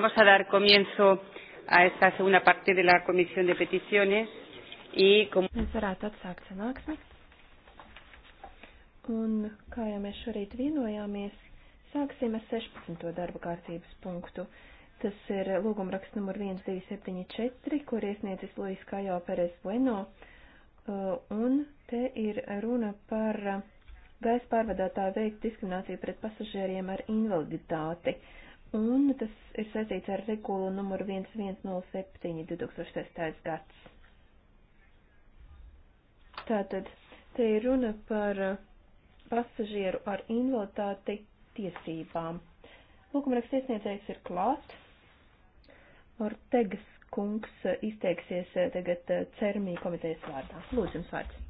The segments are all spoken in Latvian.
Vamos a dar comienzo a esta segunda parte de la Comisión de Peticiones i como... Mēs varētu atsākt sanāksmi. Un kā jau mēs šorīt vienojāmies, sāksim ar 16. darba kārtības punktu. Tas ir lūgumraksts numur 1274, kur iesniedzis Luis Kajo Perez Bueno. Uh, un te ir runa par uh, gaisa pārvadātāju veikt diskrimināciju pret pasažieriem ar invaliditāti. Uh, un tas ir saistīts ar regulu numuru 1107 2006. gads. Tātad, te ir runa par uh, pasažieru ar invaliditāti tiesībām. Lūkumraksts iesniedzējs ir klāt. Ortegas kungs uh, izteiksies uh, tagad cermī komitejas vārdā. Lūdzu, jums vārds.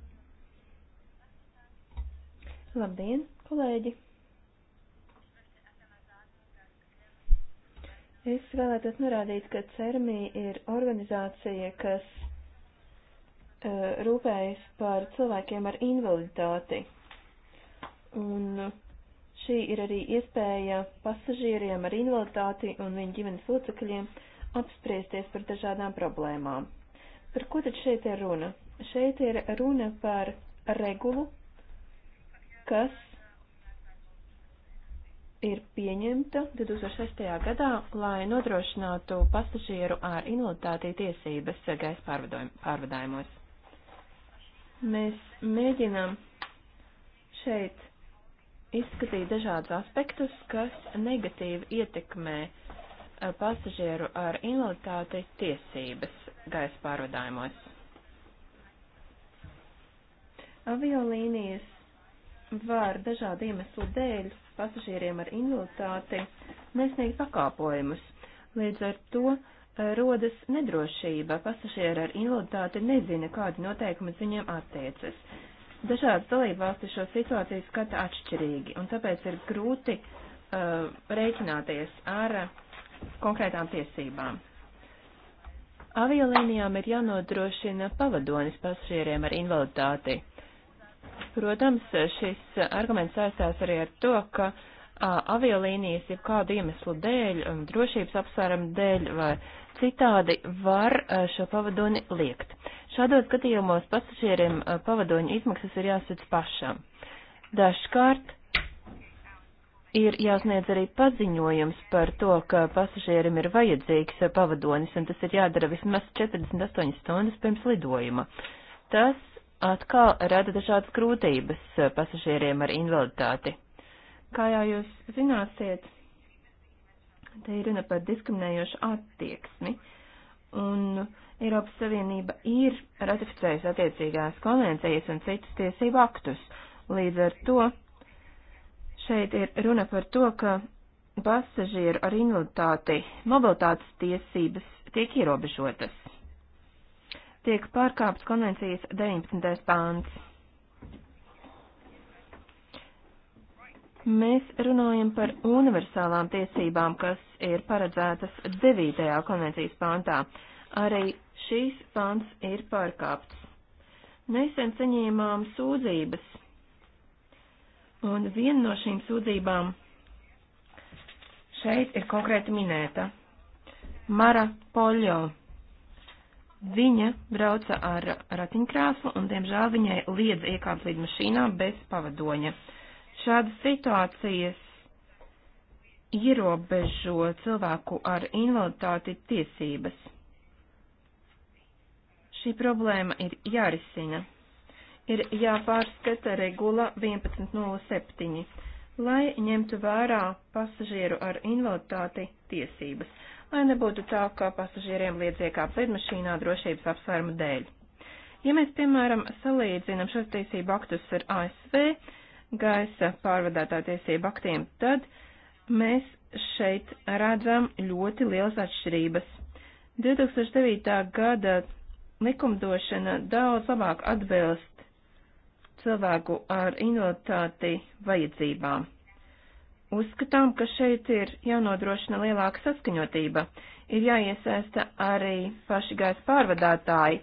Labdien, kolēģi! Es vēlētos norādīt, ka CERMI ir organizācija, kas uh, rūpējas par cilvēkiem ar invaliditāti. Un šī ir arī iespēja pasažieriem ar invaliditāti un viņu ģimenes locekļiem apspriesties par dažādām problēmām. Par ko tad šeit ir runa? Šeit ir runa par regulu, kas ir pieņemta 2006. gadā, lai nodrošinātu pasažieru ar invaliditāti tiesības gaisa pārvadājumos. Mēs mēģinām šeit izskatīt dažādus aspektus, kas negatīvi ietekmē eh, pasažieru ar invaliditāti tiesības gaisa pārvadājumos. Aviolīnijas var dažādu iemeslu dēļ pasažieriem ar invaliditāti nesniegt pakāpojumus. Līdz ar to eh, rodas nedrošība. Pasažieri ar invaliditāti nezina, kādi noteikumi viņiem attiecas. Dažādas dalībvalstis šo situāciju skata atšķirīgi, un tāpēc ir grūti uh, rēķināties ar uh, konkrētām tiesībām. Aviolīnijām ir jānodrošina pavadonis pasažieriem ar invaliditāti. Protams, šis arguments saistās arī ar to, ka aviolīnijas jau kādu iemeslu dēļ, um, drošības apsvērumu dēļ vai citādi var šo pavadoni liekt. Šādos gadījumos pasažieriem pavadoņu izmaksas ir jāsadz pašam. Dažkārt ir jāsniedz arī paziņojums par to, ka pasažierim ir vajadzīgs pavadonis, un tas ir jādara vismaz 48 stundas pirms lidojuma. Tas atkal rada dažādas grūtības eh, pasažieriem ar invaliditāti. Kā jau jūs zināsiet, te ir runa par diskriminējošu attieksmi, un Eiropas Savienība ir ratificējusi attiecīgās konvencijas un citus tiesību aktus. Līdz ar to šeit ir runa par to, ka pasažieru ar invaliditāti mobilitātes tiesības tiek ierobežotas tiek pārkāpts konvencijas 19. pāns. Mēs runājam par universālām tiesībām, kas ir paredzētas 9. konvencijas pāntā. Arī šīs pāns ir pārkāpts. Nesen saņēmām sūdzības, un viena no šīm sūdzībām šeit ir konkrēti minēta. Mara Poljo Viņa brauca ar ratiņkrāsu un, diemžēl, viņai liedz iekāpt līdz mašīnā bez pavadoņa. Šādas situācijas ierobežo cilvēku ar invaliditāti tiesības. Šī problēma ir jārisina. Ir jāpārskata regula 1107, lai ņemtu vērā pasažieru ar invaliditāti tiesības lai nebūtu tā, ka pasažieriem liedz iekāpt lidmašīnā drošības apsvērumu dēļ. Ja mēs, piemēram, salīdzinām šos tiesību aktus ar ASV gaisa pārvadātā tiesību aktiem, tad mēs šeit redzam ļoti lielas atšķirības. 2009. gada likumdošana daudz labāk atbilst cilvēku ar invaliditāti vajadzībām. Uzskatām, ka šeit ir jānodrošina lielāka saskaņotība, ir jāiesaista arī paši gaisa pārvadātāji,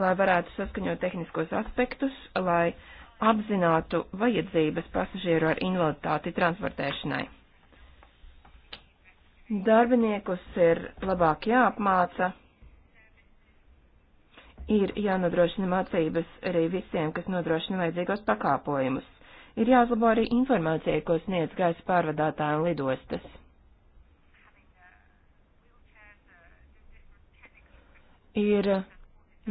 lai varētu saskaņot tehniskos aspektus, lai apzinātu vajadzības pasažieru ar invaliditāti transportēšanai. Darbiniekus ir labāk jāapmāca, ir jānodrošina mācības arī visiem, kas nodrošina vajadzīgos pakāpojumus. Ir jāuzlabo arī informācija, ko sniedz gaisa pārvadātāji un lidostas. Ir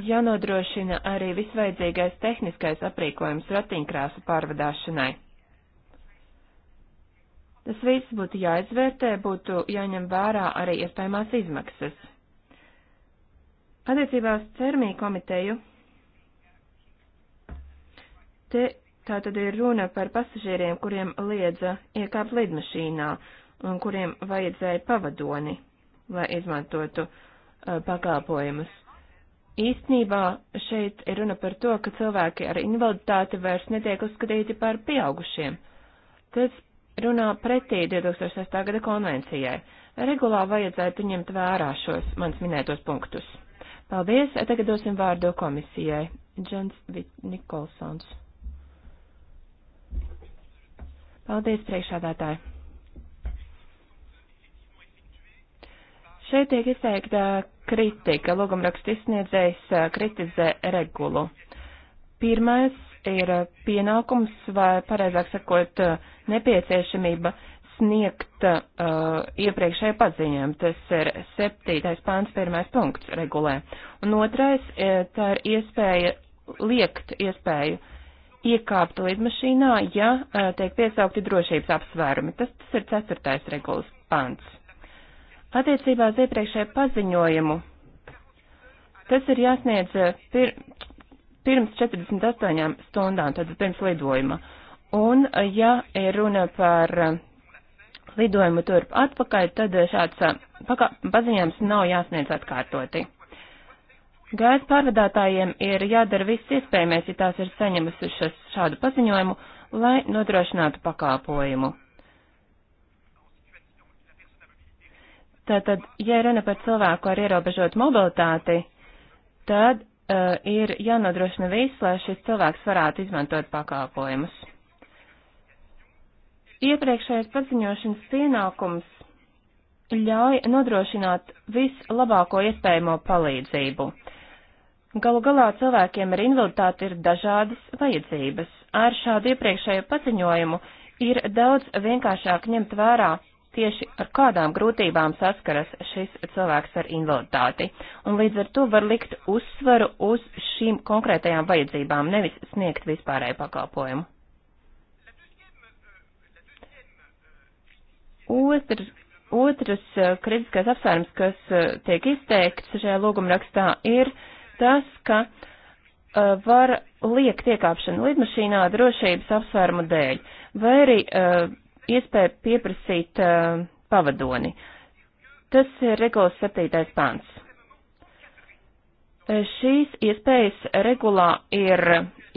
jānodrošina arī visvajadzīgais tehniskais aprīkojums ratiņkrāsu pārvadāšanai. Tas viss būtu jāizvērtē, būtu jāņem vērā arī iespējamās izmaksas. Attiecībā uz cermī komiteju te Tā tad ir runa par pasažieriem, kuriem liedza iekāpt lidmašīnā un kuriem vajadzēja pavadoni, lai izmantotu uh, pakalpojumus. Īstenībā šeit ir runa par to, ka cilvēki ar invaliditāti vairs netiek uzskatīti par pieaugušiem. Tas runā pretī 2006. gada konvencijai. Regulā vajadzētu ņemt vērā šos mans minētos punktus. Paldies, tagad dosim vārdu komisijai. Džons Nikolsons. Paldies, priekšādātāji! Šeit tiek izteikta kritika. Lūgumraksta izsniedzējs eh, kritizē regulu. Pirmais ir pienākums, vai pareizāk sakot, nepieciešamība sniegt uh, iepriekšēju paziņojumu. Tas ir 7. pāns, 1. punkts regulē. Un otrais, eh, tā ir iespēja liekt iespēju uh, iekāpt lidmašīnā, ja e, tiek piesaukti drošības apsvērumi. Tas, tas ir ceturtais regulas pants. Attiecībā uz iepriekšēju paziņojumu tas ir jāsniedz e, pir, pirms 48 stundām, tad pirms lidojuma. Un, e, ja ir runa par lidojumu turp atpakaļ, tad šāds pakā, paziņojums nav jāsniedz atkārtoti. Gaisa pārvadātājiem ir jādara viss iespējamais, ja tās ir saņemusi šādu paziņojumu, lai nodrošinātu pakāpojumu. Tātad, ja runa par cilvēku ar ierobežotu mobilitāti, tad uh, ir jānodrošina viss, lai šis cilvēks varētu izmantot pakāpojumus. Iepriekšējais paziņošanas pienākums ļauj nodrošināt vislabāko iespējamo palīdzību. Uh, Galu galā cilvēkiem ar invaliditāti ir dažādas vajadzības. Ar šādu iepriekšējo paziņojumu ir daudz vienkāršāk ņemt vērā tieši ar kādām grūtībām saskaras šis cilvēks ar invaliditāti, un līdz ar to var likt uzsvaru uz šīm konkrētajām vajadzībām, nevis sniegt vispārēju pakalpojumu. Otrs, otrs eh, kritiskais apsvērums, kas eh, tiek izteikts šajā lūgumrakstā, ir uh, tas, ka uh, var liekt iekāpšanu lidmašīnā drošības apsvērumu dēļ, vai arī uh, iespēja pieprasīt uh, pavadoni. Tas ir regulas 7. pāns. Uh, šīs iespējas regulā ir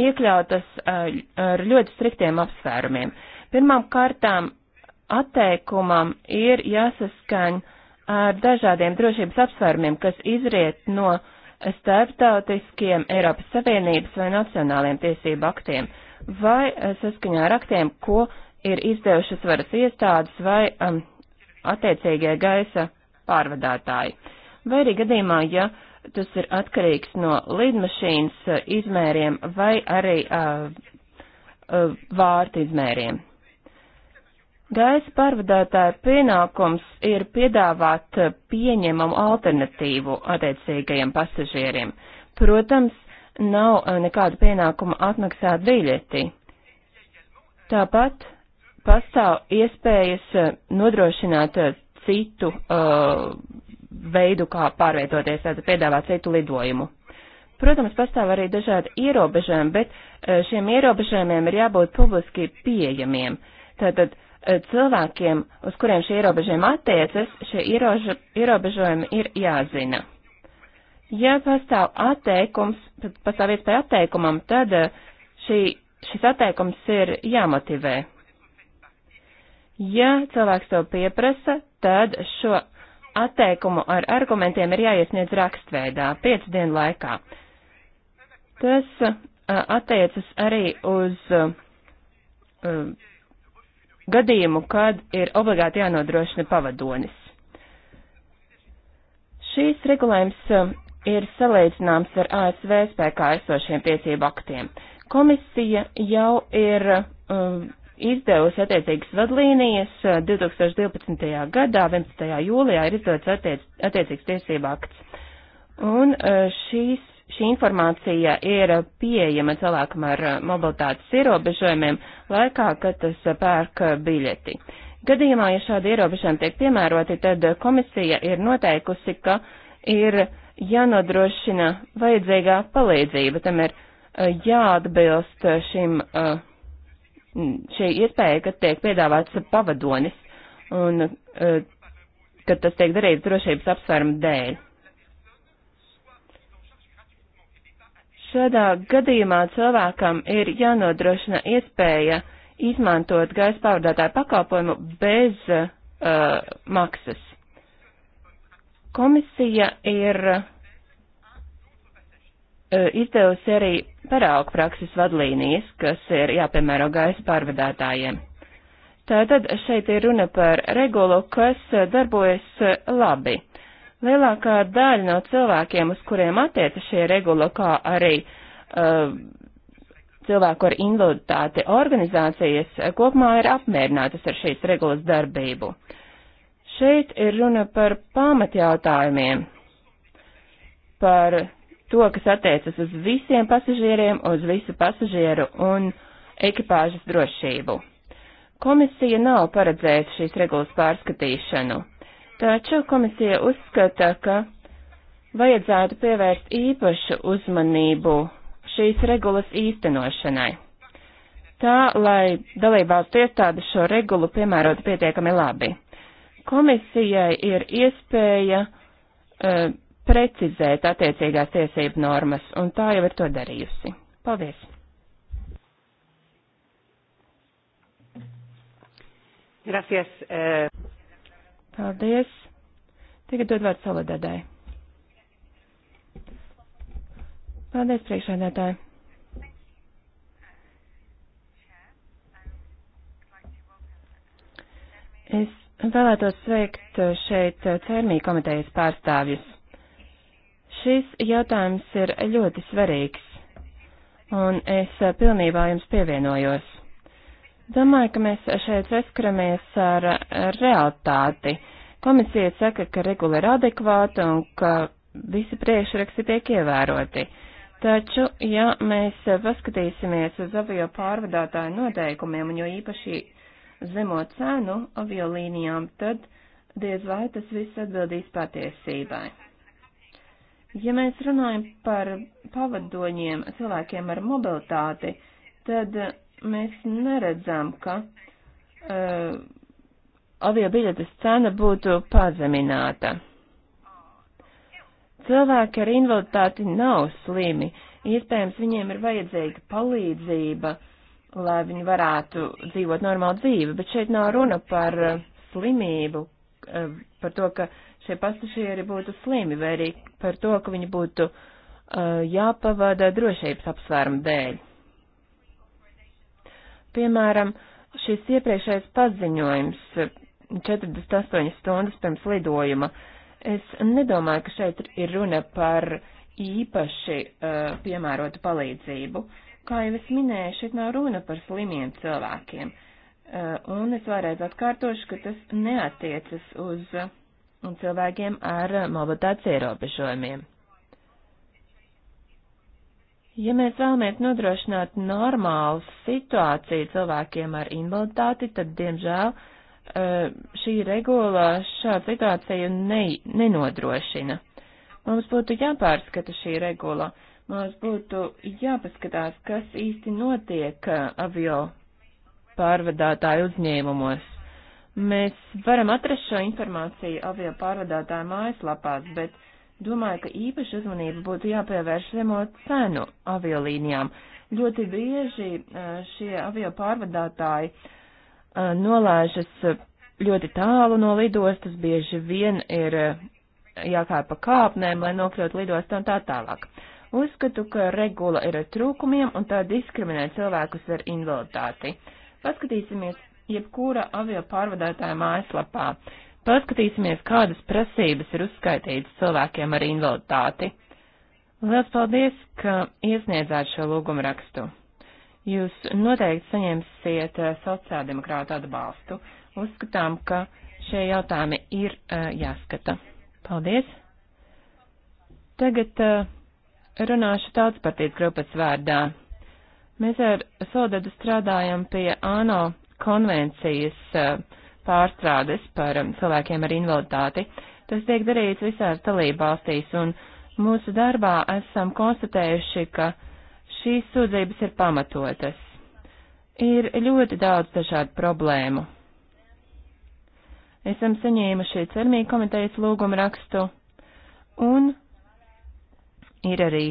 iekļautas uh, ar ļoti striktiem apsvērumiem. Pirmām kārtām atteikumam ir jāsaskaņ ar dažādiem drošības apsvērumiem, kas izriet no uh, starptautiskiem Eiropas Savienības vai nacionāliem tiesību aktiem vai eh, saskaņā ar aktiem, ko ir izdevušas varas iestādes vai um, attiecīgie gaisa pārvadātāji. Vai arī gadījumā, ja tas ir atkarīgs no līdmašīnas eh, izmēriem vai arī uh, uh, vārtu izmēriem. Gaisa pārvadātāja pienākums ir piedāvāt pieņemamu alternatīvu attiecīgajiem pasažieriem. Protams, nav eh, nekāda pienākuma atmaksāt biļeti. Tāpat pastāv iespējas eh, nodrošināt eh, citu uh, veidu, kā pārvietoties, tātad piedāvāt citu lidojumu. Protams, pastāv arī dažādi ierobežojumi, bet šiem ierobežojumiem ir jābūt publiski pieejamiem. Tātad, uh, Eh, cilvēkiem, uz kuriem šie ierobežojumi attiecas, šie ieroža, ierobežojumi ir jāzina. Ja pastāv atteikums, pastāv iespēja atteikumam, tad eh, šī, šis atteikums ir jāmotivē. Ja cilvēks to pieprasa, tad šo atteikumu ar argumentiem ir jāiesniedz rakstveidā, piecu dienu laikā. Tas eh, attiecas arī uz uh, gadījumu, kad ir obligāti jānodrošina pavadonis. Šīs regulējums uh, ir salīdzināms ar ASV spēkā esošiem tiesību aktiem. Komisija jau ir um, izdevusi attiecīgas vadlīnijas 2012. Uh, gadā, 11. jūlijā ir izdots attiec, attiecīgs tiesību akts. Un šīs šī informācija ir pieejama cilvēkam ar eh, mobilitātes ierobežojumiem laikā, kad tas pērk biļeti. Gadījumā, ja šādi ierobežojumi tiek piemēroti, tad komisija ir noteikusi, ka ir jānodrošina vajadzīgā palīdzība. Tam ir eh, jāatbilst šim, eh, šī iespēja, ka tiek piedāvāts pavadonis un ka tas tiek darīts drošības apsvērumu dēļ. Šādā gadījumā cilvēkam ir jānodrošina iespēja izmantot gaisa pārvadātāju pakalpojumu bez uh, maksas. Komisija ir uh, izdevusi arī paraugu prakses vadlīnijas, kas ir jāpiemēro gaisa pārvadātājiem. Tātad šeit ir runa par regulu, kas darbojas uh, labi. Lielākā daļa no cilvēkiem, uz kuriem attieca šie regula, kā arī uh, cilvēku ar invaliditāti organizācijas, uh, kopumā ir apmierinātas ar šīs regulas darbību. Šeit ir runa par pamatjautājumiem, par to, kas attiecas uz visiem pasažieriem, uz visu pasažieru un ekipāžas drošību. Komisija nav paredzējusi šīs regulas pārskatīšanu. Taču komisija uzskata, ka vajadzētu pievērst īpašu uzmanību šīs regulas īstenošanai. Tā, lai dalībvalstu iestādes šo regulu piemērotu pietiekami labi. Komisijai ir iespēja uh, precizēt attiecīgās tiesību normas, un tā jau ir to darījusi. Paldies! Gracias. Eh... Paldies. Tagad dod vārdu Soledadai. Paldies, priekšsēdētāji. Es vēlētos sveikt šeit cērmī komitejas pārstāvjus. Šis jautājums ir ļoti svarīgs, un es pilnībā jums pievienojos. Domāju, ka mēs šeit saskaramies ar, ar realitāti. Komisija saka, ka regula ir adekvāta un ka visi priekšraksti tiek ievēroti. Taču, ja mēs paskatīsimies uz avio pārvadātāju noteikumiem, un jo īpaši zemo cenu aviolīnijām, tad diez vai tas viss atbildīs patiesībai. Ja mēs runājam par pavadoņiem, cilvēkiem ar mobilitāti, tad mēs neredzam, ka uh, eh, avio biļetes cena būtu pazemināta. Cilvēki ar invaliditāti nav slimi, iespējams, viņiem ir vajadzīga palīdzība, lai viņi varētu dzīvot normālu dzīvi, bet šeit nav runa par uh, slimību, uh, par to, ka šie pasažieri būtu slimi, vai arī par to, ka viņi būtu uh, jāpavada drošības apsvērumu dēļ. Piemēram, šis iepriekšējais paziņojums 48 stundas pirms lidojuma. Es nedomāju, ka šeit ir runa par īpaši uh, piemērotu palīdzību. Kā jau es minēju, šeit nav runa par slimiem cilvēkiem. Uh, un es vēlreiz atkārtošu, ka tas neatiecas uz uh, cilvēkiem ar uh, mobilitātes ierobežojumiem. Ja mēs vēlamies nodrošināt normālu situāciju cilvēkiem ar invaliditāti, tad, diemžēl, e, šī regula šādu situāciju ne, nenodrošina. Mums būtu jāpārskata šī regula, mums būtu jāpaskatās, kas īsti notiek avio pārvadātāju uzņēmumos. Mēs varam atrast šo informāciju avio pārvadātāju mājaslapās, bet Domāju, ka īpaši uzmanība būtu jāpievērš zemo cenu aviolīnijām. Ļoti bieži šie avio pārvadātāji nolēžas ļoti tālu no lidostas, bieži vien ir jākāpa kāpnēm, lai nokļūtu lidostā un tā tālāk. Uzskatu, ka regula ir ar trūkumiem un tā diskriminē cilvēkus ar invaliditāti. Paskatīsimies jebkura avio pārvadātāja mājaslapā. Paskatīsimies, kādas prasības ir uzskaitītas cilvēkiem ar invaliditāti. Liels paldies, ka iesniedzāt šo lūgumu rakstu. Jūs noteikti saņemsiet eh, sociāldemokrātu atbalstu. Uzskatām, ka šie jautājumi ir uh, jāskata. Paldies! Tagad uh, runāšu tautas partijas grupas vārdā. Mēs ar Sodadu strādājam pie ANO konvencijas uh, pārstrādes par um, cilvēkiem ar invaliditāti. Tas tiek darīts visās dalībvalstīs, un mūsu darbā esam konstatējuši, ka šīs sūdzības ir pamatotas. Ir ļoti daudz dažādu problēmu. Esam saņēmuši cermīgi komitejas lūgumu rakstu, un ir arī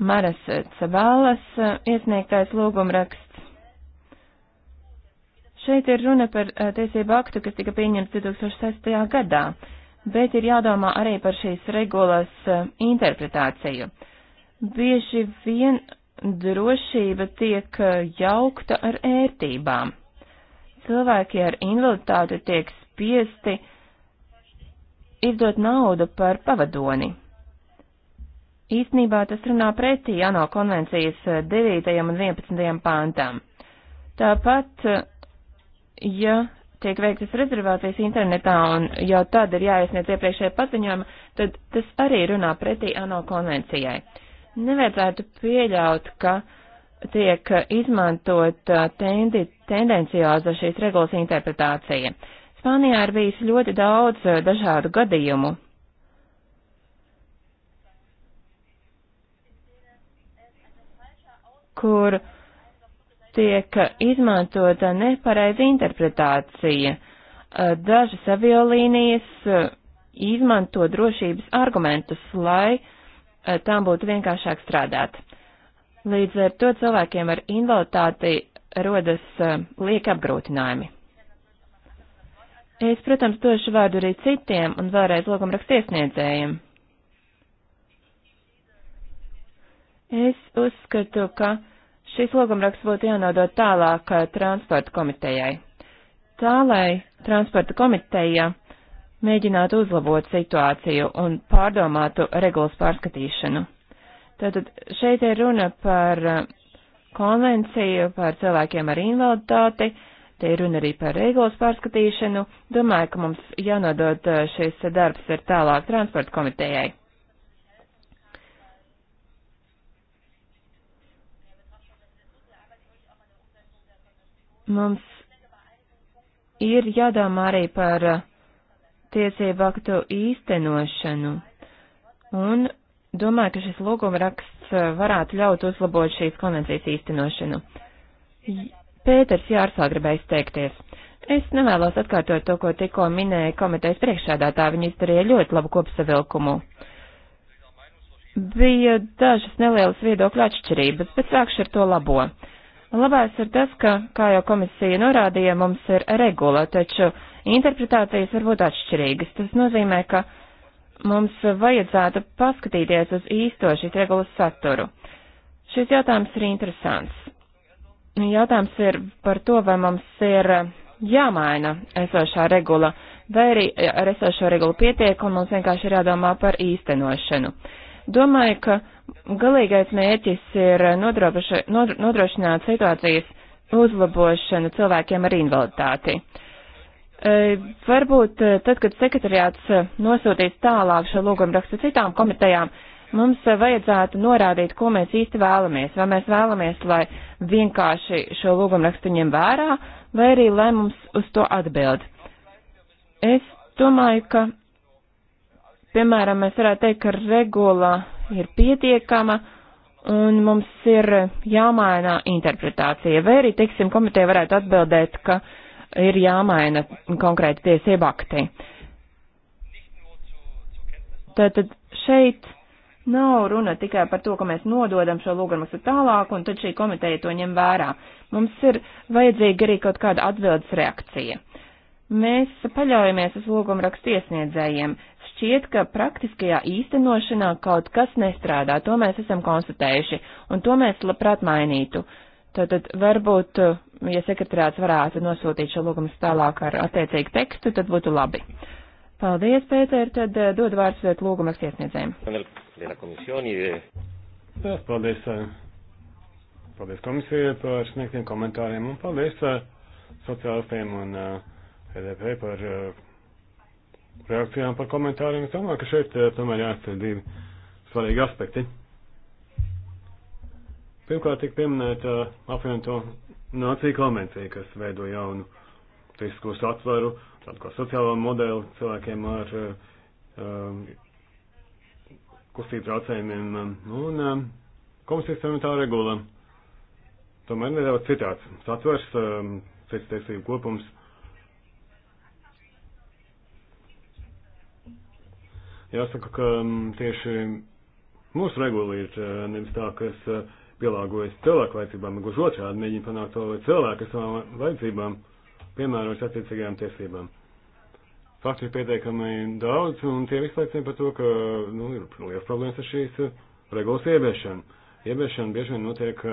Maras Cavālas uh, iesniegtais lūgumraksts Šeit ir runa par eh, tiesību aktu, kas tika pieņemts 2006. gadā, bet ir jādomā arī par šīs regulas eh, interpretāciju. Bieži vien drošība tiek eh, jaukta ar ērtībām. Cilvēki ar invaliditāti tiek spiesti izdot naudu par pavadoni. Īsnībā tas runā pretī ANO konvencijas 9. un 11. pāntām. Tāpat ja tiek veiktas rezervācijas internetā un jau tad ir jāiesniedz iepriekšējā paziņojuma, tad tas arī runā pretī ANO konvencijai. Nevajadzētu pieļaut, ka tiek izmantot tendi, tendenciāza šīs regulas interpretācija. Spānijā ir bijis ļoti daudz dažādu gadījumu. kur uh, tiek izmantota nepareiza interpretācija. Eh, dažas aviolīnijas eh, izmanto drošības argumentus, lai eh, tām būtu vienkāršāk strādāt. Līdz ar to cilvēkiem ar invaliditāti rodas lieka apgrūtinājumi. Es, protams, došu vārdu arī citiem un vēlreiz logumrakstiesniedzējiem. Es uzskatu, ka Šis logumraksts būtu jānodot tālāk eh, transporta komitejai. Tā, lai transporta komiteja mēģinātu uzlabot situāciju un pārdomātu regulas pārskatīšanu. Tātad šeit ir runa par eh, konvenciju par cilvēkiem ar invaliditāti, te ir runa arī par regulas pārskatīšanu. Domāju, ka mums jānodod eh, šis darbs ir tālāk transporta komitejai. Mums ir jādomā arī par uh, tiesību aktu īstenošanu. Un domāju, ka šis lūguma raksts uh, varētu ļaut uzlabot šīs konvencijas īstenošanu. Pēters Jārsā gribēja izteikties. Es nevēlos atkārtot to, ko tikko minēja komitejas priekšādātā, viņi izdarīja ļoti labu kopsavilkumu. Bija dažas nelielas viedokļa atšķirības, bet sākšu ar to labo. Uh, Labais ir tas, ka, kā jau komisija norādīja, mums ir regula, taču interpretācijas var būt atšķirīgas. Tas nozīmē, ka mums vajadzētu paskatīties uz īsto šīs regulas saturu. Šis jautājums ir interesants. Jautājums ir par to, vai mums ir jāmaina esošā regula, vai arī ar esošo regulu pietiek, un mums vienkārši ir jādomā par īstenošanu. Uh, Domāju, ka galīgais mērķis ir nodrošināt situācijas uzlabošanu cilvēkiem ar invaliditāti. E, varbūt e, tad, kad sekretariāts e, nosūtīs tālāk šo lūgumu rakstu citām komitejām, mums vajadzētu norādīt, ko mēs īsti vēlamies. Vai mēs vēlamies, lai vienkārši šo lūgumu rakstu ņem vērā, vai arī lai mums uz to atbild. Es domāju, ka Piemēram, mēs varētu teikt, ka regula ir pietiekama un mums ir jāmaina interpretācija. Vai arī, teiksim, komiteja varētu atbildēt, ka ir jāmaina konkrēti tiesība akti. Tātad šeit nav runa tikai par to, ka mēs nododam šo lūgumu tālāk un tad šī komiteja to ņem vērā. Mums ir vajadzīga arī kaut kāda atbildes reakcija. Mēs paļaujamies uz lūgumu rakstiesniedzējiem šķiet, ka praktiskajā īstenošanā kaut kas nestrādā. To mēs esam konstatējuši, un to mēs labprāt mainītu. Tātad varbūt, ja sekretariāts varētu nosūtīt šo lūgumu tālāk ar attiecīgu tekstu, tad būtu labi. Paldies, Pēter, tad eh, dod vārds eh, lūgumas iesniedzējiem. Paldies, eh, paldies komisijai par sniegtiem komentāriem un paldies sociālistiem un EDP par. Uh, reakcijām par komentāriem. Es domāju, ka šeit eh, tomēr jāatcer divi svarīgi aspekti. Pirmkārt, tika pieminēta eh, apvienoto nāciju konvencija, kas veido jaunu tiesisko satvaru, tādu kā sociālo modeli cilvēkiem ar eh, um, kustību traucējumiem. Un um, komisijas samitā regula tomēr nedaudz citāds satvers, um, cits tiesību kopums Jāsaka, ka mm, tieši mūsu regula ir e, nevis tā, kas e, pielāgojas cilvēku vajadzībām, gluži otrādi mēģina panākt to, lai cilvēki savām vajadzībām piemērojas attiecīgajām tiesībām. Faktu ir pietiekami daudz, un tie visu liecina par to, ka nu, ir liels problēmas ar šīs e, regulas ieviešanu. Ieviešana bieži vien notiek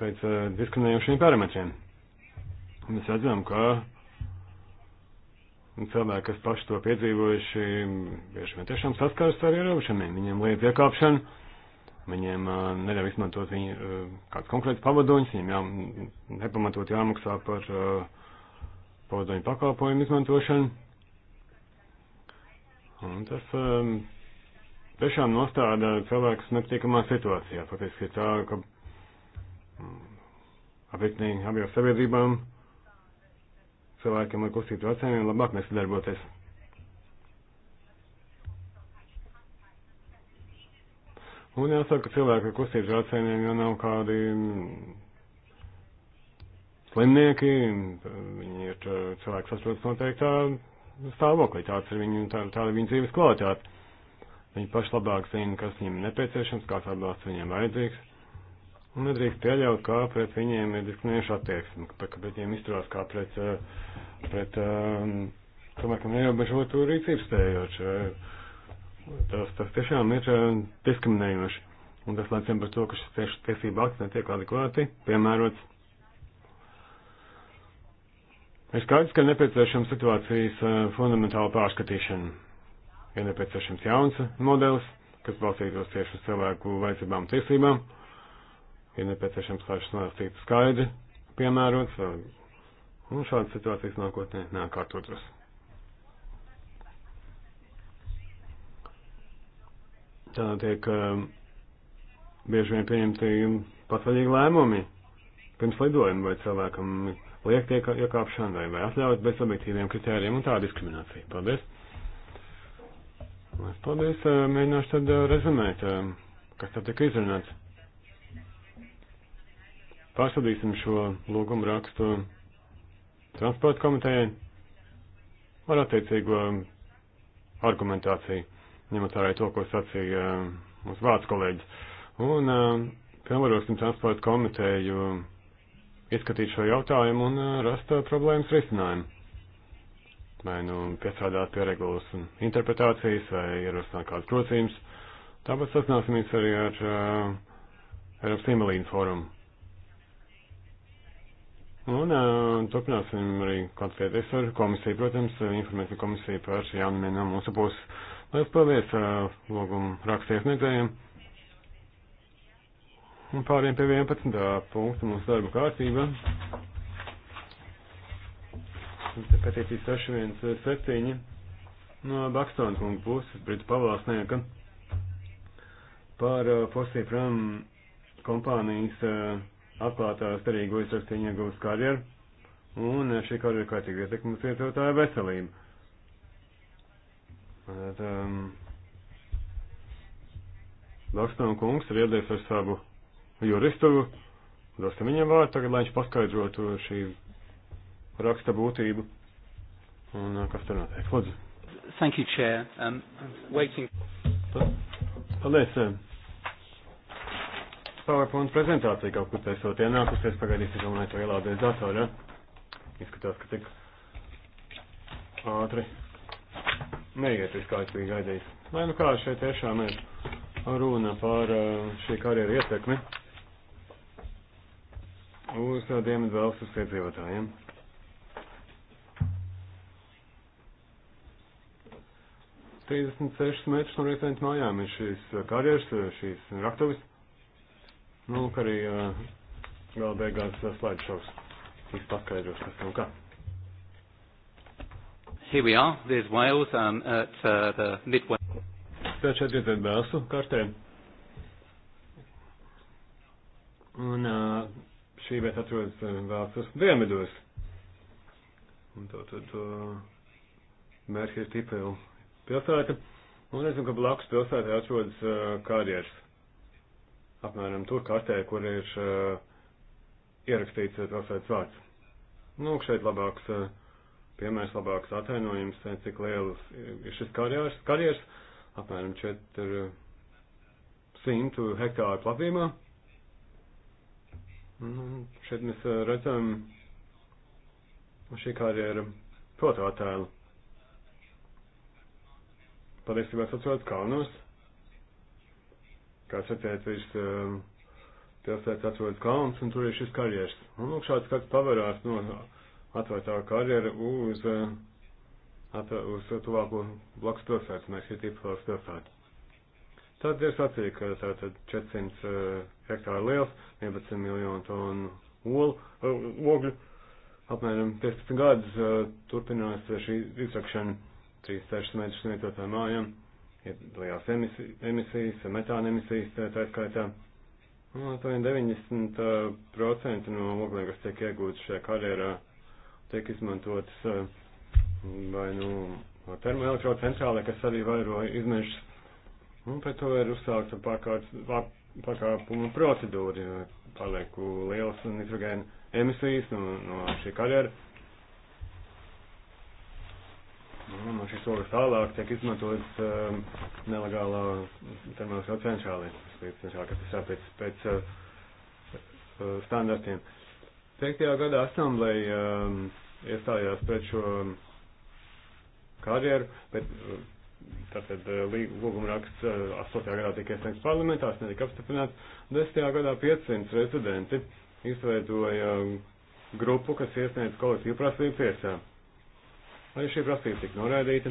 pēc diskriminējošiem parametriem. Mēs redzam, ka Un cilvēki, kas paši to piedzīvojuši, bieži vien tiešām saskaras ar ierobežojumiem. Viņiem liedz iekāpšanu, viņiem uh, neļauj izmantot viņu uh, kāds konkrēts pavadoņus, viņiem jā, nepamatot jāmaksā par uh, pavadoņu pakalpojumu izmantošanu. Un tas um, tiešām nostāda cilvēkus nepatīkamā situācijā. Faktiski tā, ka um, mm, apvietnīgi abiem sabiedrībām. Uh, cilvēkiem, lai kustītu vecējiem, labāk mēs darboties. Un jāsaka, ka cilvēki ar kustību rācējiem jau nav kādi mm, slimnieki, viņi ir cilvēki sasprotas noteiktā stāvoklī, tāds ir viņu, tā, tā ir viņu dzīves kvalitāte. Viņi paši labāk zina, kas viņiem nepieciešams, kāds atbalsts viņiem vajadzīgs. Un nedrīkst pieļaut, kā pret viņiem ir diskriminējuša attieksme, ka pret viņiem izturās kā pret, eh, pret cilvēkam ehm, neierobežotu rīcības spēju. Eh, tas, tas tiešām ir eh, diskriminējoši. Un tas liecina par to, ka šis tieši tiesība akts netiek adekvāti piemērots. Ir skaidrs, ka nepieciešama situācijas fundamentāla pārskatīšana. Ir nepieciešams jauns modelis, kas balstītos tieši uz cilvēku vajadzībām tiesībām. tiesībām ir nepieciešams, lai šis nāks tiktu skaidri piemērots, un šādas situācijas nākotnē neatkārtotas. Tātad tiek um, bieži vien pieņemti patvaļīgi lēmumi pirms lidojuma vai cilvēkam liekt iekāpšana vai, vai atļaut bez objektīviem kritērijiem un tā diskriminācija. Paldies! Paldies! Uh, mēģināšu tad uh, rezumēt, um, kas tad tika izrunāts. Pārsūdīsim šo lūgumu rakstu transporta komitejai ar attiecīgo argumentāciju, ņemot vērā to, ko sacīja eh, mūsu vārds kolēģis. Un eh, pilnvarosim transporta komiteju izskatīt šo jautājumu un eh, rast problēmas risinājumu vai nu piestrādāt pie regulas interpretācijas, vai ierosināt kādas grozījumus. Tāpat sasināsimies arī ar uh, Eiropas Invalīdu fórumu. Un uh, turpināsim arī kontaktēties ar komisiju, protams, informēsim komisiju par šī jaunumiem no mūsu puses. Lielas paldies uh, eh, logumu rakstiesniedzējiem. Un pāriem pie 11. punkta mūsu darba kārtībā. Pētīcīs 617 no Bakstona kunga puses, Britu pavalsnieka, par uh, eh, Fosifram kompānijas uh, atklātā starīgo izrakstīņa iegūst karjeru, un šī karjera kārtīgi ietekmē uz iedzīvotāju veselību. Bet, um, Lakstona kungs ir iedies ar savu juristu, dosim viņam vārdu tagad, lai viņš paskaidrotu šī raksta būtību. Un uh, kas tur notiek? Lūdzu. Thank you, Chair. Um, I'm waiting. Paldies. PowerPoint prezentācija kaut kur taisot ienākusies, pagaidīsim, kamēr to ielādēs datorā. Izskatās, ka tik ātri neiet viss kā es biju gaidījis. Lai nu kā šeit tiešām ir runa par eh, šī karjera ietekmi uz tādiem Velsas iedzīvotājiem. Trīsdesmit sešas metrus no rezidentu mājām ir šīs karjeras, šīs raktuvis. Nu, ka arī uh, gala beigās slēdz šos paskaidros, kas tam kā. Here we are, there's Wales and um, at uh, the midway. Tā šeit redzēt bēsu kartē. Un uh, šī vieta atrodas Vācijas dienvidos. Un to tad uh, Mērķis Tipēlu pilsēta. Un redzam, ka blakus pilsētā atrodas uh, karjeras apmēram tur kartē, kur ir uh, ierakstīts eh, profēts vārds. Nu, šeit labāks uh, piemērs, labāks atainojums, cik liels ir šis karjers, karjers apmēram 400 hektāru platībā. Nu, šeit mēs redzam šī karjera prototēlu. Patiesībā sacot kalnos kā sacēt, virs ehm, pilsētas atrodas kalns un tur ir šis karjeras. Un lūk, šāds kāds pavarās no atvērtā karjera uz, ehm, uz tuvāko blakus pilsētu, Meksitī pilsētu. Tad ir sacīja, ka tātad 400 ehm, hektāru liels, 11 miljonu tonu olu, eh, ogļu, apmēram 15 gadus turpinās šī izrakšana 36 metrus no ietotājām mājām. Ja? ir lielās emisijas, metāna emisijas tā skaitā. Nu, Apmēram uh, 90% no oglekļa, kas tiek iegūts šajā karjerā, tiek izmantotas uh, vai nu no termoelektrocentrālē, kas arī vairo izmešas. Un nu, pēc to ir uzsākta pakāpuma procedūra, jo palieku lielas nitrogēna emisijas no, no šī karjera. Nu, no šīs solis tālāk tiek izmantots um, nelegālā terminālā cenšālī, kas ir jāpēc pēc uh, uh standartiem. Teiktajā gadā asamblēja um, iestājās pret šo um, karjeru, bet uh, Tātad uh, lūguma raksts 8. Uh, gadā tika iesniegts parlamentā, tas netika apstiprināts. 10. gadā 500 rezidenti izveidoja um, grupu, kas iesniedz kolektīvu prasību tiesā. Arī šī prasība tika noraidīta,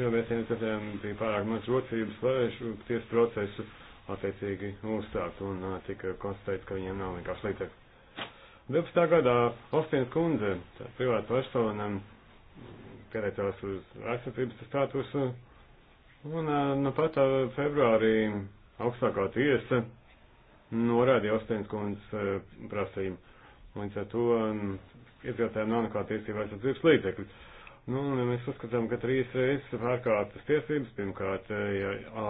jo mēs vienkāršajām bija pārāk maz rocības, lai šo tiesu procesu attiecīgi uzstākt un tika konstatēts, ka viņiem nav vienkārši līdzekļu. 12. gadā Austīna kundze, tā privāta persona, pierēcās uz aizsardzības statusu, un nu pat februārī augstākā tiesa norādīja Austīnas kundzes prasību. Līdz ar to iedzīvotājiem nav nekā tiesība aizsardzības līdzekļi. Nu, mēs uzskatām, ka trīs reizes pārkārtas tiesības, pirmkārt, eh, ja, a,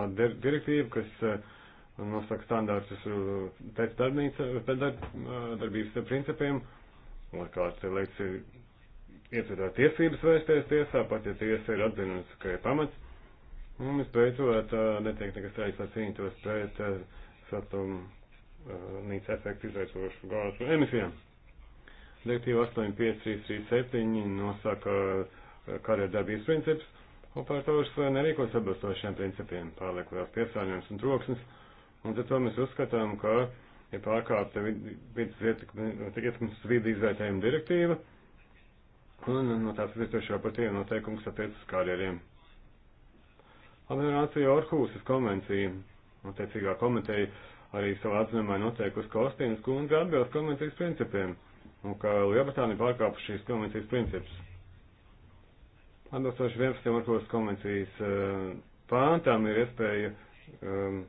direktīva, kas eh, nosaka standārtus eh, pēc darbības principiem, otrkārt, leic iedzīvotāju tiesības vērsties tiesā, pat ja tiesa ir atzinusi, ka ir pamats. Un visbeidzot, netiek nekas teicis, lai cīnītos pret saturnīts efektu izraisošu gāzu emisijām. Direktīva 85337 nosaka eh, karjeru darbības princips. Operators eh, nerīkos atbilstoši šiem principiem, pārliek liels piesārņojums un troksnis. Un tad to mēs uzskatām, ka ir pārkāpta vidas ietekmes vidi izvērtējuma direktīva. Un no tās izvērtošā patīja noteikums attiec uz karjeriem. Administrācija Orhūsas konvencija, attiecīgā komiteja, arī savā atzinumā noteikusi Kostīnas kundze atbilst konvencijas principiem un ka Lielbritānija pārkāpa šīs konvencijas principus. Atbilstoši 11. Markovas konvencijas eh, pāntām ir iespēja um,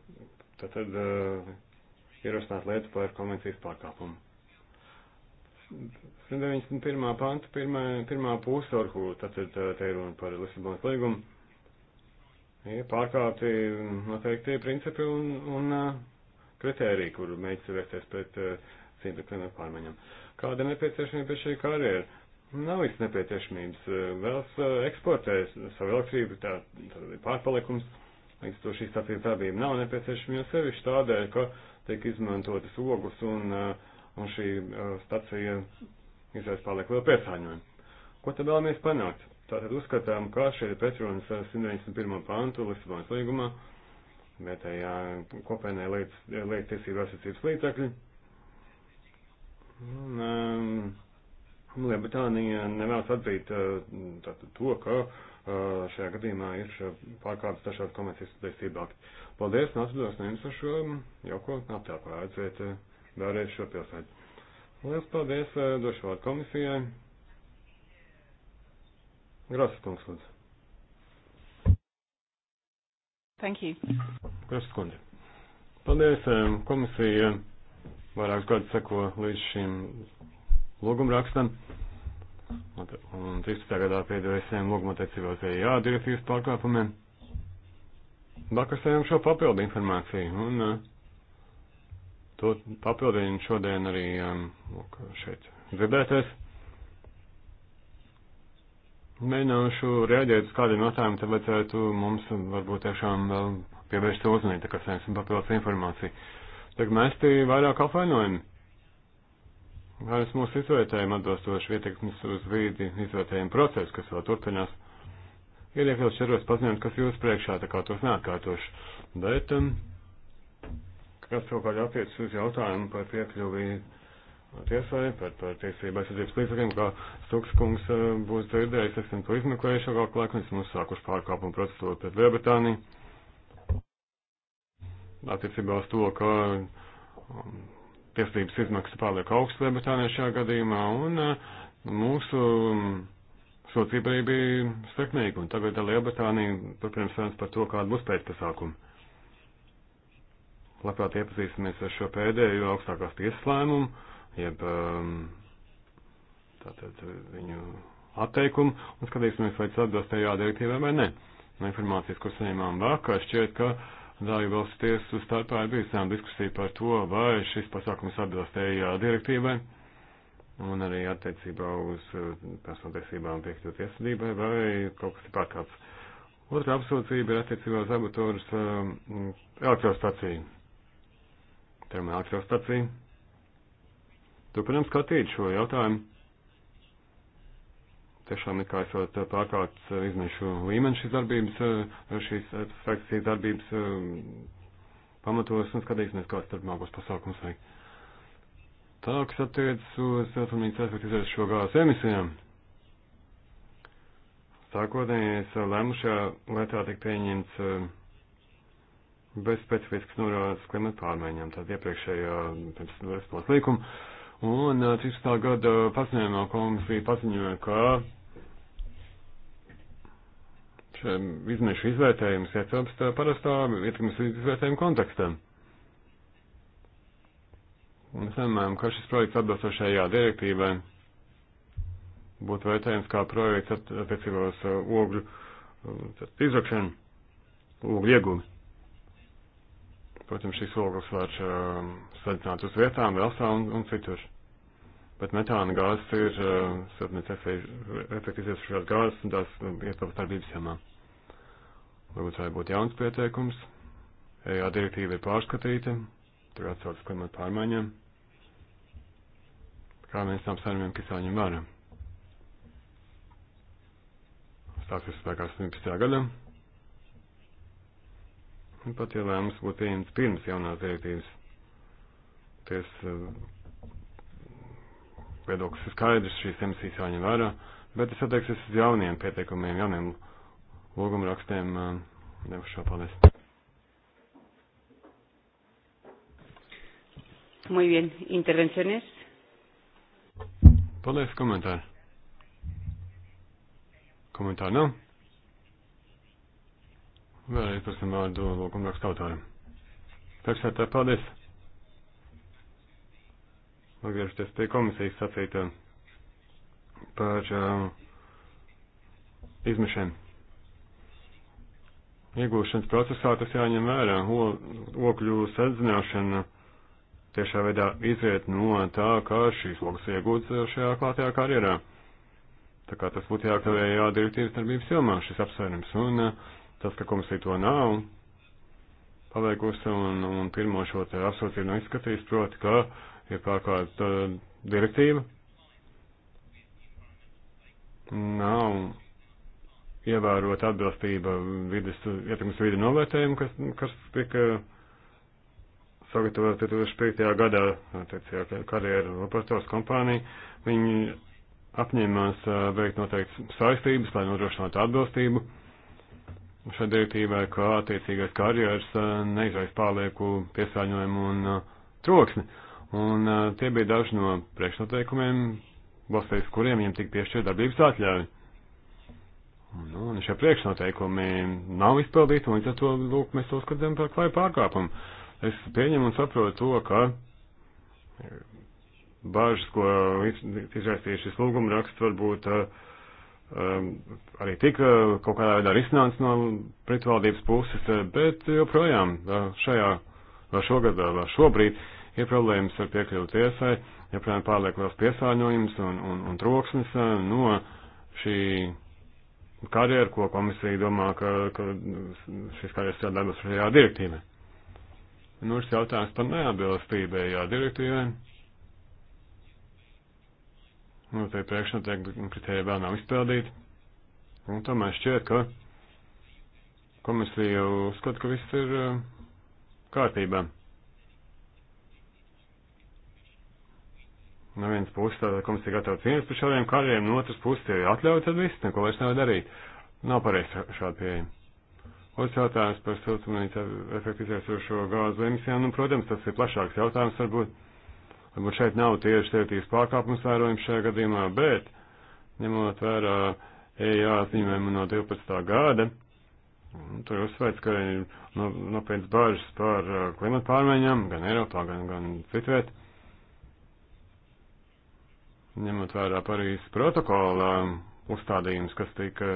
tātad uh, ierosināt lietu par konvencijas pārkāpumu. 191. panta pirmā, pirmā puse, ar ko tātad eh, te ir runa par Lisabonas līgumu, ir pārkāpti noteikti principi un, un uh, kritēriji, kuru mēģina vērsties pret uh, cīņu pret klimatu pārmaiņām. Uh, kāda ir nepieciešamība šai karjerai. Nav īsti nepieciešamības. Eh, vēlas eh, eksportē savu elektrību, tā, tā ir pārpalikums, līdz to šī stācija darbība nav nepieciešama, jo sevišķi tādēļ, ka tiek izmantotas ogus un, eh, un šī stacija izraisa pārlieku lielu piesāņojumu. Ko tad vēlamies panākt? Tātad uzskatām, ka šeit ir pretrunas 191. pantu Lisabonas līgumā, vietējā kopienē lietas tiesību aizsardzības līdzakļi. Liet, Un, um, Lielbritānija nevēlas atzīt uh, to, ka uh, šajā gadījumā ir uh, pārkāptas dažādas konvencijas tiesību akti. Paldies, un atvados no jums par šo um, jauko aptāku aizviet uh, vēlreiz šo pilsētu. Lielas paldies, uh, došu vārdu komisijai. Grāsas kungs, lūdzu. Thank you. Grāsas kundze. Paldies, um, komisija. Uh, vairākus gadus seko līdz šim logumrakstam. Un 13. gadā piedalījos logumā teicībā pie jā, direktīvas pārkāpumiem. Vakar saņem šo papildu informāciju un uh, to papildinu šodien arī um, šeit dzirdēties. Mēģināšu reaģēt uz kādiem jautājumiem, tad vajadzētu mums varbūt tiešām vēl pievērst uzmanību, kas saņemsim papildus informāciju. Uh, tiek mēsti vairāk apvainojumi. Vairs mūsu izvērtējumu atbilstoši ietekmes uz vīdi izvērtējumu procesu, kas vēl turpinās, ir iekļauts šajos paziņojumos, kas jūs priekšā, tā kā tos neatkārtošu. Bet, um, kas savukārt attiecas uz jautājumu par piekļuvi tiesai, par, par tiesību aizsardzības līdzekļiem, kā Stukskungs uh, būs dzirdējis, esam to izmeklējuši, vēl klāknis mums sākuši pārkāpumu procedūru pret Lielbritāniju attiecībā uz to, ka um, tiesības izmaksas pārliek augsts Lielbritānijā šajā gadījumā, un uh, mūsu um, socība arī bija sekmīga, un tagad Lielbritānija turpinām sarunas par to, kāda būs pēcpasākuma. Labprāt iepazīsimies ar šo pēdējo augstākās tiesas lēmumu, jeb um, tātad viņu atteikumu, un skatīsimies, vai tas atbilst tajā direktīvā vai ne. No informācijas, ko saņēmām vakar, šķiet, ka uh, Dalībvalsts tiesu starpā ir bijusiām diskusija par to, vai šis pasākums atbilst EIA direktīvai un arī attiecībā uz eh, personatiesībām piekļūt iesadībai, vai kaut kas ir pārkāpts. Otra apsūdzība ir attiecībā uz abatoras um, eh, elektrostaciju. Termoelektrostaciju. Turpinam skatīt šo jautājumu tiešām ir kā esot eh, pārkārts eh, izmešu līmeni šīs darbības, eh, šīs frakcijas darbības pamatos un skatīsimies, kāds turpmākos pasākums vajag. Tā, kas attiecas uz siltumnīcas efektu izvērstu šo gāzu emisijām. Sākotnējais lēmums šajā lietā tika pieņemts bez specifiskas norādes klimata pārmaiņām, tātad iepriekšējā pirms Lietuvas līkuma. Un 13. gada paziņojumā komisija paziņoja, ka izmešu izvērtējums ietilpst eh, parastā ietekmes izvērtējuma kontekstam. Un es domāju, ka šis projekts atbilstošajā direktīvai būtu vērtējums kā projekts attiecībos eh, ogļu eh, izrakšanu, ogļu iegumi. Protams, šīs ogles var sadzināt uz vietām, Velsā un, un citur. Bet metāna gāzes ir sapnis efektīvies šajās gāzes un tās ietilpst darbības jomām. Varbūt vai būtu jauns pieteikums. EA direktīva ir pārskatīta, tur atsaucas klimata pārmaiņām. Kā mēs tam saņemam, kas jāņem vērā? Stāsies spēkā 17. gadā. Un pat ja lēmums būtu pieņemts pirms jaunās direktīvas, ties e, viedoklis ir skaidrs, šīs emisijas jāņem vērā, bet tas attieksies uz jauniem pieteikumiem, jauniem lēmumiem logumrakstiem um, devušo paldies. Muy bien, intervenciones. Paldies, komentāri. Komentāri nav. Vēlreiz dosim vārdu logumrakstautājiem. Priekšsētāji, paldies. Atgriežoties pie komisijas sacītā par uh, izmešiem iegūšanas procesā tas jāņem vērā. Okļu sadzināšana tiešā veidā izriet no tā, kā šīs logas iegūtas šajā klātajā karjerā. Tā kā tas būtu jākavē jādirektīvas darbības jomā, šis apsvērums. Un eh, tas, ka komisija to nav paveikusi un, un pirmo šo te apsūdzību nav izskatījis, proti, ka ir pārkārt uh, direktīva. Nav ievērot atbilstība vidas ietekmes vidi novērtējumu, kas, kas tika sagatavot 2005. gadā, teicījā, karjeru laboratorijas kompānija. Viņi apņēmās veikt noteikti saistības, lai nodrošinātu atbilstību šai direktīvai, ka attiecīgais karjeras neizraisa pārlieku piesāņojumu un troksni. Un tie bija daži no priekšnoteikumiem, balstoties kuriem viņam tika piešķirta darbības atļauja. Nu, un šie priekšnoteikumi nav izpildīti, un līdz ar to, lūk, mēs to skatām par klāju pārkāpumu. Es pieņemu un saprotu to, ka bāžas, ko izraisīja šis lūguma raksts, varbūt uh, arī tika kaut kādā veidā risināts no pretvaldības puses, eh, bet joprojām šajā, vēl šogad, vēl šobrīd ir problēmas ar piekļuvu tiesai, joprojām pārliek liels piesāņojums un, un, un troksnis no šī karjeru, ko komisija domā, ka, ka šis karjeras strādājums šajā direktīvē. Nu, šis jautājums par neatbilstībējā direktīvē. Nu, te priekšnoteikti kriterija vēl nav izpildīta. Un tomēr šķiet, ka komisija uzskata, ka viss ir kārtībā. no vienas puses tāda komisija gatava cīnīties par šādiem kariem, no otras puses ir atļauts, tad viss, neko vairs nevar darīt. Nav pareizi šāda pieeja. Otrs jautājums par siltumnīca efektu izraisošo gāzu emisijām, nu, protams, tas ir plašāks jautājums, varbūt, varbūt šeit nav tieši tiesības pārkāpums vērojums šajā gadījumā, bet, ņemot vērā EIA ziņojumu no 12. gada, tur uzsvērts, ka ir nopietnas bažas par uh, klimatu pārmaiņām, gan Eiropā, gan, gan citviet ņemot vērā Parīzes protokola uzstādījums, kas tika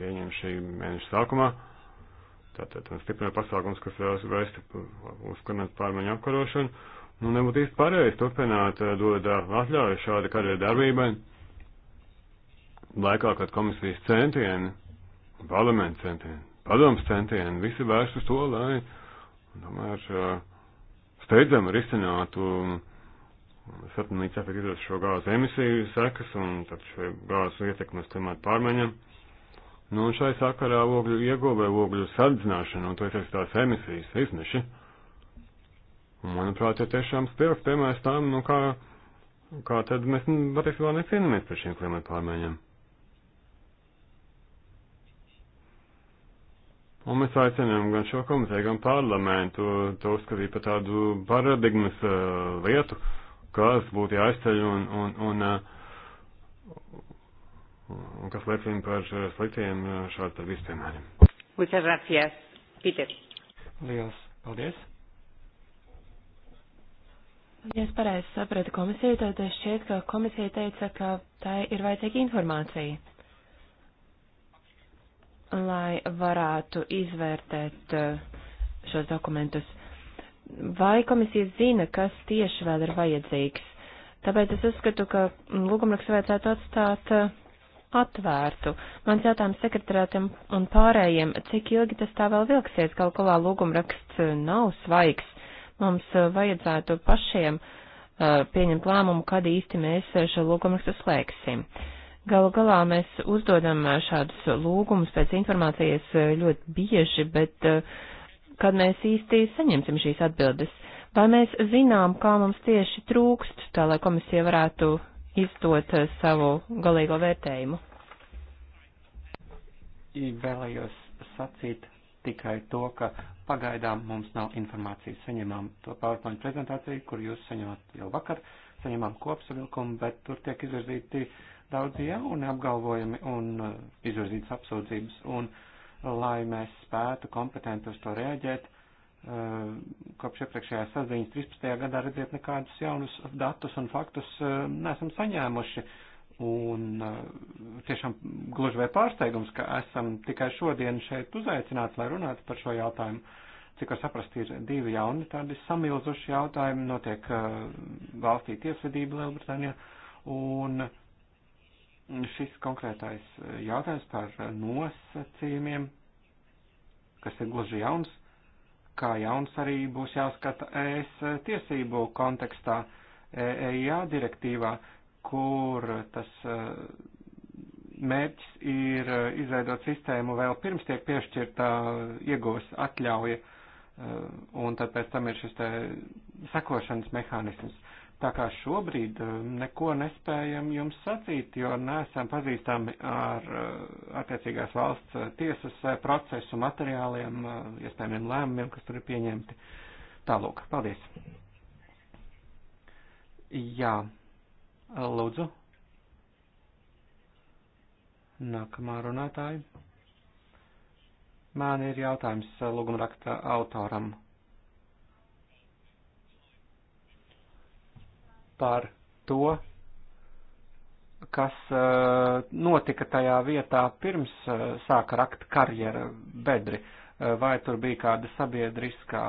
pieņemts šī mēneša sākumā. Tātad stiprina pasākums, kas vēsti uz klimata pārmaiņu apkarošanu. Nu, nebūtu īsti pareizi turpināt eh, dod eh, atļauju šāda karjeru darbībai. Laikā, kad komisijas centieni, parlaments centieni, padoms centieni, visi vērst uz to, lai, domāju, nu, eh, steidzam risinātu. Uh, Sapnīca efektīvos šo gāzu emisiju sekas un tad šo gāzu ietekmes klimata pārmaiņam. Nu, un šai sakarā ogļu ieguvē, ogļu sardzināšana un to iesaistās emisijas izneši. Un, manuprāt, ir tiešām spilgs piemērs tam, nu kā, kā tad mēs nu, patiesībā necienamies par šīm klimata pārmaiņām. Un mēs aicinām gan šo komiteju, gan parlamentu to uzskatīt par tādu paradigmas uh, lietu. Uh, kas būtu jāizceļ un, un, un, un, uh, un kas liecina par uh, sliktiem uh, šādu vispiemēriem. Muchas gracias, Peter. Liels paldies. Ja es pareizi sapratu komisiju, tad šķiet, ka komisija teica, ka tā ir vajadzīga informācija, lai varētu izvērtēt šos dokumentus vai komisija zina, kas tieši vēl ir vajadzīgs. Tāpēc es uzskatu, ka lūgumrakstu vajadzētu atstāt uh, atvērtu. Mans jautājums sekretārātiem un pārējiem, cik ilgi tas tā vēl vilksies, kaut kolā lūgumraksts uh, nav svaigs. Mums uh, vajadzētu pašiem uh, pieņemt lēmumu, kad īsti mēs šo lūgumrakstu slēgsim. Galu galā mēs uzdodam šādus lūgumus pēc informācijas ļoti bieži, bet uh, kad mēs īsti saņemsim šīs atbildes. Vai mēs zinām, kā mums tieši trūkst, tā lai komisija varētu izdot eh, savu galīgo vērtējumu? Vēlējos sacīt tikai to, ka pagaidām mums nav informācijas. Saņemām to PowerPoint prezentāciju, kur jūs saņemat jau vakar, saņemām kopsavilkumu, bet tur tiek izvirzīti daudzi jauni apgalvojumi un uh, izvirzītas apsūdzības. Un uh, lai mēs spētu kompetenti uz to rēģēt. Eh, kopš iepriekšējās saziņas 13. gadā redziet nekādus jaunus datus un faktus eh, nesam saņēmuši. Un eh, tiešām gluži vai pārsteigums, ka esam tikai šodien šeit uzaicināti, lai runātu par šo jautājumu. Cik var saprast, ir divi jauni tādi samilzuši jautājumi, notiek valstī tiesvedība Lielbritānijā. Un uh, šis konkrētais e, jautājums par nosacījumiem, kas ir gluži jauns, kā jauns arī būs jāskata ES tiesību kontekstā EIA e direktīvā, kur tas e, mērķis ir izveidot sistēmu vēl pirms tiek piešķirta iegūs atļauja, un tad pēc tam ir šis te sakošanas mehānisms. Tā kā šobrīd eh, neko nespējam jums sacīt, jo neesam pazīstami ar eh, attiecīgās valsts eh, tiesas procesu materiāliem, iespējamiem lēmumiem, kas tur ir pieņemti. Tālūk, paldies. Jā, lūdzu. Nākamā runātāja. Man ir jautājums lūgumrakta autoram. par to, kas eh, notika tajā vietā pirms eh, sāka rakt karjera bedri. Eh, vai tur bija kāda sabiedriskā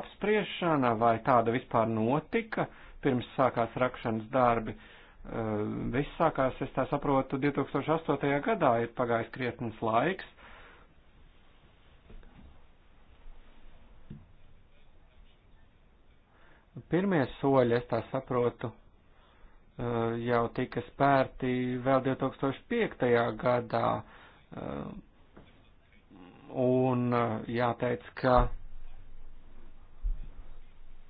apspriešana, vai tāda vispār notika pirms sākās rakšanas darbi. Viss sākās, es tā saprotu, 2008. gadā ir pagājis krietnes laiks, Pirmie soļi, es tā saprotu, jau tika spērti vēl 2005. gadā, un jāteic, ka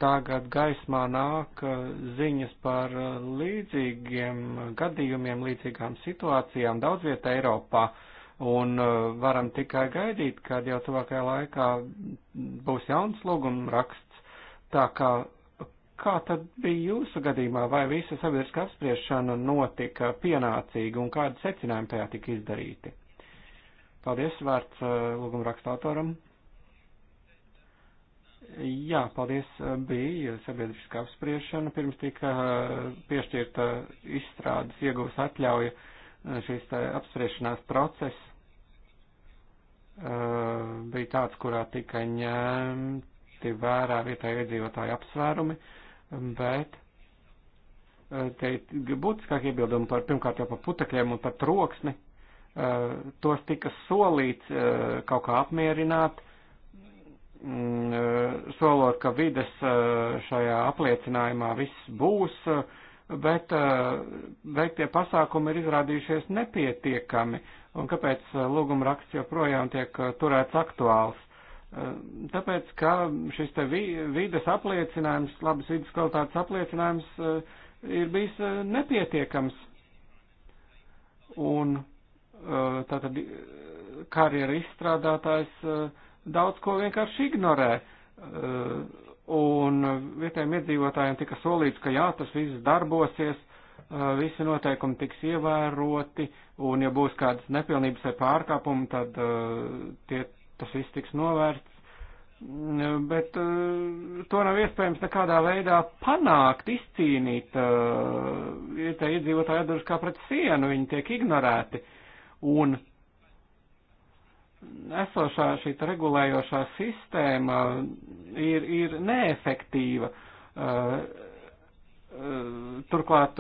tagad gaismā nāk ziņas par līdzīgiem gadījumiem, līdzīgām situācijām daudz vietā Eiropā, un varam tikai gaidīt, kad jau tuvākajā laikā būs jauns lūguma raksts, tā kā Kā tad bija jūsu gadījumā, vai visa sabiedriska apspriešana notika pienācīgi un kādi secinājumi tajā tika izdarīti? Paldies, vārds uh, lūguma rakstātoram. Jā, paldies, uh, bija sabiedriska apspriešana, pirms tika uh, piešķirta izstrādes ieguvas atļauja šīs apspriešanās process bija tāds, kurā tika ņemti vērā vietēji iedzīvotāji apsvērumi. Uh, bet eh, te būtiskāk iebildumi par pirmkārt jau par putekļiem un par troksni. Eh, tos tika solīts eh, kaut kā apmierināt, mm, solot, ka vides šajā apliecinājumā viss būs, bet veiktie pasākumi ir izrādījušies nepietiekami, un kāpēc lūguma raksts joprojām tiek turēts aktuāls. Ehm, tāpēc, ka šis te vides apliecinājums, labas vidas kvalitātes apliecinājums ehm, ir bijis ehm, nepietiekams. Un tātad karjeras izstrādātājs daudz ko vienkārši ignorē. Un vietējiem iedzīvotājiem tika solīts, ka jā, tas viss darbosies, visi noteikumi tiks ievēroti, un ja būs kādas nepilnības vai pārkāpumi, tad tie tas viss tiks novērsts. Bet eh, to nav iespējams nekādā veidā panākt, izcīnīt. Eh, ir tie iedzīvotāji atduras kā pret sienu, viņi tiek ignorēti. Un esošā šī regulējošā sistēma ir, ir neefektīva. Eh, turklāt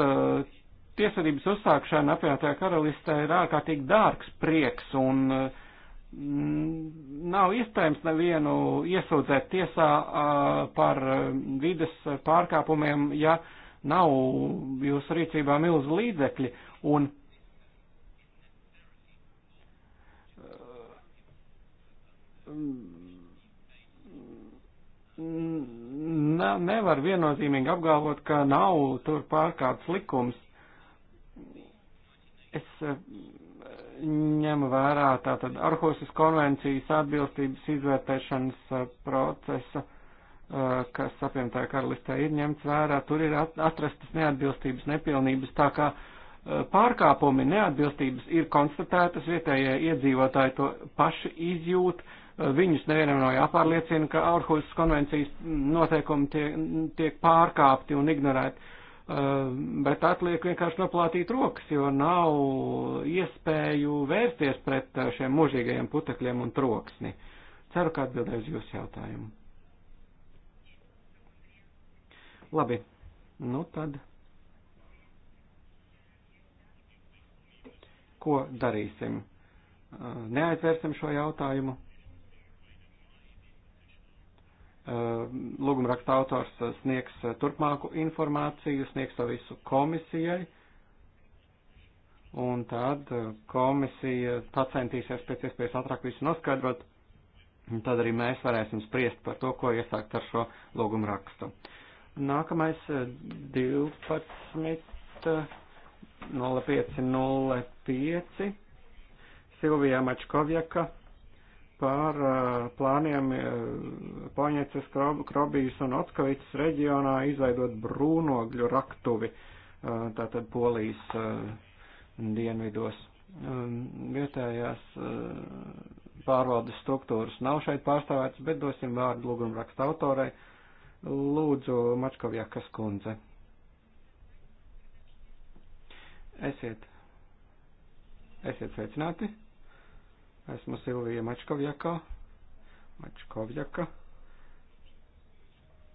tiesvedības uzsākšana apvienotajā karalistē ir ārkārtīgi dārgs prieks un uh, Mm, nav iespējams nevienu iesūdzēt tiesā par vides pārkāpumiem, ja nav jūsu rīcībā milzu līdzekļi. Un mm, Ne, nevar viennozīmīgi apgalvot, ka nav tur pārkāpts likums. Es ņem vērā tātad Arhusas konvencijas atbilstības izvērtēšanas uh, procesa, uh, kas apvienotāja karalistē ir ņemts vērā. Tur ir atrastas neatbilstības, nepilnības, tā kā uh, pārkāpumi, neatbilstības ir konstatētas, vietējie iedzīvotāji to paši izjūt, viņus nevienam no jāpārliecina, ka Arhusas konvencijas noteikumi tiek, tiek pārkāpti un ignorēti Ehm, bet atliek vienkārši noplātīt rokas, jo nav iespēju vērsties pret eh, šiem mūžīgajiem putekļiem un troksni. Ceru, ka atbildēju uz jūsu jautājumu. Labi, nu tad. Ko darīsim? Ehm, neaizvērsim šo jautājumu. Eh, lūguma raksta autors eh, sniegs eh, turpmāku informāciju, sniegs to visu komisijai, un tad komisija pacentīsies pēc iespējas ātrāk visu noskaidrot, un tad arī mēs varēsim spriest par to, ko iesākt ar šo lūguma rakstu. Nākamais 12. 05.05. 05. Silvija Mačkovjaka par eh, plāniem eh, Paņeces, Krobijas un Otskavicas reģionā izveidot brūnogļu raktuvi, eh, tātad Polijas dienvidos. Um, vietējās pārvaldes struktūras nav šeit pārstāvētas, bet dosim vārdu lūgumu raksta autorai. Lūdzu, Mačkovjakas kundze. Esiet, esiet sveicināti. Esmu Silvija Mačkovjaka, Mačkovjaka.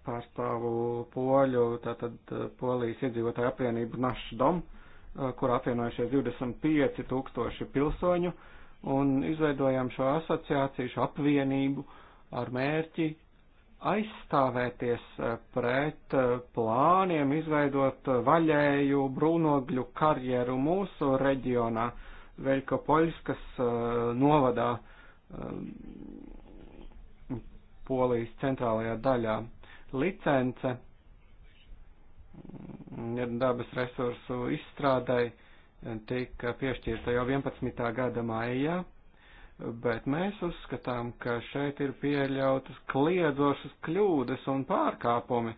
Pārstāvu poļu, tātad eh, Polijas iedzīvotāju apvienību Našdom, eh, kur apvienojušies 25 tūkstoši pilsoņu un izveidojām šo asociāciju, šo apvienību ar mērķi aizstāvēties eh, pret plāniem izveidot vaļēju brūnogļu karjeru mūsu reģionā. Uh, Veļkopoļskas uh, novadā um, Polijas centrālajā daļā. Licence mm, ir dabas resursu izstrādai, tika piešķirta jau 11. gada maijā, bet mēs uzskatām, ka šeit ir pieļautas kliedošas kļūdas un pārkāpumi. Uh,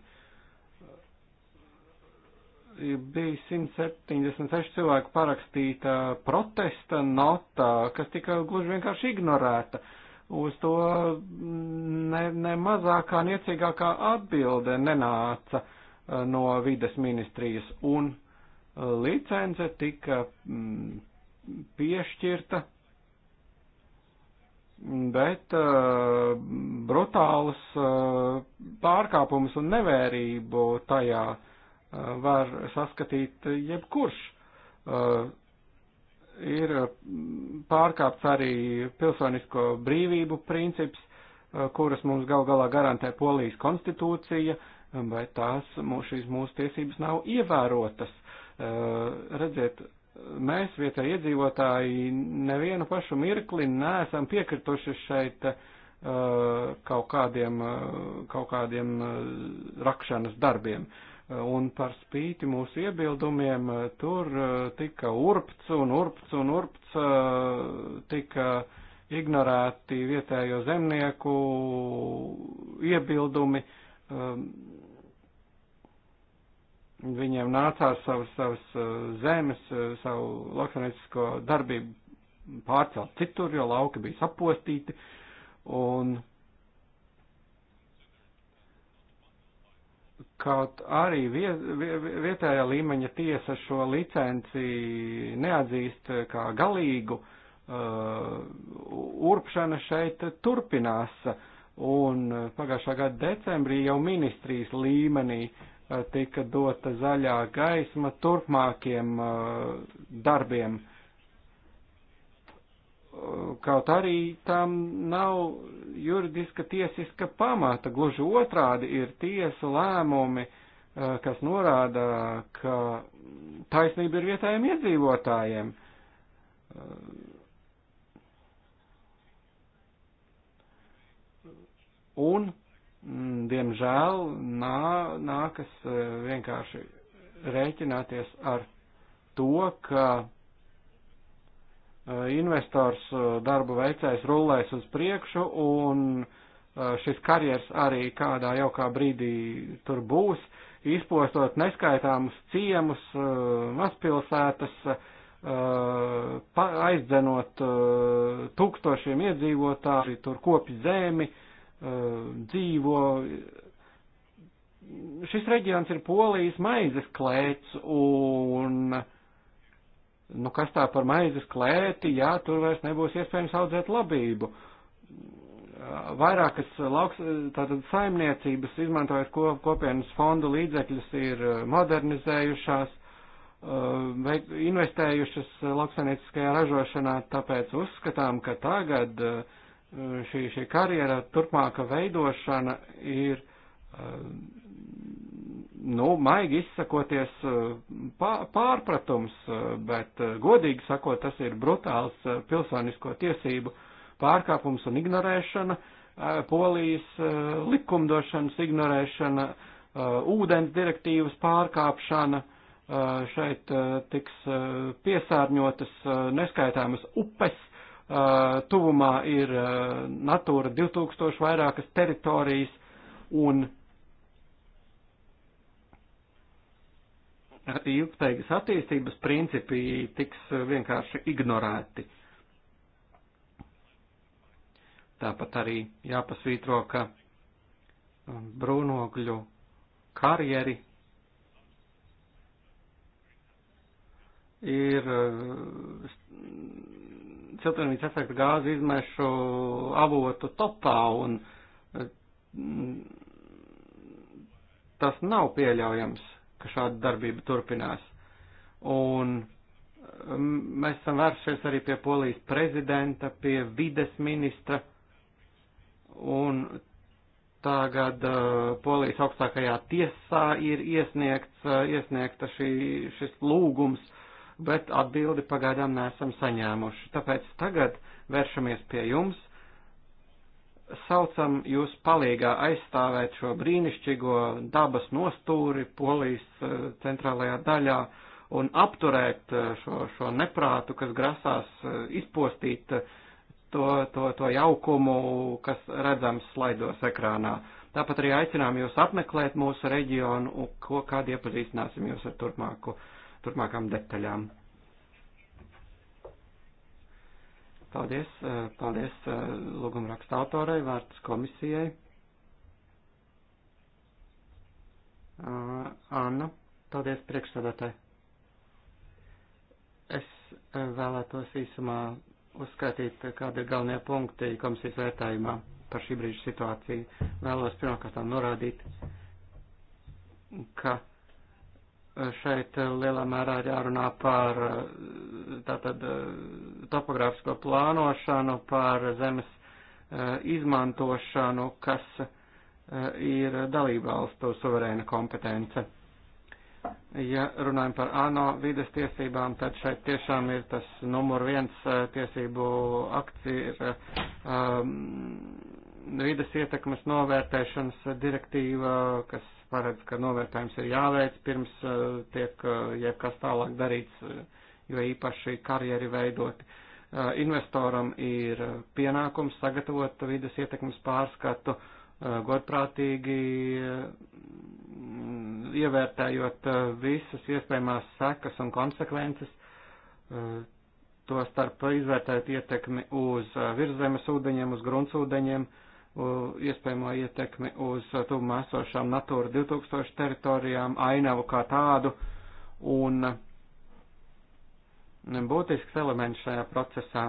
bija 176 cilvēku parakstīta protesta notā, kas tika gluži vienkārši ignorēta. Uz to ne, ne mazākā niecīgākā atbilde nenāca eh, no vides ministrijas, un eh, licence tika mm, piešķirta, bet eh, brutāls pārkāpums un nevērību tajā uh, var saskatīt jebkurš. Eh, ir eh, pārkāpts arī pilsonisko brīvību princips, eh, kuras mums gal galā garantē Polijas konstitūcija, vai tās mūs, šīs mūsu tiesības nav ievērotas. Redziet, mēs vietēji iedzīvotāji nevienu pašu mirkli neesam piekrituši šeit kaut kādiem, kaut kādiem rakšanas darbiem. Uh, un par spīti mūsu iebildumiem eh, tur eh, tika urpts un urpts un urpts, eh, tika ignorēti vietējo zemnieku iebildumi. Ehm, viņiem nācās savas, savas zemes, savu lauksaimniecisko darbību pārcelt citur, jo lauki bija sapostīti. Un, uh, Kaut arī vietējā līmeņa tiesa šo licenci neatzīst kā galīgu, uh, urpšana šeit turpinās, un pagājušā gada decembrī jau ministrijas līmenī uh, tika dota zaļā gaisma turpmākiem uh, darbiem. Uh, kaut arī tam nav juridiska tiesiska pamata, gluži otrādi ir tiesu lēmumi, eh, kas norāda, ka taisnība ir vietējiem iedzīvotājiem. Eh, un, mm, diemžēl, nā, nākas eh, vienkārši rēķināties ar to, ka Eh, investors eh, darbu veicējs rullēs uz priekšu un eh, šis karjers arī kādā jaukā brīdī tur būs, izpostot neskaitāmus ciemus, mazpilsētas, aizdzenot tūkstošiem iedzīvotāju, tur kopj zemi, dzīvo. Šis reģions ir Polijas maizes klēts un uh, nu kas tā par maizes klēti, jā, tur vairs nebūs iespējams audzēt labību. Vairākas lauks, tātad saimniecības izmantojot kop, kopienas fondu līdzekļus ir eh, modernizējušās, eh, investējušas lauksainieciskajā ražošanā, tāpēc uzskatām, ka tagad eh, šī, šī karjera turpmāka veidošana ir nu, maigi izsakoties eh, pārpratums, eh, bet eh, godīgi sakot, tas ir brutāls pilsonisko tiesību pārkāpums un ignorēšana, polijas likumdošanas ignorēšana, ūdens direktīvas pārkāpšana, šeit tiks piesārņotas neskaitāmas upes, tuvumā ir Natūra 2000 vairākas teritorijas un ilgspējīgas attīstības principi tiks uh, vienkārši ignorēti. Tāpat arī jāpasvītro, ka um, brūnogļu karjeri ir uh, siltumnīca efekta gāzu izmešu avotu topā un uh, tas nav pieļaujams ka šāda darbība turpinās. Un um, mēs esam vēršies arī pie polijas prezidenta, pie vides ministra un tagad uh, polijas augstākajā tiesā ir iesniegts, uh, iesniegta šī, šis lūgums, bet atbildi pagaidām nesam saņēmuši. Tāpēc tagad vēršamies pie jums saucam jūs palīgā aizstāvēt šo brīnišķīgo dabas nostūri Polijas eh, centrālajā daļā un apturēt eh, šo, šo neprātu, kas grasās eh, izpostīt to, to, to jaukumu, kas redzams slaidos ekrānā. Tāpat arī aicinām jūs apmeklēt mūsu reģionu, ko kādi iepazīstināsim jūs ar turpmāku, turpmākām detaļām. Paldies, eh, paldies eh, lūguma raksta autorai, vārds komisijai. Eh, Anna, paldies priekšsādātāji. Es vēlētos īsumā uzskatīt, kādi ir galvenie punkti komisijas vērtējumā par šī brīža situāciju. Vēlos pirmkārt norādīt, ka šeit lielā mērā ir jārunā par tātad topogrāfisko plānošanu, par zemes eh, izmantošanu, kas eh, ir dalībvalstu suverēna kompetence. Ja runājam par ANO vides tiesībām, tad šeit tiešām ir tas numur viens eh, tiesību akts ir um, vides ietekmes novērtēšanas direktīva, kas paredz, ka novērtējums ir jāveic pirms eh, tiek eh, jebkas tālāk darīts, eh, jo īpaši karjeri veidoti. Investoram ir pienākums sagatavot vides ietekmes pārskatu, godprātīgi ievērtējot visas iespējamās sekas un konsekvences, to starp izvērtēt ietekmi uz virzemes ūdeņiem, uz gruntsūdeņiem, uh, iespējamo ietekmi uz tuvumā esošām Natūra 2000 teritorijām, ainavu kā tādu, un būtisks elements šajā procesā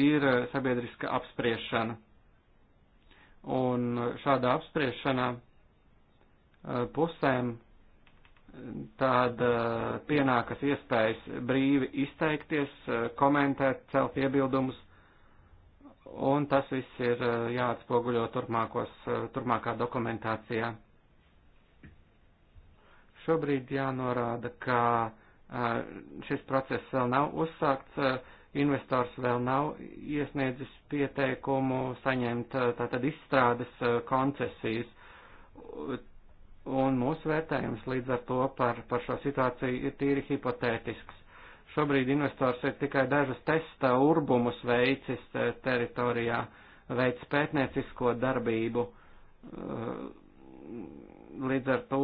ir sabiedriska apspriešana. Un šādā apspriešanā e, pusēm tad e, pienākas iespējas brīvi izteikties, e, komentēt, celt iebildumus un tas viss ir eh, jāatspoguļo turpmākos, eh, turpmākā dokumentācijā. Šobrīd jānorāda, ka eh, šis process vēl nav uzsākts, investors vēl nav iesniedzis pieteikumu saņemt tātad izstrādes koncesijas, un mūsu vērtējums līdz ar to par, par šo situāciju ir tīri hipotētisks Šobrīd investors ir tikai dažus testa urbumus veicis eh, teritorijā, veic pētniecisko darbību. Eh, līdz ar to,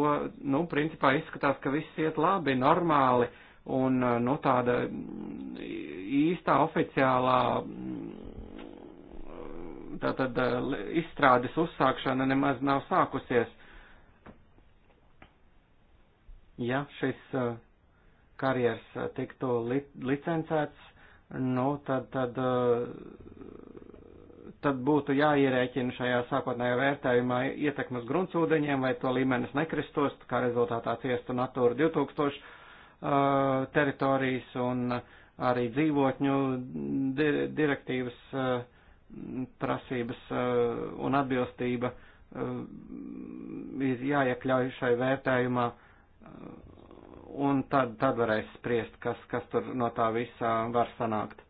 nu, principā izskatās, ka viss iet labi, normāli, un, eh, nu, tāda mm, īstā oficiālā mm, tātad izstrādes uzsākšana nemaz nav sākusies. Ja šis uh, karjeras eh, tiktu li, licencēts, nu, tad, tad, eh, tad būtu jāierēķina šajā sākotnējā vērtējumā ietekmes gruntsūdeņiem, vai to līmenis nekristos, kā rezultātā ciestu Natūra 2000 eh, teritorijas un arī dzīvotņu direktīvas prasības un atbilstība ir jāiekļauj šai vērtējumā un tad, tad varēs spriest, kas, kas tur no tā visā var sanākt.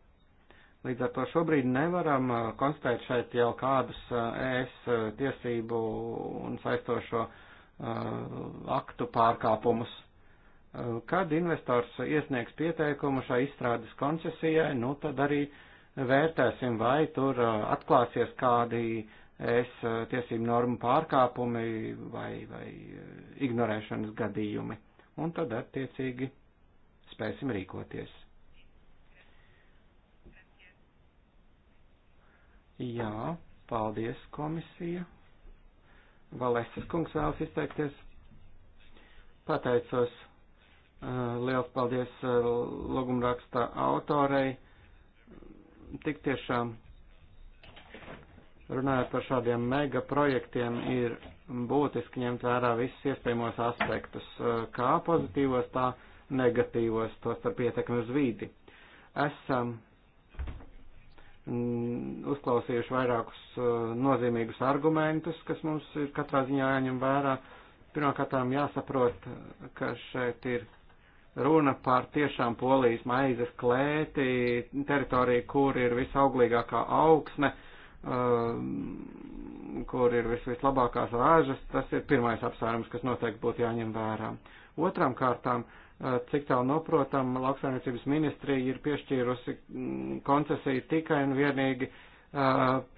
Līdz ar to šobrīd nevaram uh, konstatēt šeit jau kādus ES uh, uh, tiesību un saistošo aktu pārkāpumus. Kad investors iesniegs pieteikumu šai izstrādes koncesijai, nu tad arī vērtēsim, vai tur atklāsies kādi ES tiesību normu pārkāpumi vai, vai ignorēšanas gadījumi un tad attiecīgi spēsim rīkoties. Jā, paldies komisija. Valēsas kungs vēlas izteikties. Pateicos. Uh, liels paldies uh, logumraksta autorei. Tik tiešām runājot par šādiem mega projektiem ir būtiski ņemt vērā visus iespējamos aspektus, e, kā pozitīvos, tā negatīvos, tos ar pietekmi uz vīdi. Esam mm, uzklausījuši vairākus e, nozīmīgus argumentus, kas mums ir katrā ziņā jāņem vērā. Pirmkārt, jāsaprot, ka šeit ir runa par tiešām polijas maizes klēti, teritoriju, kur ir visauglīgākā augsne, e, kur ir vis, vislabākās rāžas, tas ir pirmais apsvērums, kas noteikti būtu jāņem vērā. Otram kārtām, eh, cik tālu noprotam, lauksaimniecības ministrija ir piešķīrusi mm, koncesiju tikai un vienīgi eh,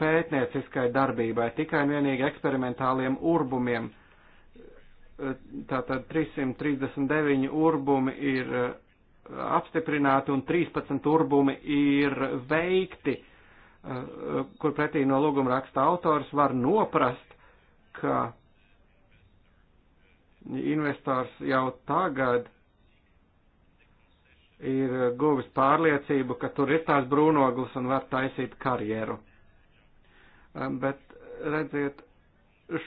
pētnieciskai darbībai, tikai un vienīgi eksperimentāliem urbumiem. Eh, tātad 339 urbumi ir apstiprināti un 13 urbumi ir veikti Eh, eh, kur pretī no lūguma raksta autors var noprast, ka investors jau tagad ir guvis pārliecību, ka tur ir tās brūnoglis un var taisīt karjeru. Eh, bet redziet,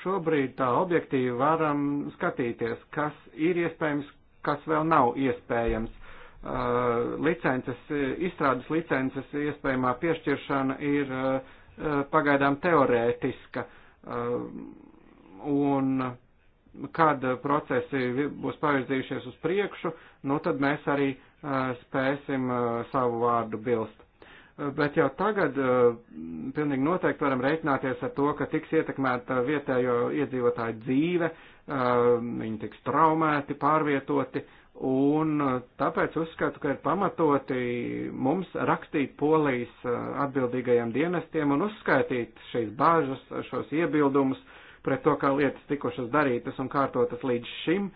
šobrīd tā objektīvi varam skatīties, kas ir iespējams, kas vēl nav iespējams. Eh, licences, eh, izstrādes licences iespējamā piešķiršana ir eh, pagaidām teorētiska. Un kad procesi būs pavirzījušies uz priekšu, nu tad mēs arī spēsim savu vārdu bilst. Bet jau tagad pilnīgi noteikti varam rēķināties ar to, ka tiks ietekmēta vietējo iedzīvotāju dzīve, viņi tiks traumēti, pārvietoti, uh, Un eh, tāpēc uzskatu, ka ir pamatoti mums rakstīt polijas eh, atbildīgajiem dienestiem un uzskaitīt šīs bāžas, šos iebildumus pret to, kā lietas tikušas darītas un kārtotas līdz šim.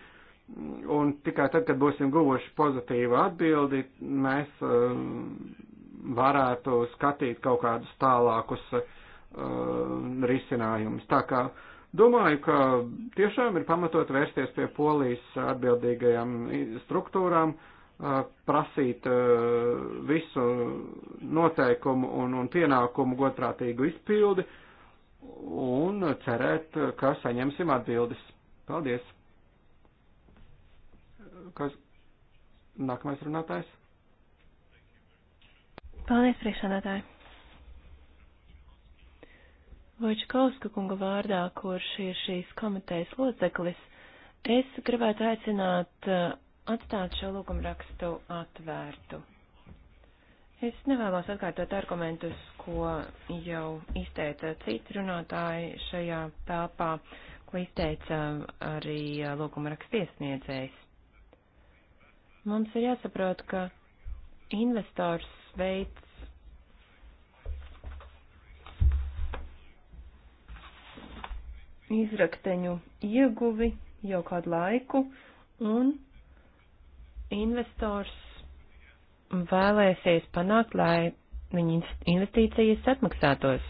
Un tikai tad, kad būsim guvuši pozitīvu atbildi, mēs eh, varētu skatīt kaut kādus tālākus risinājumus. Tā kā uh, Domāju, ka tiešām ir pamatot vērsties pie polijas atbildīgajām struktūrām, prasīt visu noteikumu un, un pienākumu godprātīgu izpildi un cerēt, ka saņemsim atbildes. Paldies! Kas nākamais runātājs? Paldies, priekšsādātāji! Vojčkovska kunga vārdā, kurš ir šīs komitejas loceklis, es gribētu aicināt eh, atstāt šo lūgumrakstu atvērtu. Es nevēlos atkārtot argumentus, ko jau izteica citi runātāji šajā telpā, ko izteica arī eh, lūgumrakstu iesniedzējs. Mums ir jāsaprot, ka investors veids izrakteņu ieguvi jau kādu laiku, un investors vēlēsies panākt, lai viņa investīcijas atmaksātos.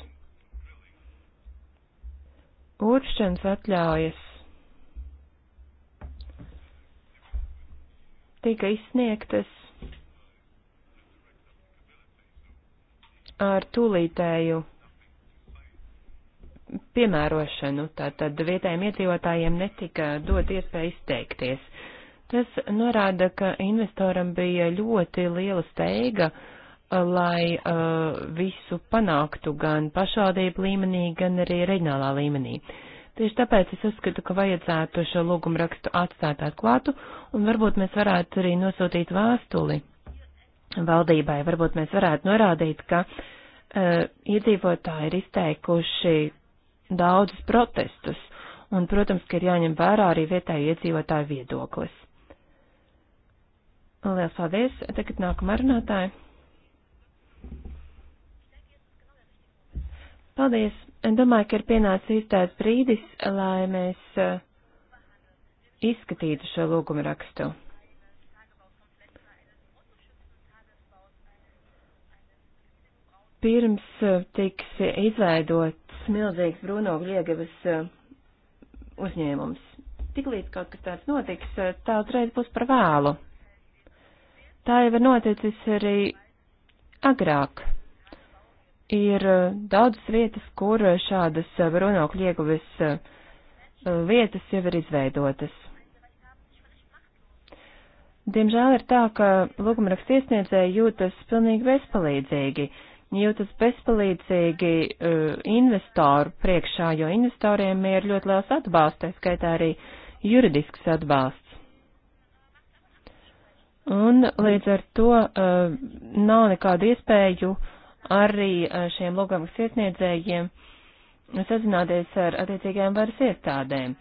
Uršanas atļaujas tika izsniegtas ar tūlītēju piemērošanu, tātad vietējiem iedzīvotājiem netika dot iespēja izteikties. Tas norāda, ka investoram bija ļoti liela steiga, uh, lai uh, visu panāktu gan pašvaldību līmenī, gan arī reģionālā līmenī. Tieši tāpēc es uzskatu, ka vajadzētu šo lūgumu rakstu atstāt atklātu, un varbūt mēs varētu arī nosūtīt vēstuli valdībai. Varbūt mēs varētu norādīt, ka uh, iedzīvotāji ir izteikuši daudzus protestus, un, protams, ka ir jāņem vērā arī vietēji iedzīvotāju viedoklis. Lielas paldies! Tagad nākamā runātāja. Paldies! Domāju, ka ir pienācis īstais brīdis, lai mēs eh, izskatītu šo lūgumu rakstu. Pirms eh, tiks izveidot milzīgs Bruno Gliegavas eh, uzņēmums. Tiklīdz kaut kas tāds notiks, eh, tā uzreiz būs par vēlu. Tā jau ir noticis arī agrāk. Ir eh, daudzas vietas, kur šādas Bruno Gliegavas vietas jau ir izveidotas. Diemžēl ir tā, ka lūgumraksta iesniedzēji jūtas pilnīgi bezpalīdzīgi. Uh, jūtas bezpalīdzīgi uh, investoru priekšā, jo investoriem ir ļoti liels atbalsts, tā skaitā arī juridisks atbalsts. Un līdz ar to uh, nav nekādu iespēju arī uh, šiem lūgumaks iesniedzējiem sazināties ar attiecīgajām varas iestādēm.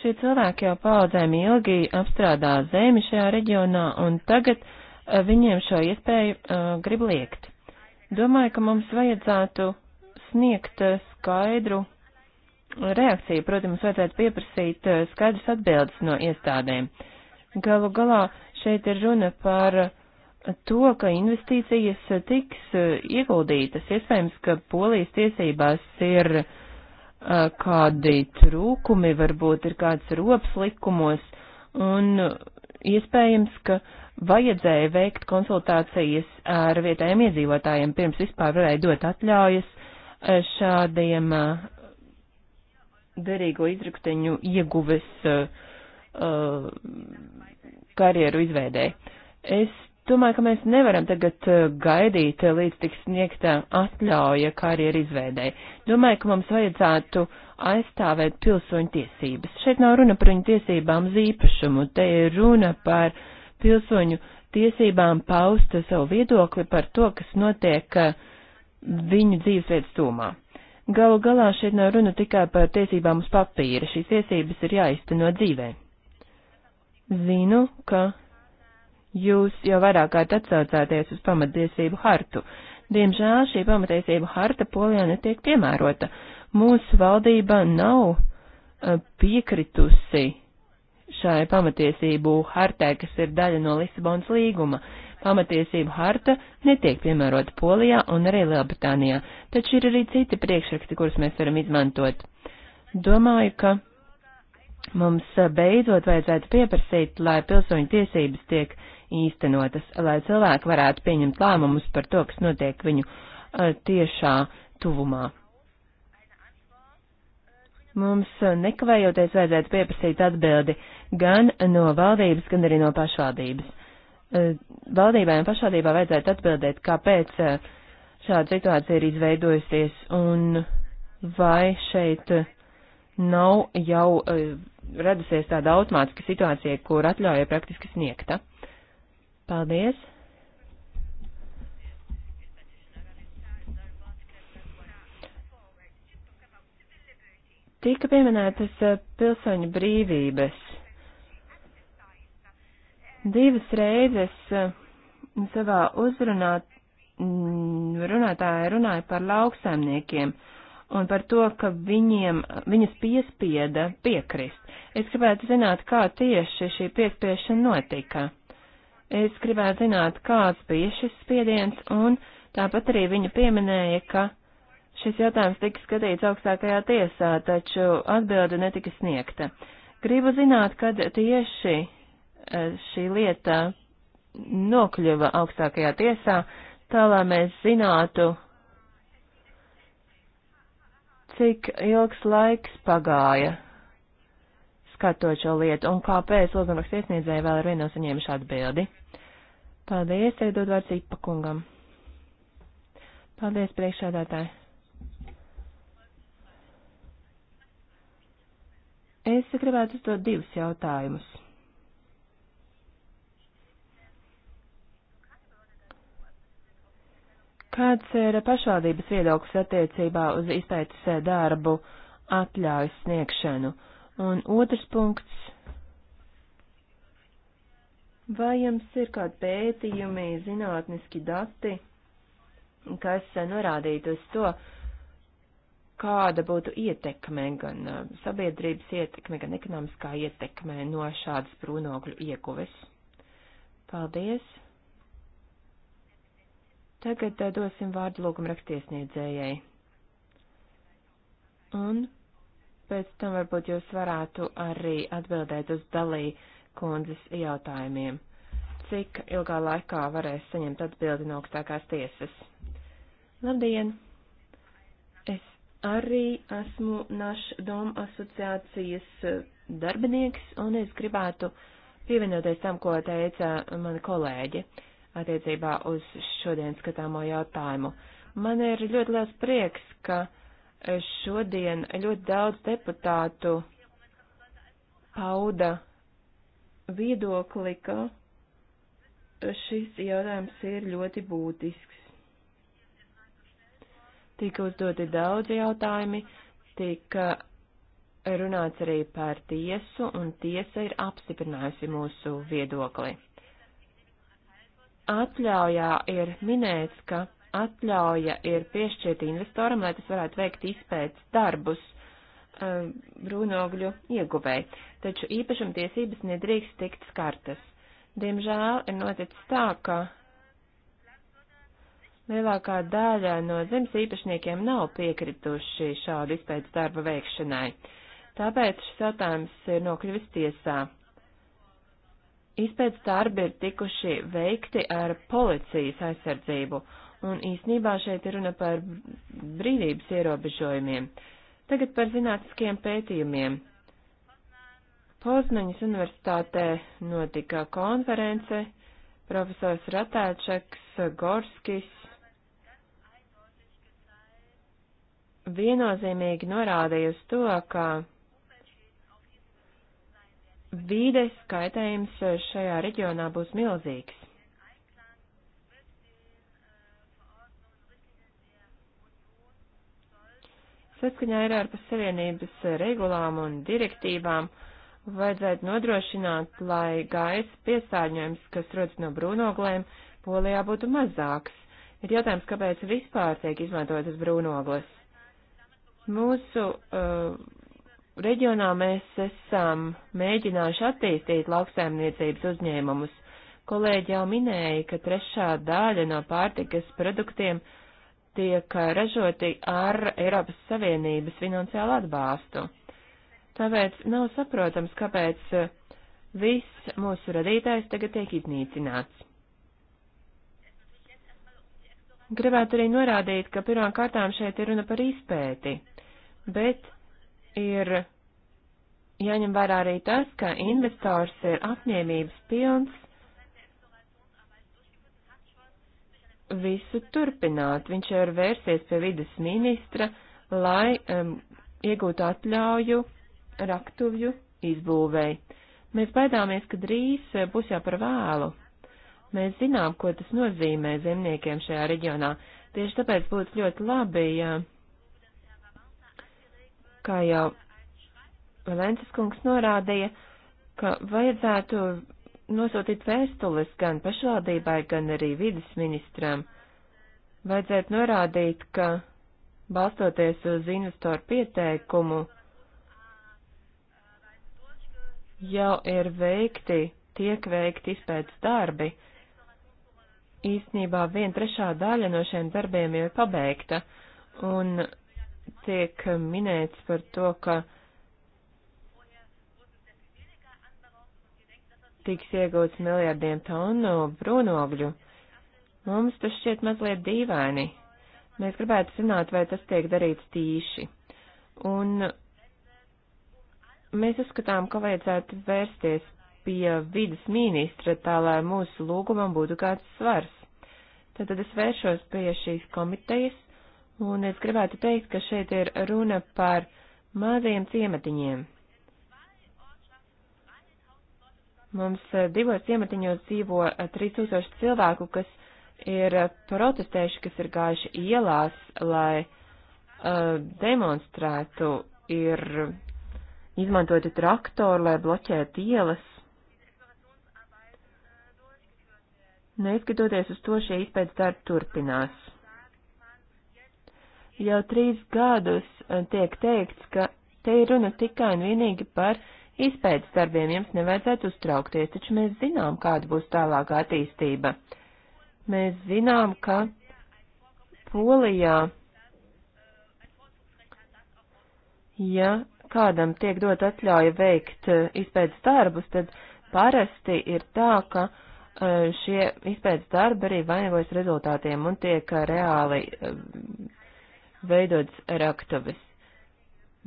Šie cilvēki jau paudzēm ilgi apstrādā zemi šajā reģionā, un tagad uh, viņiem šo iespēju uh, grib liekt. Domāju, ka mums vajadzētu sniegt eh, skaidru reakciju, protams, vajadzētu pieprasīt eh, skaidrs atbildes no iestādēm. Galu galā šeit ir runa par to, ka investīcijas tiks eh, ieguldītas. Iespējams, ka polijas tiesībās ir kādi trūkumi, varbūt ir kāds rops likumos, un iespējams, ka vajadzēja veikt konsultācijas ar vietējiem iedzīvotājiem, pirms vispār varēja dot atļaujas eh, šādiem eh, derīgo izrakteņu ieguves eh, karjeru izveidē. Es domāju, ka mēs nevaram tagad gaidīt, līdz tiks sniegta atļauja karjeru izveidē. Domāju, ka mums vajadzētu aizstāvēt pilsoņu tiesības. Šeit nav runa par viņu tiesībām uz īpašumu, te ir runa par uh, pilsoņu tiesībām paust savu viedokli par to, kas notiek eh, viņu dzīvesvietas tūmā. Galu galā šeit nav runa tikai par tiesībām uz papīra, šīs tiesības ir jāizteno dzīvē. Zinu, ka jūs jau vairāk kārt atsaucāties uz pamatiesību hartu. Diemžēl šī pamatiesību harta polijā netiek piemērota. Mūsu valdība nav eh, piekritusi šai pamatiesību hartē, kas ir daļa no Lisabonas līguma. Pamatiesību harta netiek piemērota Polijā un arī Lielbritānijā, taču ir arī citi priekšraksti, kurus mēs varam izmantot. Domāju, ka mums beidzot vajadzētu pieprasīt, lai pilsoņu tiesības tiek īstenotas, lai cilvēki varētu pieņemt lēmumus par to, kas notiek viņu uh, tiešā tuvumā. Mums nekavējoties vajadzētu pieprasīt atbildi gan no valdības, gan arī no pašvaldības. Eh, valdībai un pašvaldībā vajadzētu atbildēt, kāpēc eh, šāda situācija ir izveidojusies un vai šeit nav jau eh, radusies tāda automātiska situācija, kur atļauja praktiski sniegta. Paldies! Tika pieminētas eh, pilsoņu brīvības. Divas reizes eh, savā uzrunā mm, runātāja runāja par lauksaimniekiem un par to, ka viņiem, viņus piespieda piekrist. Es gribētu zināt, kā tieši šī piespiešana notika. Es gribētu zināt, kāds bija šis spiediens, un tāpat arī viņa pieminēja, ka Šis jautājums tika skatīts augstākajā tiesā, taču atbilde netika sniegta. Gribu zināt, kad tieši eh, šī lieta nokļuva augstākajā tiesā, tā lai mēs zinātu, cik ilgs laiks pagāja skatot šo lietu un kāpēc lūgumraks iesniedzēja vēl ar vienu saņēmuši atbildi. Paldies, iedod vārds īpakungam. Paldies, priekšādātāji. Es gribētu uzdot divus jautājumus. Kāds ir pašvaldības viedoklis attiecībā uz izpētes darbu atļaujas sniegšanu? Un otrs punkts. Vai jums ir kādi pētījumi, zinātniski dati, kas norādītu uz to, kāda būtu ietekme, gan eh, sabiedrības ietekme, gan ekonomiskā ietekme no šādas brūnokļu ieguves. Paldies! Tagad eh, dosim vārdu lūgumu rakstiesniedzējai. Un pēc tam varbūt jūs varētu arī atbildēt uz dalī kundzes jautājumiem. Cik ilgā laikā varēs saņemt atbildi no augstākās tiesas? Labdien! arī esmu Naša Doma asociācijas eh, darbinieks, un es gribētu pievienoties tam, ko teica mani kolēģi attiecībā uz šodien skatāmo jautājumu. Man ir ļoti liels prieks, ka šodien ļoti daudz deputātu pauda viedokli, ka šis jautājums ir ļoti būtisks tika uzdoti daudzi jautājumi, tika runāts arī par tiesu, un tiesa ir apstiprinājusi mūsu viedokli. Atļaujā ir minēts, ka atļauja ir piešķirta investoram, lai tas varētu veikt izpētes darbus um, brūnogļu ieguvēji, taču īpašumtiesības nedrīkst tikt skartas. Diemžēl ir noticis tā, ka Lielākā daļa no zemes īpašniekiem nav piekrituši šādu izpētes darbu veikšanai. Tāpēc šis jautājums ir nokļuvis tiesā. Izpētes darbi ir tikuši veikti ar policijas aizsardzību, un īsnībā šeit ir runa par brīvības ierobežojumiem. Tagad par zinātniskiem pētījumiem. Poznaņas universitātē notika konference, profesors Ratēčeks, Gorskis viennozīmīgi norādīja uz to, ka vīdes kaitējums šajā reģionā būs milzīgs. Saskaņā ar Eiropas Savienības regulām un direktīvām vajadzētu nodrošināt, lai gaisa piesārņojums, kas rodas no brūnoglēm, polijā būtu mazāks. Ir jautājums, kāpēc vispār tiek izmantotas brūnogles. Mūsu uh, reģionā mēs esam mēģinājuši attīstīt lauksaimniecības uzņēmumus. Kolēģi jau minēja, ka trešā daļa no pārtikas produktiem tiek ražoti ar Eiropas Savienības finansiālu atbalstu. Tāpēc nav saprotams, kāpēc uh, viss mūsu radītājs tagad tiek iznīcināts. Gribētu arī norādīt, ka pirmām kārtām šeit ir runa par izpēti bet ir jāņem vērā arī tas, ka investors ir apņēmības pilns visu turpināt. Viņš jau ir vērsies pie vidas ministra, lai um, iegūtu atļauju raktuvju izbūvēi. Mēs baidāmies, ka drīz uh, būs jau par vēlu. Mēs zinām, ko tas nozīmē zemniekiem šajā reģionā. Tieši tāpēc būtu ļoti labi, ja kā jau Valences kungs norādīja, ka vajadzētu nosūtīt vēstules gan pašvaldībai, gan arī vidas ministram. Vajadzētu norādīt, ka balstoties uz investoru pieteikumu, jau ir veikti, tiek veikti izpētes darbi. Īsnībā viena trešā daļa no šiem darbiem jau ir pabeigta, un tiek minēts par to, ka tiks iegūts miljardiem tonu brūnogļu. Mums tas šķiet mazliet dīvaini. Mēs gribētu zināt, vai tas tiek darīts tīši. Un mēs uzskatām, ka vajadzētu vērsties pie vidas ministra, tā lai mūsu lūgumam būtu kāds svars. Tad, tad es vēršos pie šīs komitejas Un es gribētu teikt, ka šeit ir runa par maziem ciematiņiem. Mums eh, divos ciematiņos dzīvo 3000 eh, cilvēku, kas ir eh, protestējuši, kas ir gājuši ielās, lai uh, demonstrētu, ir izmantoti traktori, lai bloķētu ielas. Neskatoties uz to, šie izpētes darbi turpinās. Jau trīs gadus eh, tiek teikts, ka te ir runa tikai un vienīgi par izpētes darbiem, jums nevajadzētu uztraukties, taču mēs zinām, kāda būs tālākā attīstība. Mēs zinām, ka Polijā, ja kādam tiek dot atļauja veikt eh, izpētes darbus, tad parasti ir tā, ka eh, šie izpētes darbi arī vainagojas rezultātiem un tiek reāli veidotas raktaves.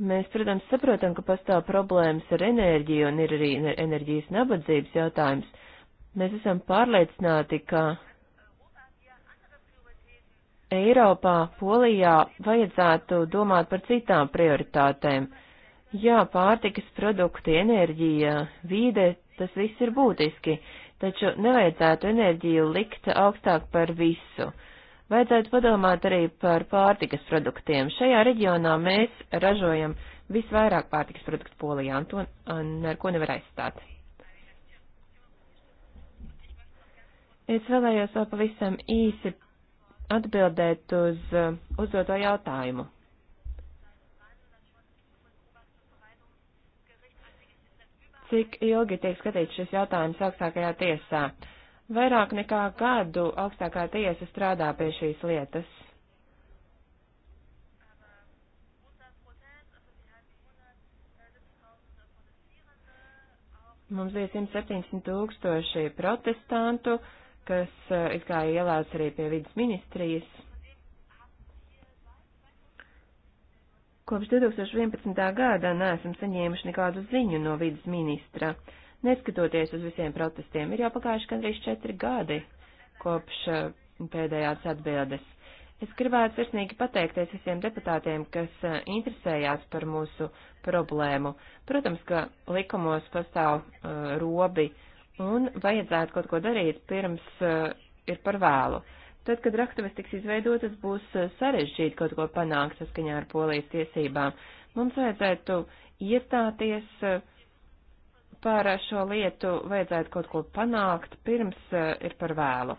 Mēs, protams, saprotam, ka pastāv problēmas ar enerģiju un ir arī enerģijas nabadzības jautājums. Mēs esam pārliecināti, ka Eiropā, Polijā vajadzētu domāt par citām prioritātēm. Jā, pārtikas produkti, enerģija, vīde, tas viss ir būtiski, taču nevajadzētu enerģiju likt augstāk par visu. Uh, Vajadzētu padomāt arī par pārtikas produktiem. Šajā reģionā mēs ražojam visvairāk pārtikas produktu polijā, un to ar ko nevar aizstāt. Es vēlējos vēl pavisam īsi atbildēt uz uh, uzdoto jautājumu. Cik ilgi tiek skatīts šis jautājums augstākajā tiesā? Uh, Vairāk nekā gadu augstākā tiesa strādā pie šīs lietas. Mums bija 170 tūkstoši protestantu, kas eh, izgāja ielās arī pie vidas ministrijas. Kopš 2011. gada neesam saņēmuši nekādu ziņu no vidas ministra. Uh, Neskatoties uz visiem protestiem, ir jau pagājuši gandrīz četri gadi kopš uh, pēdējās atbildes. Es gribētu sirsnīgi pateikties visiem deputātiem, kas uh, interesējās par mūsu problēmu. Protams, ka likumos pastāv uh, robi un vajadzētu kaut ko darīt pirms uh, ir par vēlu. Tad, kad raktuves tiks izveidotas, būs uh, sarežģīti kaut ko panākt saskaņā ar polijas tiesībām. Mums vajadzētu iestāties uh, par šo lietu vajadzētu kaut ko panākt, pirms eh, ir par vēlu.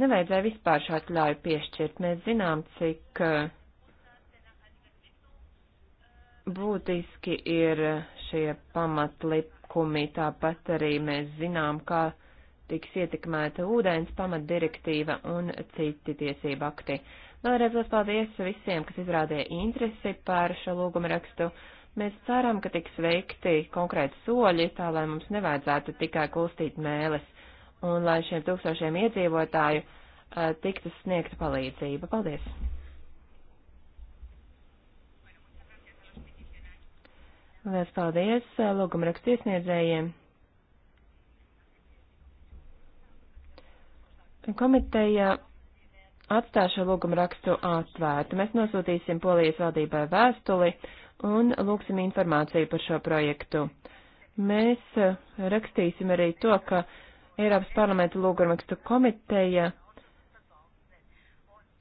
Nevajadzēja vispār šo atļauju piešķirt. Mēs zinām, cik eh, būtiski ir šie pamatlikumi, tāpat arī mēs zinām, kā tiks ietekmēta ūdens pamatdirektīva un citi tiesību akti. Vēlreiz liels paldies visiem, kas izrādīja interesi par šo lūgumu rakstu. Mēs ceram, ka tiks veikti konkrēti soļi, tā lai mums nevajadzētu tikai kulstīt mēles un lai šiem tūkstošiem iedzīvotāju uh, tiktu sniegta palīdzība. Paldies! Lielas paldies eh, lūguma rakstiesniedzējiem. Komiteja atstāšu lūgumu rakstu atvērtu. Mēs nosūtīsim polijas valdībai vēstuli un lūksim informāciju par šo projektu. Mēs eh, rakstīsim arī to, ka Eiropas parlamenta lūgurmakstu komiteja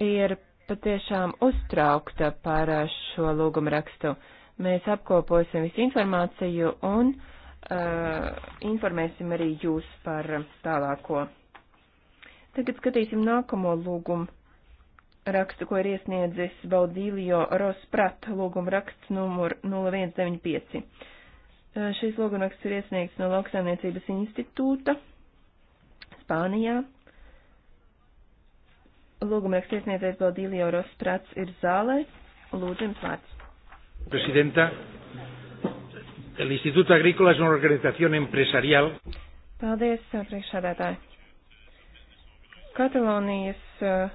ir patiešām uztraukta par eh, šo lūgumu rakstu. Mēs apkoposim visu informāciju un uh, informēsim arī jūs par tālāko. Tagad skatīsim nākamo lūgumu rakstu, ko ir iesniedzis Baldīlio Rosprat, lūguma raksts numur 0195. Šis lūgumraksts ir iesniegts no Lauksaimniecības institūta Spānijā. Lūgumraksts iesniedzējs Baldīlio Rosprats ir zālē. Lūdzu, jums vārds. Presidenta, el Instituto Agrícola es una organización empresarial. Paldies, priekšsādātāji. Katalonijas uh,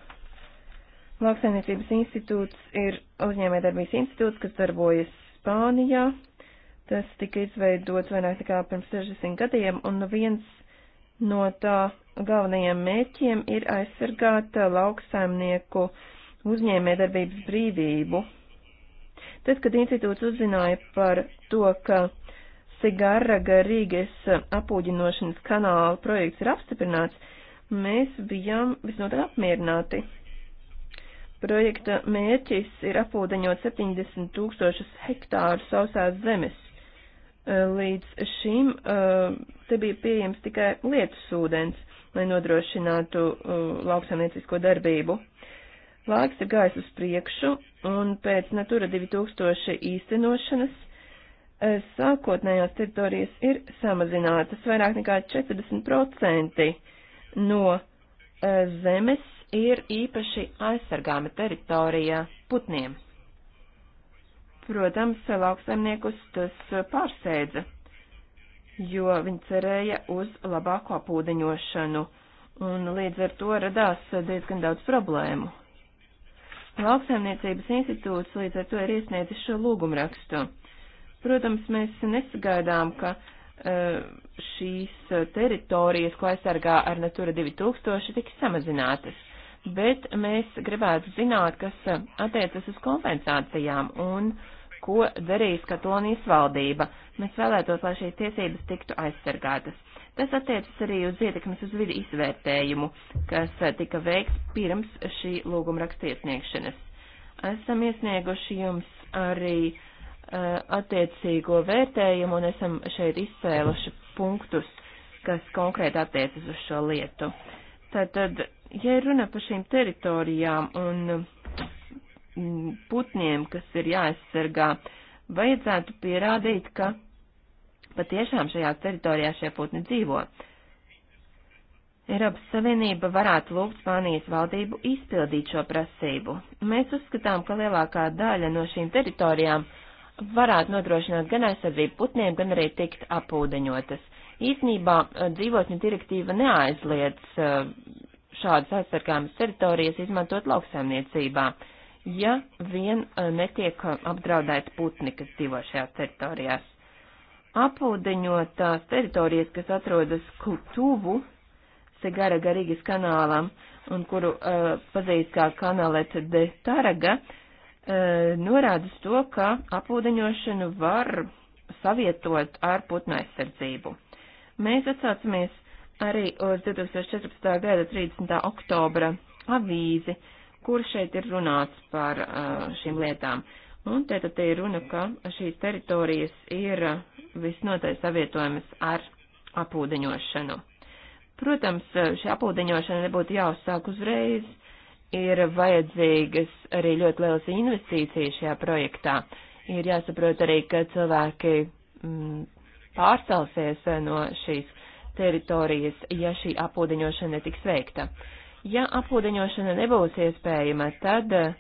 Lauksainiecības institūts ir uzņēmējdarbības institūts, kas darbojas Spānijā. Tas tika izveidots vairāk nekā pirms 60 gadiem, un viens no tā galvenajiem mērķiem ir aizsargāt lauksaimnieku uzņēmējdarbības brīvību. Tad, kad institūts uzzināja par to, ka Sigarra garīgas apūģinošanas kanāla projekts ir apstiprināts, mēs bijām visnotaļ apmierināti. Projekta mērķis ir apūdeņot 70 tūkstošus hektāru sausās zemes. Eh, līdz šim eh, te bija pieejams tikai lietus ūdens, lai nodrošinātu eh, lauksaimniecisko darbību. Laiks ir gājis uz priekšu, un pēc Natura 2000 īstenošanas sākotnējās teritorijas ir samazinātas vairāk nekā 40% no zemes ir īpaši aizsargāma teritorija putniem. Protams, lauksaimniekus tas pārsēdza, jo viņi cerēja uz labāko apūdeņošanu, un līdz ar to radās diezgan daudz problēmu. Lauksaimniecības institūts līdz ar to ir iesniedzis šo lūgumrakstu. Protams, mēs nesagaidām, ka eh, šīs teritorijas, ko aizsargā ar Natura 2000, tiks samazinātas bet mēs gribētu zināt, kas uh, attiecas uz kompensācijām un ko darīs Katalonijas valdība. Mēs vēlētos, lai šīs tiesības tiktu aizsargātas. Tas attiecas arī uz ietekmes uz vidi izvērtējumu, kas uh, tika veikts pirms šī lūguma rakstiesniegšanas. Esam iesnieguši jums arī uh, attiecīgo vērtējumu un esam šeit izcēluši punktus, kas konkrēti attiecas uz šo lietu. Tātad Ja runa par šīm teritorijām un mm, putniem, kas ir jāaizsargā, vajadzētu pierādīt, ka patiešām šajās teritorijās šie putni dzīvo. Eiropas Savienība varētu lūgt Spānijas valdību izpildīt šo prasību. Mēs uzskatām, ka lielākā daļa no šīm teritorijām varētu nodrošināt gan aizsardzību putniem, gan arī tikt apūdeņotas. Īsnībā eh, dzīvotņu direktīva neaizliedz uh, šādas aizsargājumas teritorijas izmantot lauksaimniecībā, ja vien eh, netiek eh, apdraudēti putni, kas dzīvo šajās teritorijās. Apūdeņotās teritorijas, kas atrodas tuvu Segara Garīgas kanālam un kuru uh, pazīst kā kanalete de Taraga, uh, norādas to, ka apūdeņošanu var savietot ar putnu aizsardzību. Mēs atsācamies arī uz 2014. gada 30. oktobra avīzi, kur šeit ir runāts par uh, šīm lietām. Un te tad te ir runa, ka šīs teritorijas ir uh, visnotaļ savietojamas ar apūdeņošanu. Protams, uh, šī apūdeņošana nebūtu jāuzsāk uzreiz, ir vajadzīgas arī ļoti lielas investīcijas šajā projektā. Ir jāsaprot arī, ka cilvēki m, mm, pārcelsies no šīs teritorijas, ja šī apūdeņošana netiks veikta. Ja apūdeņošana nebūs iespējama, tad eh,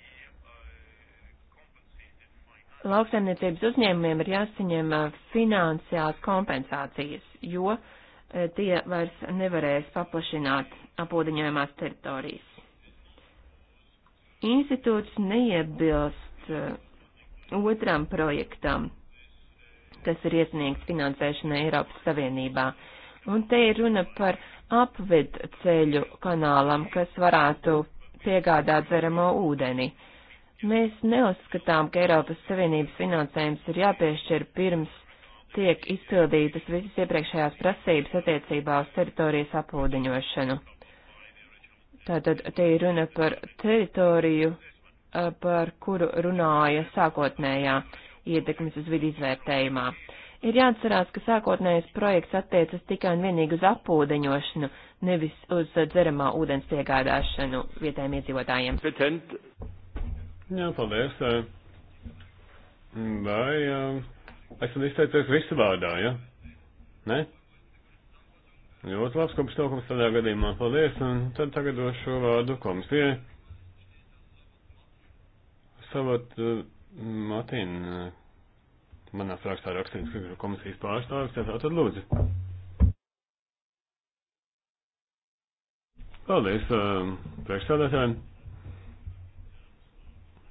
lauksaimniecības uzņēmumiem ir jāsaņem eh, finansiāls kompensācijas, jo eh, tie vairs nevarēs paplašināt apūdeņojumās teritorijas. Institūts neiebilst otram projektam, kas ir iesniegts finansēšanai Eiropas Savienībā. Un te ir runa par apvedceļu kanālam, kas varētu piegādāt dzeramo ūdeni. Mēs neuzskatām, ka Eiropas Savienības finansējums ir jāpiešķir pirms tiek izpildītas visas iepriekšējās prasības attiecībā uz teritorijas apūdeņošanu. Tātad te ir runa par teritoriju, eh, par kuru runāja sākotnējā ietekmes uz vidi izvērtējumā. Ir jāatcerās, ka sākotnējais projekts attiecas tikai un vienīgi uz apūdeņošanu, nevis uz uh, dzeramā ūdens iegādāšanu vietējiem iedzīvotājiem. Jā, paldies. Mm, vai uh, esam izteicies visu vārdā, ja? Ne? Ļoti labs kopš to, kas tādā gadījumā paldies, un tad tagad došu vārdu komisijai. Savat uh, Matīna uh, manā sarakstā rakstīts, ka komisijas pārstāvis, tā tad lūdzu. Paldies um, priekšstādātājiem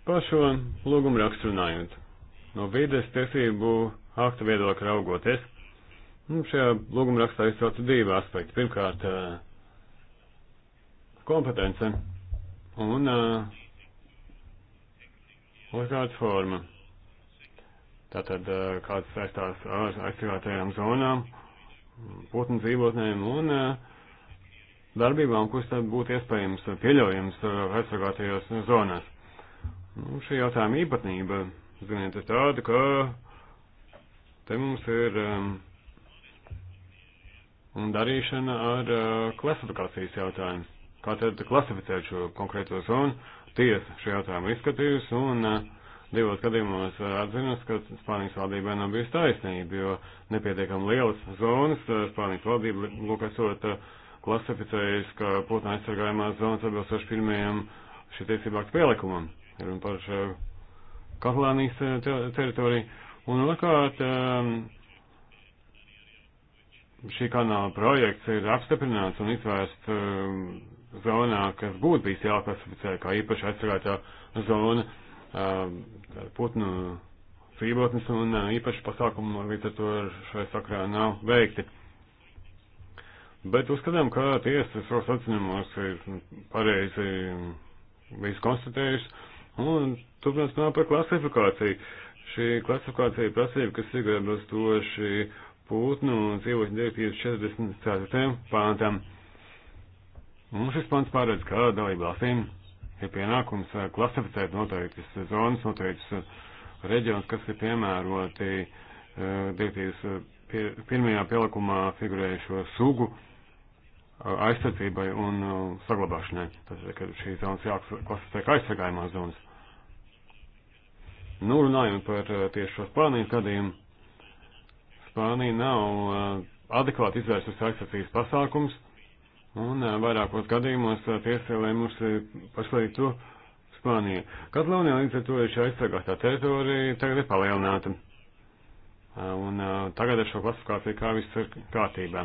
par šo lūgumu rakstu runājot. No vides tiesību akta viedokļa raugoties, nu, šajā lūgumu rakstā izsauca divi aspekti. Pirmkārt, uh, kompetence un otrkārt uh, forma tātad kāds saistās ar aizsargātajām zonām, putnu dzīvotnēm un darbībām, kuras tad būtu iespējams pieļaujams aizsargātajās zonās. Nu, šī jautājuma īpatnība, ziniet, ir tāda, ka te mums ir um, darīšana ar uh, klasifikācijas jautājumu. Kā tad klasificēt šo konkrēto zonu? Tiesa šo jautājumu izskatījusi un uh, Divos gadījumos eh, atzinas, ka Spānijas valdībai nav bijusi taisnība, jo nepietiekam lielas zonas eh, Spānijas valdība, lūk, esot eh, klasificējusi, ka putna aizsargājumās zonas atbilstoši pirmajam šī tiesību aktu pielikumam. Ir un par šo Katalānijas teritoriju. Un otrkārt, šī kanāla projekts ir apstiprināts un izvērsts zonā, kas būtu bijis jāklasificē kā īpaši aizsargātā zona putnu frībotnes un īpaši pasākumu līdz ar to šai sakrā nav veikti. Bet uzskatām, ka tiesa savos atzinumos ir pareizi visu konstatējusi un turpināt runāt par klasifikāciju. Šī klasifikācija prasība, kas ir atbilstoši putnu un dzīvotņu direktīvas 44. pāntam. Un šis pants paredz, kā dalībvalstīm ir pienākums eh, klasificēt noteiktas zonas, noteiktas eh, reģions, kas ir piemēroti eh, direktīvas pirmajā pielikumā figurējušo sugu aizsardzībai un saglabāšanai. Tas ir, ka šīs zonas jāklasificē kā aizsargājumās zonas. Nu, runājot par tieši šo Spānijas gadījumu, Spānija nav adekvāti izvērsusi aizsardzības pasākums Un vairākos gadījumos tiesa lēmusi paslēgt to Spāniju. Katalonijā līdz ar to ir šī aizsargātā teritorija, tagad ir palielināta. Un tagad ar šo klasifikāciju kā viss ir kārtībā.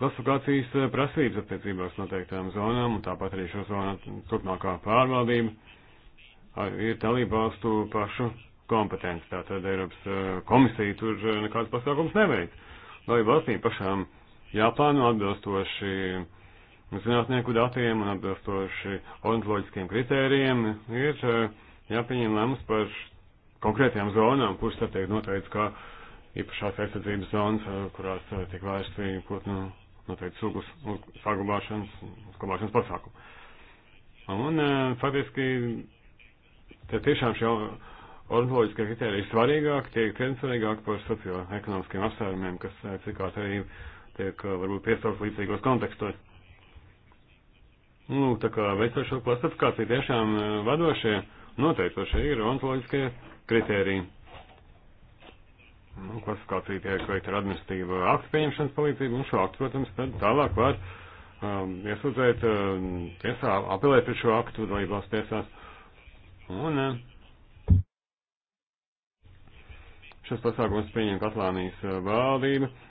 Klasifikācijas prasības attiecībās noteiktām zonām un tāpat arī šo zonu turpmākā pārvaldība ir dalību valstu pašu kompetence. Tātad Eiropas komisija tur nekādas pasākums neveic. Lai valstīm pašām uh, jāplāno atbilstoši zinātnieku datiem un atbilstoši ornitoloģiskiem kritērijiem, ir eh, jāpieņem lēmums par konkrētajām zonām, kuras tad tiek noteikts kā īpašās aizsardzības zonas, eh, kurās eh, tiek vērsti putnu noteikti sugas saglabāšanas, saglabāšanas pasākumu. Un faktiski te tiešām šie ornitoloģiskie kriteriji ir svarīgāk, tiek cien svarīgāk par sociālajiem ekonomiskiem apsvērumiem, kas cikās arī tiek uh, varbūt piesaukt līdzīgos kontekstos. Nu, tā kā veicošo klasifikāciju tiešām uh, vadošie, noteicošie ir ontoloģiskie kritēriji. Nu, klasifikācija tiek veikta ar administratīvu aktu pieņemšanas palīdzību, un šo aktu, protams, tad tālāk var um, iesūdzēt um, tiesā, apelēt pret šo aktu dalībās tiesās. Un um, šis pasākums pieņem Katlānijas valdība. Uh,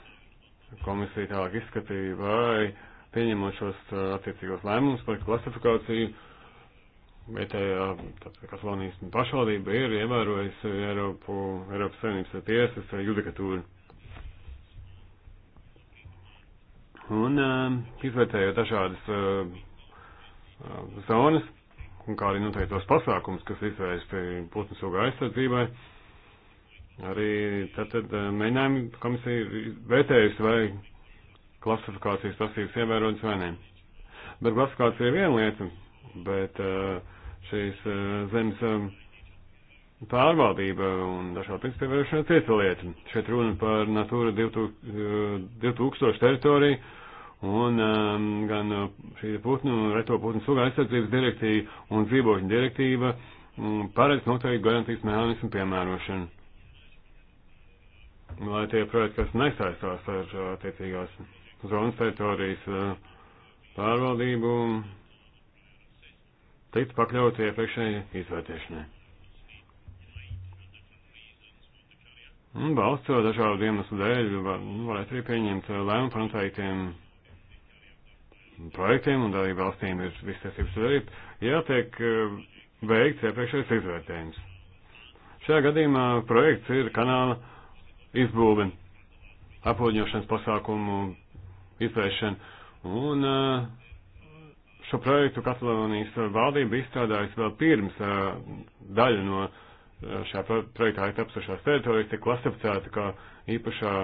Komisija tālāk izskatīja, vai pieņemot šos uh, attiecīgos lēmumus par klasifikāciju, vietējā Katalonijas pašvaldība ir ievērojusi Eiropu, Eiropas Savienības tiesas uh, judikatūru. Un uh, izvērtējot dažādas uh, uh, zonas, un kā arī noteiktos pasākums, kas izvērst pie putnu suga aizsardzībai, uh, Arī tātad eh, mēģinājumi komisija vērtējusi, vai klasifikācijas prasības ievērotas vai nē. Bet klasifikācija ir viena lieta, bet eh, šīs eh, zemes pārvaldība un dažādi principi ievērošana cita lieta. Šeit runa par Natūra 2000 teritoriju un ehm, gan šī putnu, reto putnu suga aizsardzības direktīva un dzīvošana direktīva mm, paredz noteikti garantijas mehānismu piemērošanu lai tie projekti, kas nesaistās ar uh, attiecīgās zonas teritorijas uh, pārvaldību, tiktu pakļauti iepriekšēji izvērtēšanai. Valsts dažādu iemeslu dēļ var, nu, varētu arī pieņemt uh, lēmumu par noteiktiem projektiem, un arī valstīm ir viss tiesības darīt, ja tiek veikts iepriekšējais izvērtējums. Šajā gadījumā projekts ir kanāla izbūvi, aploņošanas pasākumu izvēršana. Un eh, šo projektu Katalonijas valdība izstrādājusi vēl pirms eh, daļa no eh, šajā projektā ir tapsušās teritorijas, tiek klasificēta kā īpašā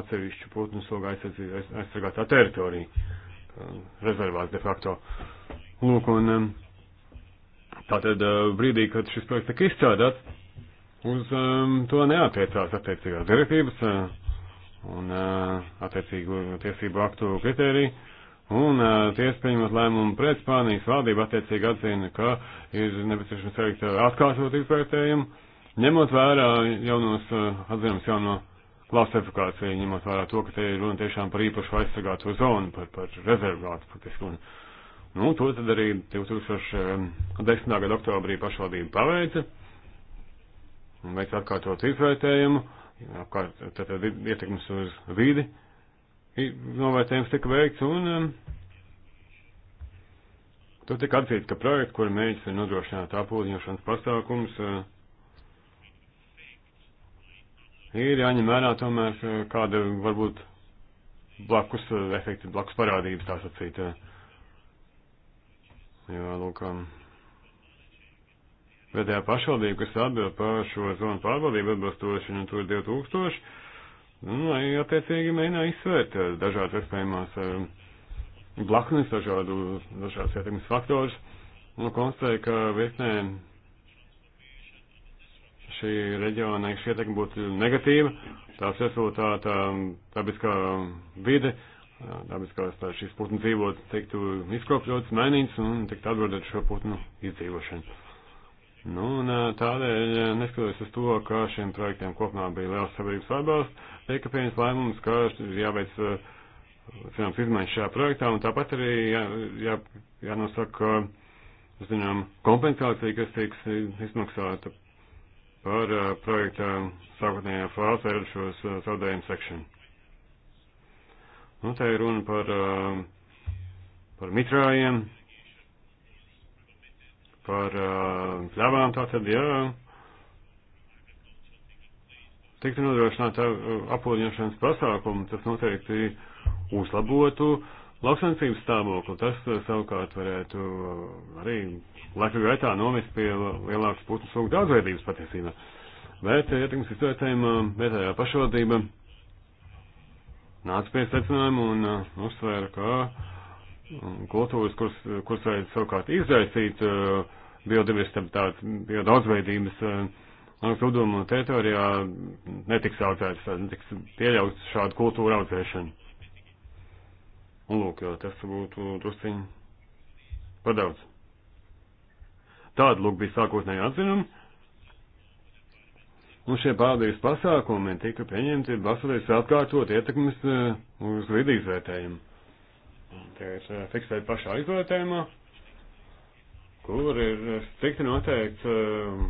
atsevišķu putnu suga aizsargātā teritorija, rezervāts de facto. Lūk, un tātad brīdī, kad šis projekts tika izstrādāts, uz um, to neatiecās attiecīgās direktības uh, un uh, attiecīgu tiesību aktu kritēriju. Un uh, tiesa pieņemot lēmumu pret Spānijas valdību attiecīgi atzina, ka ir nepieciešams veikt uh, atkārtot izvērtējumu, ņemot vērā jaunos uh, atzinumus, jauno klasifikāciju, ņemot vērā to, ka te ir runa tiešām par īpašu aizsargāto zonu, par, par rezervātu faktiski. Un, nu, to tad arī 2010. gada oktobrī pašvaldība paveica veikt atkārtot izvērtējumu, apkārt, tātad ietekmes uz vidi, novērtējums tika veikts un um, to tika atzīts, ka projekts, kura mēģis ir nodrošināt apūdiņošanas pasākums, uh, ir jāņem vērā tomēr uh, kāda varbūt blakus uh, efekti, blakus parādības tā sacīt. Uh, jo, lūk, um, vietējā pašvaldība, kas atbild par šo zonu pārvaldību atbilstoši Natura 2000, un lai attiecīgi mēģinā izsvērt eh, dažādas iespējamās eh, blaknes, dažādu, dažādas ietekmes faktorus, un nu, konstatēja, ka virknē šī reģiona šī ietekme būtu negatīva, tās rezultātā dabiskā vide, dabiskās tā šīs putnu dzīvot, teiktu, izkropļotas, mainīts un tikt atbildēt šo putnu izdzīvošanu. Nu, un tādēļ, neskatoties uz to, ka šiem projektiem kopumā bija liels sabiedrības atbalsts, tika pieņems lēmums, ka ir jāveic zināms izmaiņas šajā projektā, un tāpat arī jā, jā, jānosaka, zinām, kompensācija, kas tiks izmaksāta par uh, projekta sākotnējā fāzē ar šos uh, zaudējumu sekšanu. Nu, te ir runa par, uh, par mitrājiem, par uh, eh, pļavām, tātad, ja tiktu nodrošināta eh, apūļņošanas pasākumu, tas noteikti uzlabotu lauksaimniecības stāvokli. Tas eh, savukārt varētu arī laika gaitā novest pie lielākas putnu sugu daudzveidības patiesībā. Bet ietekmes izvērtējuma vietējā pašvaldība nāca pie secinājuma un uzsvēra, ka mm, kultūras, kuras, kuras vajag savukārt izraisīt, uh, biodiversitātes, biodaudzveidības zudumu eh, teritorijā netiks audzēts, netiks pieļauts šādu kultūru audzēšanu. Un lūk, jo tas būtu drusciņi padaudz. Tāda lūk bija sākotnēja atzinuma. Un šie pārdevības pasākumi tika pieņemti basoties atkārtot ietekmes eh, uz vidi izvērtējumu. Tie ir eh, fiksēti pašā izvērtējumā kur ir strikti eh, noteikts eh,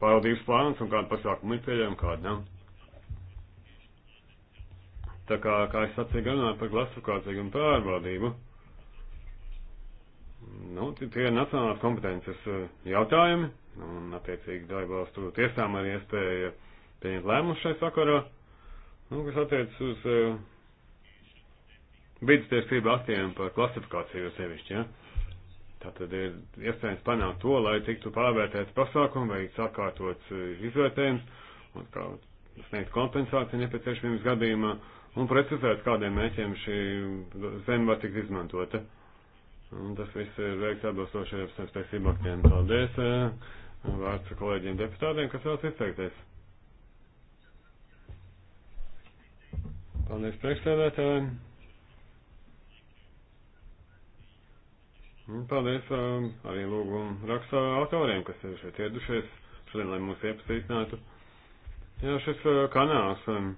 pārvaldības plāns un kāda pasākuma ir pieļaujama, kāda nav. Tā kā, kā es sacīju, runāju par klasifikāciju un pārvaldību. Nu, tie ir nacionālās kompetences eh, jautājumi, un attiecīgi dalībvalstu tiesām arī iespēja pieņemt lēmumus šai sakarā, nu, kas attiecas uz vidas tiesību aktiem par klasifikāciju sevišķi, ja? Tātad ir iespējams panākt to, lai tiktu pārvērtēts pasākums, veikts atkārtots e, izvērtējums un kā sniegt kompensāciju nepieciešamības gadījumā un precizēt, kādiem mērķiem šī zeme var tikt izmantota. Un tas viss ir veikts atbilstoši ar apstākļiem aktiem. Paldies e, vārds kolēģiem deputātiem, kas vēlas izteikties. Paldies priekšsēdētājiem. Nu, paldies um, arī lūgumu rakstā autoriem, kas ir šeit ieradušies šodien, lai mūs iepazīstinātu. Jā, šis uh, kanāls. Um,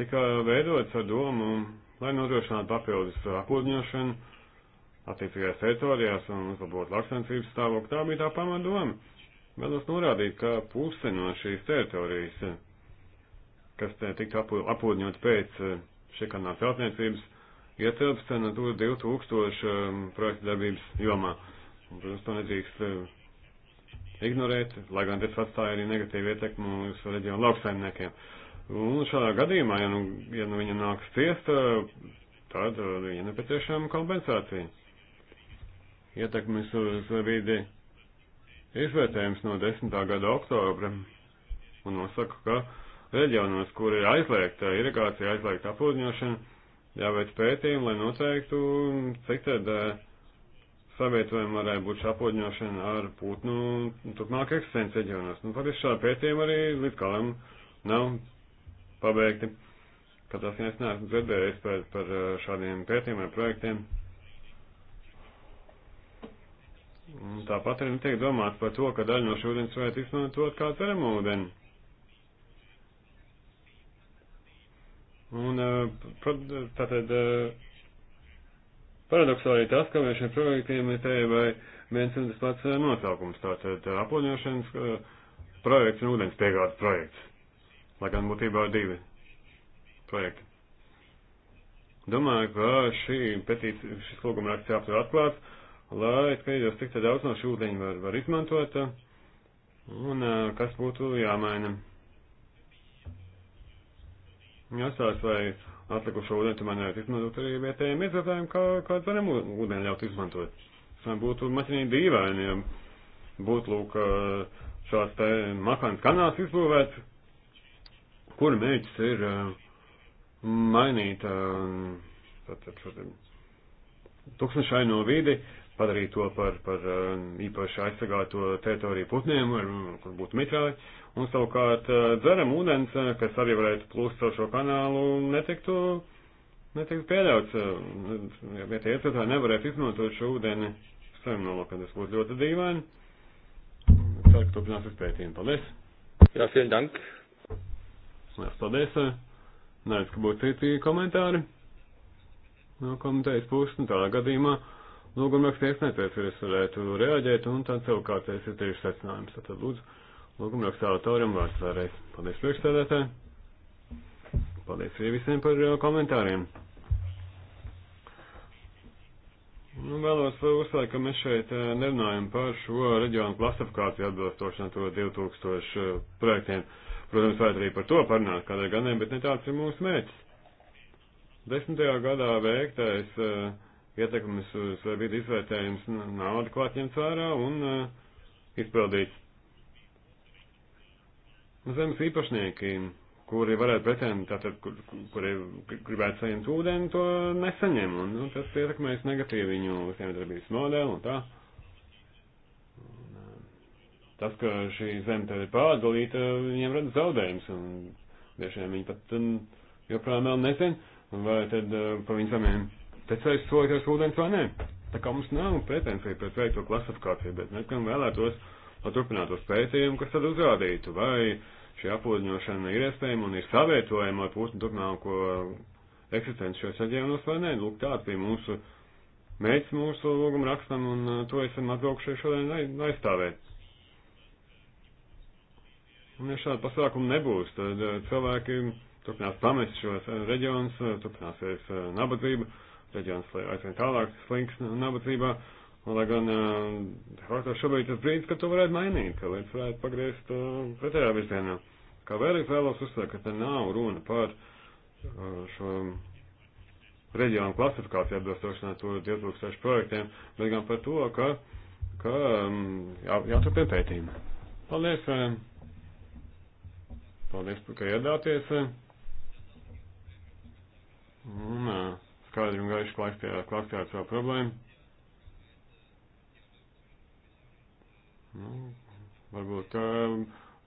tika veidots ar domu, lai nodrošinātu papildus apūdņošanu attiecīgajās teritorijās un uzlabotu lauksaimniecības stāvokli. Tā bija tā pamatdoma. Vēlos norādīt, ka puse no šīs teritorijas, kas tiktu apūdņot pēc uh, šikānā celtniecības ietilpst Natūra eh, 2000 ehm, projektu darbības jomā. Protams, to nedrīkst eh, ignorēt, lai gan tas atstāja arī negatīvu ietekmu uz reģionu lauksaimniekiem. Un šādā gadījumā, ja nu, ja nu viņa nāks ciest, eh, tad viņa nepieciešama kompensācija. Ietekmes uz vidi izvērtējums no 10. gada oktobra un nosaka, ka reģionos, kur ir aizliegta irigācija, aizliegta apūdņošana, jāveic pētījumi, lai noteiktu, cik tad eh, savietojumi varētu būt šāpūdņošana ar putnu turpmāk eksistenci reģionos. Nu, faktiski šādi pētījumi arī līdz galam nav pabeigti. Katrā ziņā es neesmu dzirdējis par, par eh, šādiem pētījumiem, projektiem. Un tāpat arī tiek domāts par to, ka daļu no šī ūdens varētu izmantot kā termūdeni. Un eh, tātad eh, paradoksāli arī tas, ka šiem projektiem ir tikai vai viens un tas pats eh, nosaukums. Tātad aploņošanas projekts un ūdens piegādes projekts. Lai gan būtībā ir divi projekti. Domāju, ka šī petīcija, šis lūguma raksts jāaptur atklāts, lai skatītos, cik daudz no šī ūdeņa var, var izmantot un kas būtu jāmaina jāsās, lai atlikušo ūdeni manējot eh, izmantot arī vietējiem iedzētājiem, kā, kā dzeram ūdeni ļaut izmantot. Tas būtu maķinīgi dīvaini, ja būtu, lūk, eh, šāds te makāns kanāls izbūvēts, kura mērķis ir eh, mainīt tātad šo tūkstošaino vidi, padarīt to par, par um, īpaši aizsargāto teritoriju putniem, um, kur būtu mitrāji, un savukārt uh, dzeram ūdens, uh, kas arī varētu plūst caur šo kanālu, netiktu, netiktu pieļauts, uh, ja tie iecetāji nevarētu izmantot šo ūdeni saviem nolokam, tas būtu ļoti dīvaini. Ceru, ka turpinās izpētījumu. Paldies! Jā, vielen dank! Lielas paldies! Nē, ka būtu citi komentāri. No komitejas puses, nu tādā gadījumā lūgumraksta iesniedzējs vairs varētu reaģēt, un tad savukārt es ir tieši secinājums. Tad lūdzu, lūgumraksta autoram vārds vēlreiz. Paldies priekšstādātāji. Paldies arī visiem par uh, komentāriem. Nu, vēlos uh, uzsvērt, ka mēs šeit uh, nerunājam par šo reģionu klasifikāciju atbilstoši to 2000 projektiem. Protams, vajadzētu arī par to parunāt kādai ganē, bet ne tāds ir mūsu mērķis. Desmitajā gadā veiktais uh, ietekmes uz vidi izvērtējums nav adekvāti ņemts vērā un eh, izpildīts. Zemes īpašnieki, kuri varētu pretendēt, tātad, kur, kuri gribētu saņemt ūdeni, to nesaņem, un nu, tas ietekmēs negatīvi viņu uzņēmējdarbības modeli un tā. Un, tas, ka šī zeme tev ir pārdalīta, viņiem rada zaudējums, un bieži vien viņi pat um, joprojām vēl nezin, vai tad uh, pa viņu zemēm Te ceļš soļoties ūdens vai nē. Tā kā mums nav pretensija pret veikto klasifikāciju, bet mēs gan vēlētos, lai turpinātos pētījumu, kas tad uzrādītu, vai šī apūdeņošana ir iespējama un ir savietojama ar putnu turpmāko eksistenci šajos reģionos vai nē. Lūk, tāds bija mūsu mērķis mūsu lūguma rakstam, un uh, to esam atbraukšie šodien aizstāvēt. Un ja šāda pasākuma nebūs, tad uh, cilvēki turpinās pamest šos uh, reģionus, turpināsies nabadzība reģions aizvien tālāk slinks nabadzībā. Un, lai gan eh, Hortā šobrīd tas brīdis, kad to varētu mainīt, ka lietas varētu pagriezt eh, pretējā virzienā. Kā vēlreiz vēlos uzsvērt, ka te nav runa par eh, šo reģionu klasifikāciju atbilstošanā to 2006 projektiem, bet gan par to, ka, ka mm, jā, jāturpina pētījumi. Paldies! Paldies, ka iedāties! Un, uh, skaidri un gaiši klāstījāt savu problēmu. Nu, varbūt uh,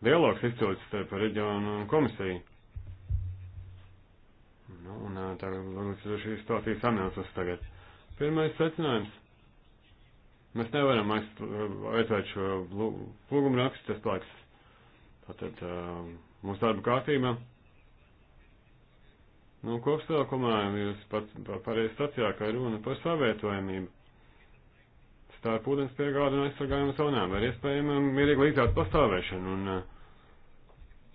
dialogs izcēlīts starp reģionu komisiju. Nu, un tā varbūt šī situācija samjāsas tagad. Pirmais secinājums. Mēs nevaram aizvērt šo lūgumu rakstu, tas paliks tātad uh, mūsu darba kārtībā. Nu, kopsaukumā jūs pats pareizi sacījāt, ka runa par savietojamību. Starp ūdens piegādu un aizsargājumu zonām ar iespējama mierīga līdzās pastāvēšanu. Un, uh,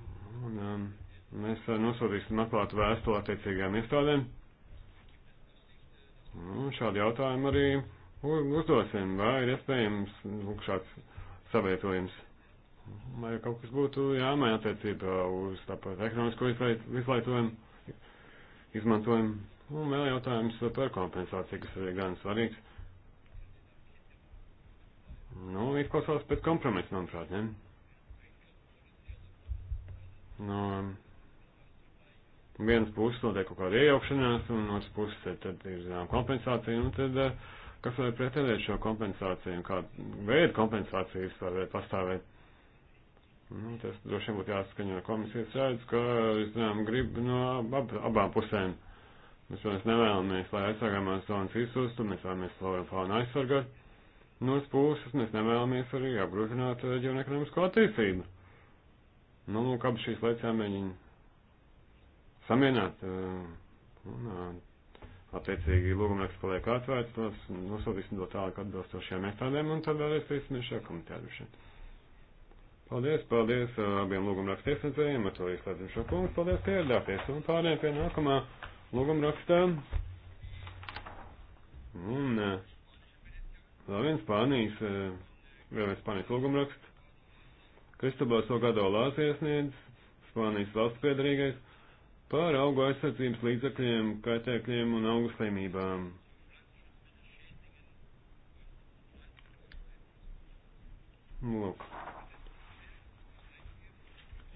un, un, um, mēs uh, nosūtīsim atklātu vēstuli attiecīgajām iestādēm. Nu, šādi jautājumi arī uzdosim, vai ir iespējams lūk, šāds savietojums. Vai kaut kas būtu jāmaina attiecībā uz tāpat ekonomisko izlaitojumu izmantojam. Un vēl jautājums par kompensāciju, kas arī gan svarīgs. Nu, izklausās pēc kompromisa, manuprāt, ne? No nu, vienas puses notiek kaut kāda iejaukšanās, un otrs puses tad, tad ir zinām, kompensācija, un tad eh, kas var pretendēt šo kompensāciju, un kāda veida kompensācijas var pastāvēt. Nu, tas droši vien būtu jāskaņo komisijas redz, ka, zinām, grib no ab, abām pusēm. Mēs, protams, nevēlamies, lai aizsargāmās zonas izsustu, mēs vēlamies floru un faunu aizsargāt. No otras puses, mēs nevēlamies arī apgrūtināt reģionu ekonomisko attīstību. Nu, lūk, ap šīs lietas jāmēģina samienāt. Eh, un, eh, attiecīgi, lūgumraks paliek atvērts, nosūtīsim to tālāk atbilstošajām iestādēm un tad vēlēsim šajā komitē. Paldies, paldies abiem lūgumrakstu iesniedzējiem, ar to izslēdzam šo punktu. Paldies, ka ieradāties un pārējiem pie nākamā lūgumrakstā. Un vēl viens Spānijas, vēl viens Spānijas lūgumraksts. Kristobās Ogado Lās iesniedz, Spānijas valsts piedarīgais, par augu aizsardzības līdzakļiem, kaitēkļiem un augu slimībām. Lūk.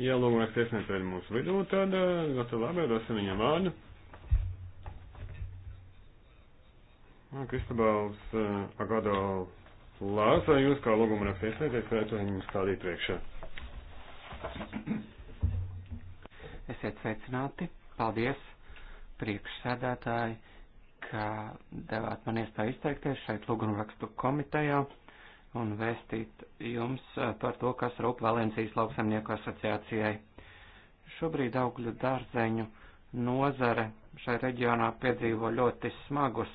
Ja lūgumraks tiesnieks ir mūsu vidū, tad ļoti eh, labi, dosim viņam vārdu. Nu, Kristabāls eh, Agado Lāza, jūs kā lūgumraks tiesnieks, varētu viņu stādīt priekšā. Esiet sveicināti, paldies priekšsēdētāji, ka devāt man iespēju izteikties šeit lūgumrakstu komitejā un vēstīt jums eh, par to, kas rūp Valencijas lauksaimnieku asociācijai. Šobrīd augļu dārzeņu nozare šai reģionā piedzīvo ļoti smagus,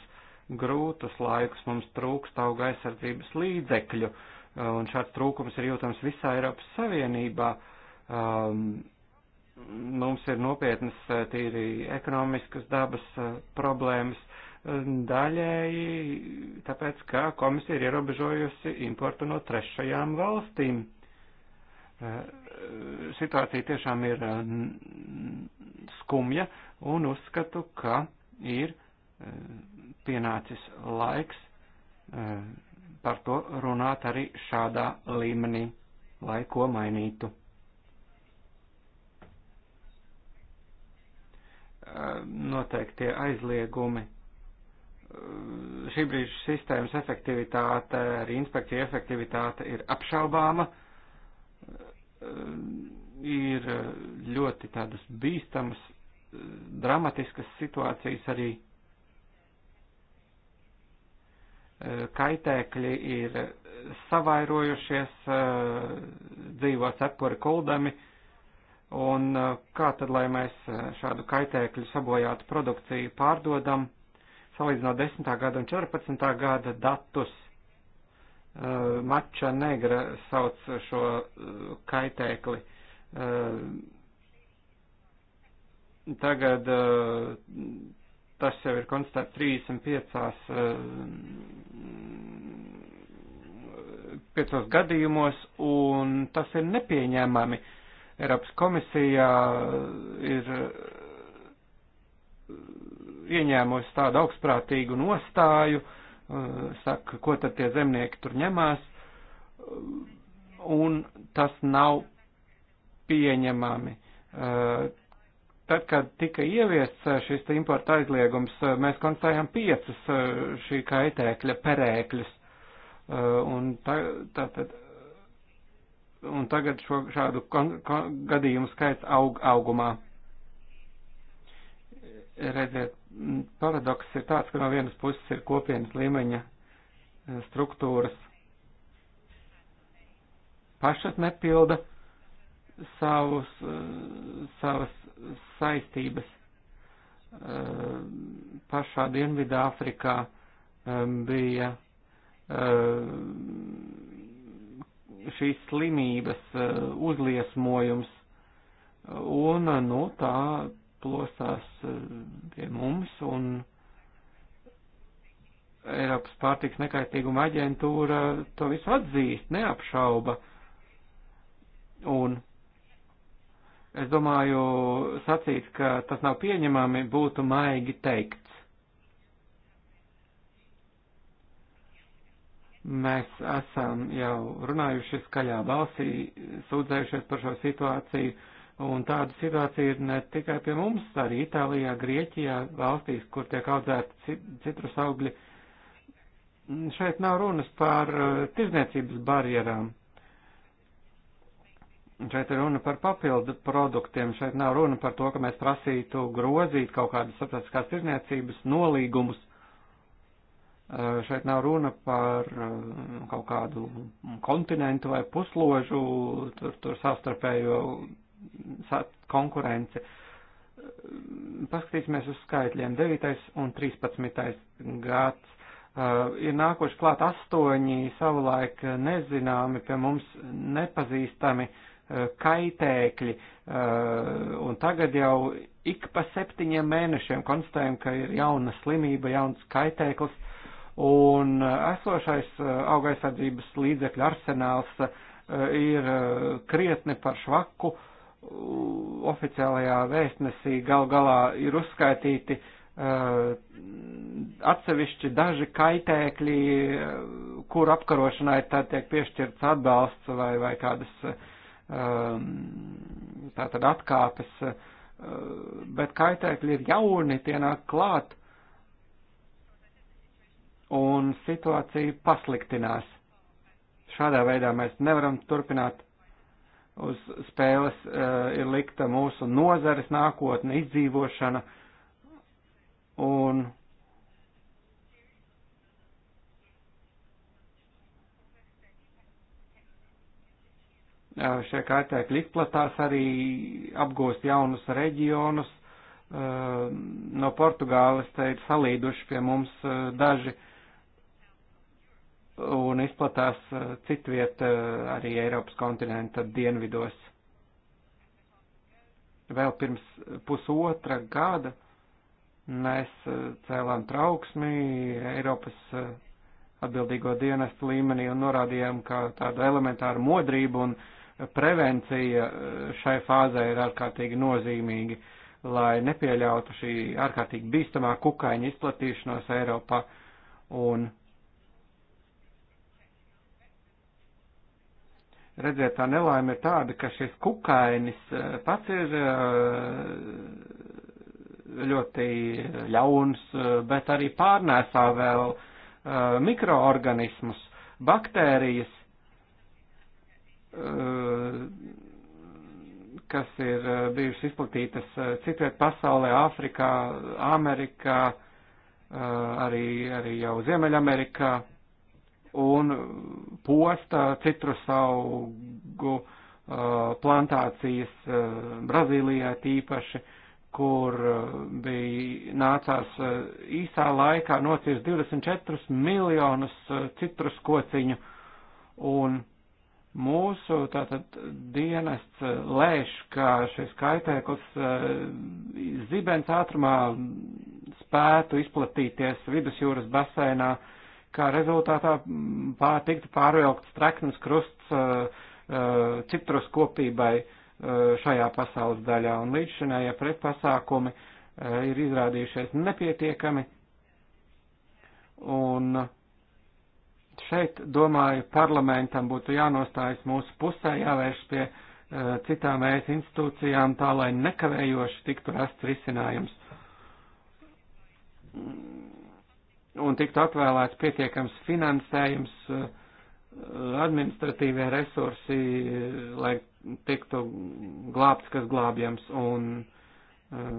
grūtus laikus, mums trūkst auga aizsardzības līdzekļu, eh, un šāds trūkums ir jūtams visā Eiropas Savienībā. Um, mums ir nopietnas eh, tīri ekonomiskas dabas problēmas, uh, daļēji tāpēc, ka komisija ir ierobežojusi importu no trešajām valstīm. Eh, situācija tiešām ir eh, skumja un uzskatu, ka ir eh, pienācis laiks par to runāt arī šādā līmenī, lai ko mainītu. Noteiktie aizliegumi Ehm, šī brīža sistēmas efektivitāte, arī inspekcija efektivitāte ir apšaubāma, ehm, ir ļoti tādas bīstamas, ehm, dramatiskas situācijas arī kaitēkļi ir savairojušies, dzīvo cepuri kuldami, un kā tad, lai mēs šādu kaitēkļu sabojātu produkciju pārdodam, salīdzinot 10. gada un 14. gada datus, eh, Mača Negra sauc šo eh, kaitēkli. Eh, tagad tas jau ir konstatēts 35 piecos gadījumos, un tas ir nepieņēmami. Eiropas komisijā ir ieņēmusi tādu augstprātīgu nostāju, eh, saka, ko tad tie zemnieki tur ņemās, un tas nav pieņemami. Eh, tad, kad tika ieviests eh, šis importa aizliegums, mēs konstatējām piecas šī kaitēkļa perēkļus. Un tā, tā, tā, un tagad šo, šādu kon, kon, gadījumu skaits aug augumā. Redziet, Mm, paradoks ir tāds, ka no vienas puses ir kopienas līmeņa e, struktūras pašas nepilda savus, e, savas saistības e, pašā Dienvidā Afrikā bija šīs slimības uzliesmojums, un, nu, tā plosās eh, pie mums un Eiropas pārtiks nekaitīguma aģentūra to visu atzīst, neapšauba. Un es domāju, sacīt, ka tas nav pieņemami, būtu maigi teikt. mēs esam jau runājuši skaļā balsī, sūdzējušies par šo situāciju, Un tāda situācija ir ne tikai pie mums, arī Itālijā, Grieķijā, valstīs, kur tiek audzēti citrus augļi. Mm, šeit nav runas par uh, tirzniecības barjerām. Šeit ir runa par papildu produktiem, šeit nav runa par to, ka mēs prasītu grozīt kaut kādas starptautiskās tirzniecības nolīgumus. Uh, šeit nav runa par uh, kaut kādu kontinentu vai pusložu, tur, tur savstarpējo konkurence. Paskatīsimies uz skaitļiem. 9. un 13. gads uh, ir nākoši klāt astoņi savulaik nezināmi, pie mums nepazīstami uh, kaitēkļi, uh, un tagad jau ik pa septiņiem mēnešiem konstatējam, ka ir jauna slimība, jauns kaitēklis, un esošais augaisardzības līdzekļu arsenāls ir krietni par švaku, oficiālajā vēstnesī gal galā ir uzskaitīti uh, atsevišķi daži kaitēkļi, eh, kur apkarošanai tad tiek piešķirts atbalsts vai, vai kādas uh, tātad atkāpes, uh, bet kaitēkļi ir jauni, tie nāk klāt un situācija pasliktinās. Šādā veidā mēs nevaram turpināt uz spēles eh, ir likta mūsu nozares nākotne, izdzīvošana un eh, šie kaitēkļi izplatās arī apgūst jaunus reģionus. Eh, no Portugāles te ir salīduši pie mums daži uh, un izplatās eh, citviet eh, arī Eiropas kontinenta dienvidos. Vēl pirms pusotra gada mēs eh, cēlām trauksmi Eiropas atbildīgo dienestu līmenī un norādījām, ka tāda elementāra modrība un prevencija šai fāzē ir ārkārtīgi nozīmīgi, lai nepieļautu šī ārkārtīgi bīstamā kukaiņa izplatīšanos Eiropā un Redziet, tā nelaime ir tāda, ka šis kukainis eh, pats ir eh, ļoti ļauns, eh, bet arī pārnēsā vēl mikroorganismus, baktērijas, kas ir bijušas izplatītas citviet pasaulē, Āfrikā, Amerikā, arī, arī jau Ziemeļamerikā un posta citrusaugu uh, plantācijas uh, Brazīlijā tīpaši, kur uh, bija nācās uh, īsā laikā nocirst 24 miljonus uh, citrus kociņu, un mūsu tātad dienests uh, lēš, ka šis kaitēklis zibens ātrumā spētu izplatīties vidusjūras basēnā, kā rezultātā mm, pār, tiktu pārvilkts treknes krusts uh, uh, citrus kopībai uh, šajā pasaules daļā, un līdz šinējie pretpasākumi uh, ir izrādījušies nepietiekami, un šeit, domāju, parlamentam būtu jānostājas mūsu pusē, jāvērš pie uh, citām ES institūcijām tā, lai nekavējoši tiktu rasts risinājums un tiktu atvēlēts pietiekams finansējums, eh, administratīvie resursi, eh, lai tiktu glābts, kas glābjams, un eh,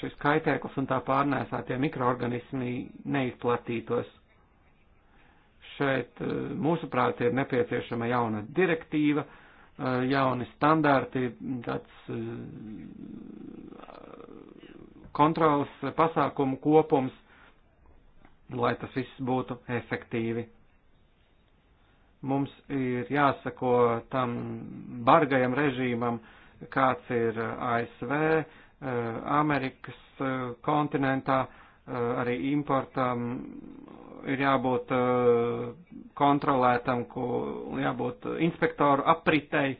šis kaitēklis un tā pārnēsātie mikroorganismi neizplatītos. Šeit mūsuprāt ir nepieciešama jauna direktīva, jauni standarti, tāds kontrolas pasākumu kopums, lai tas viss būtu efektīvi. Mums ir jāsako tam bargajam režīmam, kāds ir ASV, eh, Amerikas eh, kontinentā, eh, arī importam ir jābūt kontrolētam, jābūt inspektoru apritei,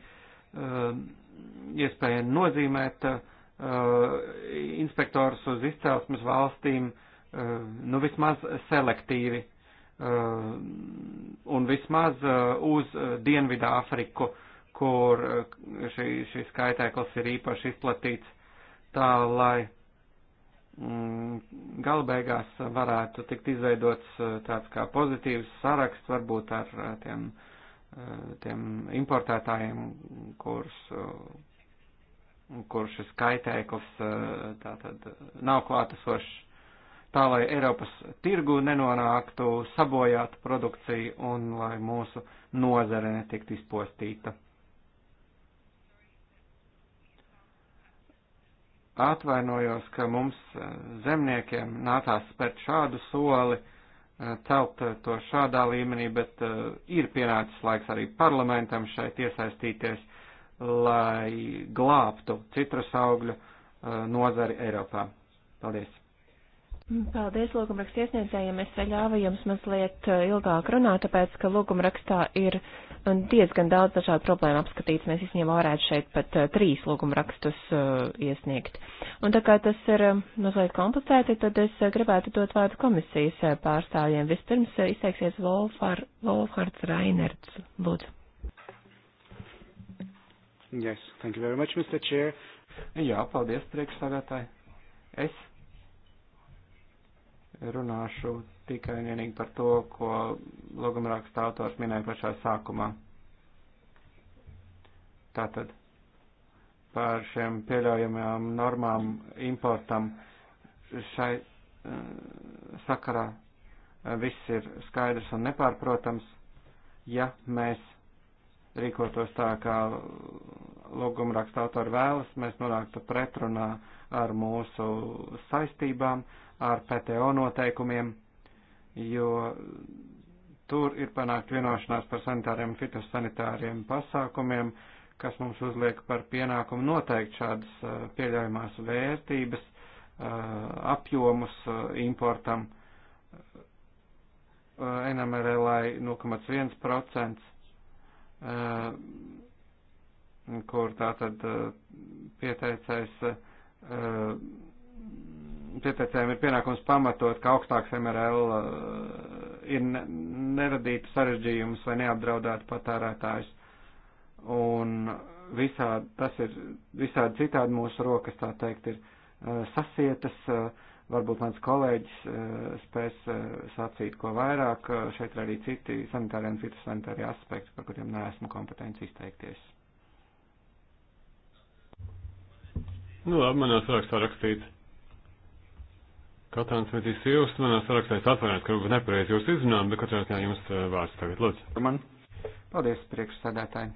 iespēja nozīmēt inspektors uz izcelsmes valstīm, uh, Eh, nu vismaz selektīvi eh, un vismaz eh, uz Dienvidā Afriku, kur šī, šis kaitēklis ir īpaši izplatīts, tā lai mm, galbeigās varētu tikt izveidots tāds kā pozitīvs saraksts varbūt ar tiem, tiem importētājiem, kurus kur šis kaitēklis tātad nav klātesošs tā lai Eiropas tirgu nenonāktu sabojāta produkcija un lai mūsu nozare netiktu izpostīta. Atvainojos, ka mums eh, zemniekiem nācās spērt šādu soli, eh, celt eh, to šādā līmenī, bet ir pienācis laiks arī parlamentam šeit iesaistīties, lai glābtu citrus augļu nozari Eiropā. Paldies! Paldies lūgumraksta iesniedzējiem. Es ļāvu jums mazliet eh, ilgāk runāt, tāpēc, ka lūgumrakstā ir eh, diezgan daudz dažādu problēmu apskatīts. Mēs īstenībā varētu šeit pat eh, trīs lūgumrakstus iesniegt. Un tā kā tas ir mazliet komplicēti, tad es gribētu dot vārdu komisijas pārstāvjiem. Vispirms izteiksies Wolfhard, Wolfhards Rainerts. Lūdzu. Yes, thank you very much, Mr. Chair. Jā, paldies, priekšsādātāji. Es runāšu tikai un vienīgi par to, ko logumraksta autors minēja pašā sākumā. Tātad par šiem pieļaujamajām normām importam šai eh, sakarā eh, viss ir skaidrs un nepārprotams. Ja mēs rīkotos tā, kā lūguma rakstautori vēlas, mēs nonāktu pretrunā ar mūsu saistībām, ar PTO noteikumiem, jo tur ir panākt vienošanās par sanitāriem un fitosanitāriem pasākumiem, kas mums uzliek par pienākumu noteikt šādas pieļaujamās vērtības, apjomus importam. NMRLai 0,1%, kur tātad eh, pieteicējs, eh, pieteicējiem ir pienākums pamatot, ka augstāks MRL eh, ir neradītu sarežģījumus vai neapdraudētu patērētājus. Un visādi, tas ir visādi citādi mūsu rokas, tā teikt, ir sasietas. Varbūt mans kolēģis spēs sacīt ko vairāk. Šeit ir arī citi sanitārie un fitosanitārie aspekti, par kuriem neesmu kompetents izteikties. Nu, labi, manā sarakstā rakstīts. Katrāns metīs jūs, manā sarakstā es atvainojos, ka varbūt nepareizi jūs izrunājam, bet katrā ziņā jums eh, vārds tagad lūdzu. Man. Paldies, priekšsādātāji.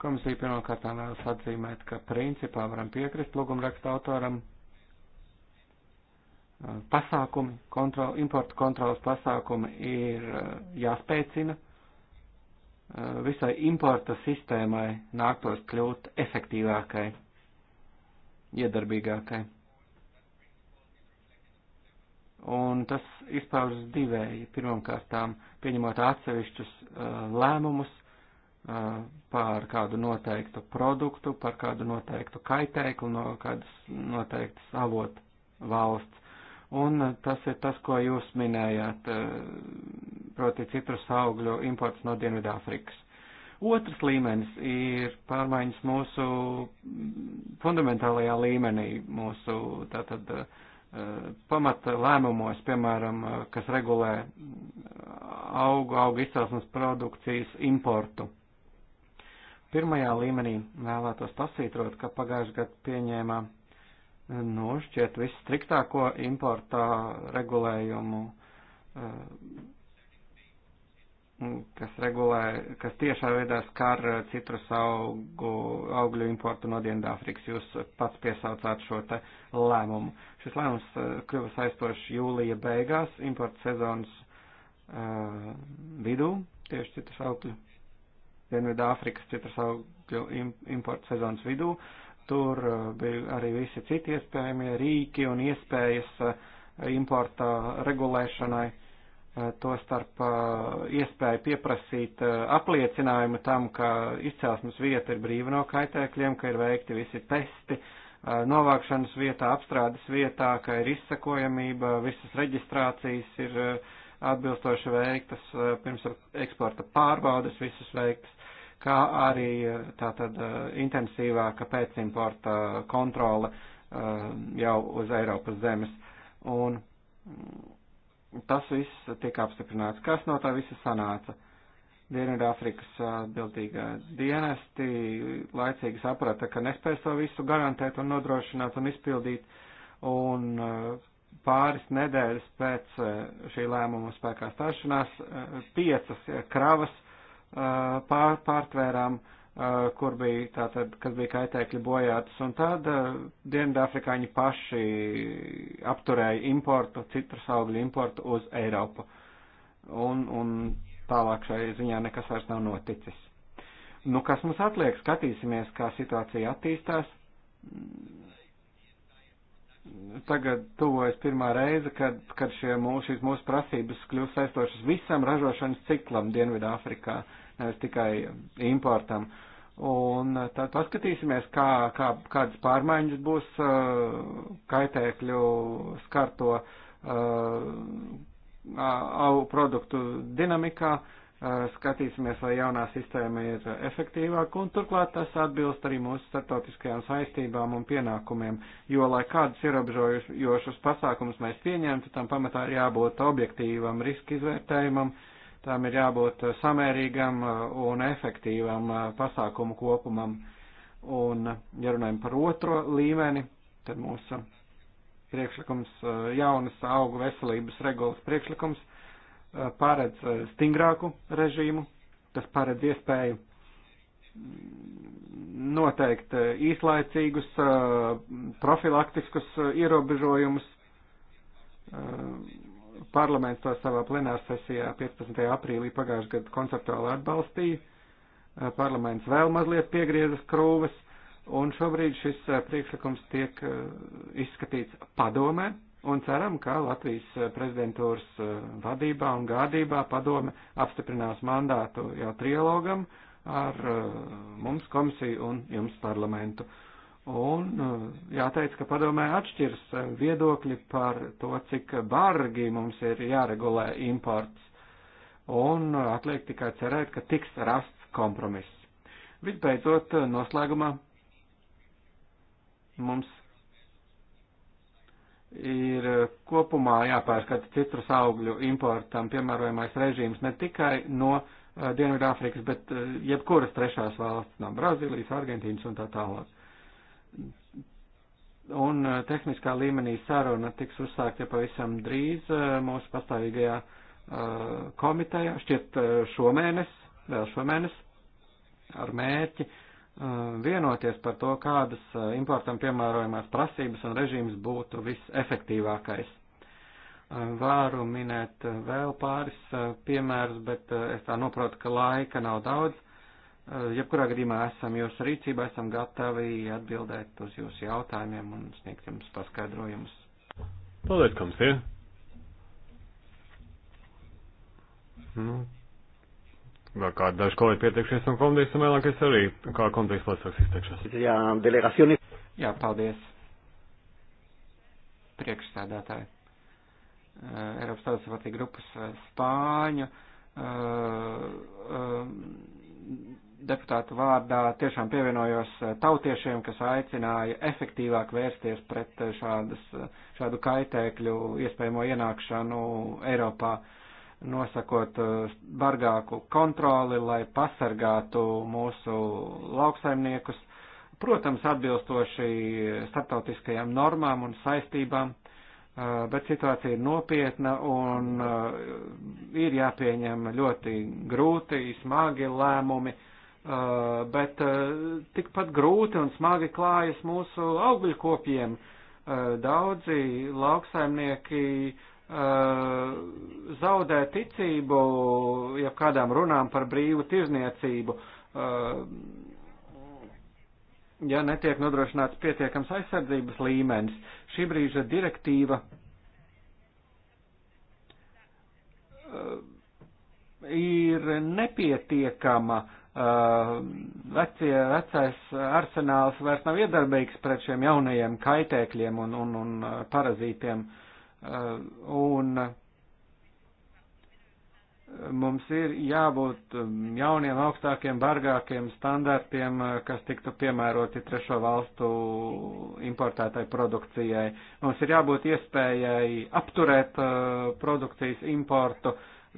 Komisija pirmkārt vēlas atzīmēt, ka principā varam piekrist lūgumraksta autoram. Eh, pasākumi, kontrol, importu kontrolas pasākumi ir eh, jāspēcina visai importa sistēmai nāktos kļūt efektīvākai iedarbīgākai. Un tas izpaužas divēji. Pirmkārtām, pieņemot atsevišķus uh, lēmumus uh, par kādu noteiktu produktu, par kādu noteiktu kaitēklu no kādas noteiktas avotu valsts. Un uh, tas ir tas, ko jūs minējāt, uh, proti citrus augļu imports no Dienvidāfrikas Otrs līmenis ir pārmaiņas mūsu fundamentālajā līmenī, mūsu tātad eh, pamata lēmumos, piemēram, kas regulē augu, augu izcelsmes produkcijas importu. Pirmajā līmenī vēlētos pasītrot, ka pagājušajā gadā pieņēmā nošķiet visstriktāko importā regulējumu eh, kas regulē, kas tiešā veidā skar citrus augu, augļu importu no Dienvidāfrikas. Jūs pats piesaucāt šo te lēmumu. Šis lēmums uh, kļuva saistošs jūlija beigās, importu sezonas uh, vidū, tieši citrus augļu, Dienvidāfrikas citrus augļu importu sezonas vidū. Tur uh, bija arī visi citi iespējamie rīki un iespējas uh, importa regulēšanai Eh, tostarp eh, iespēju pieprasīt eh, apliecinājumu tam, ka izcelsmes vieta ir brīva no kaitēkļiem, ka ir veikti visi testi, novākšanas vietā, apstrādes vietā, ka ir izsakojamība, visas reģistrācijas ir atbilstoši veiktas, pirms eksporta pārbaudas visas veiktas, kā arī tātad intensīvāka pēcimporta kontrole jau uz Eiropas zemes. Un, mm, tas viss tiek apstiprināts. Kas no tā visa sanāca? Dienvidāfrikas atbildīgā dienesti laicīgi saprata, ka nespēs to visu garantēt un nodrošināt un izpildīt, un uh, pāris nedēļas pēc uh, šī lēmuma spēkā stāšanās uh, piecas kravas pār, pārtvērām uh, kur bija tātad, kas bija kaitēkļi bojātas, un tad Dienvidāfrikāņi paši apturēja importu, citrus augļu importu uz Eiropu. Un, un tālāk šai ziņā nekas vairs nav noticis. Nu, kas mums atliek? Skatīsimies, kā situācija attīstās. Tagad tuvojas pirmā reize, kad, kad šie mūsu, šīs mūsu prasības kļūst saistošas visam ražošanas ciklam Dienvidāfrikā. Afrikā nevis tikai importam. Un eh, tad paskatīsimies, kā, kā, kādas pārmaiņas būs eh, kaitēkļu skarto eh, augu produktu dinamikā, skatīsimies, vai jaunā sistēma ir efektīvāka, un turklāt tas atbilst arī mūsu startautiskajām saistībām un pienākumiem, jo, lai kādus ierobežojošus pasākumus mēs pieņemtu, tam pamatā ir jābūt objektīvam riska izvērtējumam, uh, Tām ir jābūt eh, samērīgam eh, un efektīvam eh, pasākumu kopumam. Un, ja runājam par otro līmeni, tad mūsu priekšlikums, jaunas augu veselības regulas priekšlikums, paredz stingrāku režīmu, tas paredz iespēju mm, noteikt īslaicīgus profilaktiskus ierobežojumus Parlaments to savā plenārsesijā 15. aprīlī pagājušajā gadā konceptuāli atbalstīja. Eh, parlaments vēl mazliet piegriezas krūves, un šobrīd šis eh, priekšlikums tiek eh, izskatīts padomē, un ceram, ka Latvijas prezidentūras vadībā un gādībā padome apstiprinās mandātu jau trialogam ar mums komisiju un jums parlamentu. Uh, Un eh, jāteic, ka padomē atšķirs eh, viedokļi par to, cik bargi mums ir jāregulē imports. Un eh, atliek tikai cerēt, ka tiks rasts kompromiss. Visbeidzot, noslēgumā mums ir kopumā jāpārskata citrus augļu importam piemērojamais režīms ne tikai no Dienvidāfrikas, bet jebkuras trešās valsts, no Brazīlijas, Argentīnas un tā tālāk Un eh, tehniskā līmenī saruna tiks uzsākta pavisam drīz eh, mūsu pastāvīgajā eh, komitejā, šķiet šomēnes, vēl šomēnes, ar mērķi vienoties par to, kādas importam piemērojumās prasības un režīms būtu visefektīvākais. Varu minēt vēl pāris piemērus, bet es tā noprotu, ka laika nav daudz. Eh, jebkurā gadījumā esam jūsu rīcībā, esam gatavi atbildēt uz jūsu jautājumiem un sniegt jums paskaidrojumus. Paldies, komisija! Nu, vēl kādi daži kolēģi pieteikšies no komitejas, un vēlāk es arī kā komitejas pārstāvis izteikšos. Jā, delegācija. Jā, paldies. Priekšstādātāji. Uh, eh, Eiropas Tautas partija grupas uh, Spāņu. Uh, uh, deputātu vārdā tiešām pievienojos eh, tautiešiem, kas aicināja efektīvāk vērsties pret eh, šādas, eh, šādu kaitēkļu iespējamo ienākšanu Eiropā, nosakot bargāku kontroli, lai pasargātu mūsu lauksaimniekus, protams, atbilstoši starptautiskajām normām un saistībām bet situācija ir nopietna un ir jāpieņem ļoti grūti, smagi lēmumi, Uh, bet uh, tikpat grūti un smagi klājas mūsu augļkopiem. Uh, daudzi lauksaimnieki zaudē ticību, ja kādām runām par brīvu tirzniecību, ja netiek nodrošināts pietiekams aizsardzības līmenis. Šī brīža direktīva ir nepietiekama uh, Uh, vecie, vecais arsenāls vairs nav iedarbīgs pret šiem jaunajiem kaitēkļiem un, un, un uh, parazītiem. Uh, un mums ir jābūt um, jauniem, augstākiem, bargākiem standartiem, kas tiktu piemēroti trešo valstu importētai produkcijai. Mums ir jābūt iespējai apturēt produkcijas importu,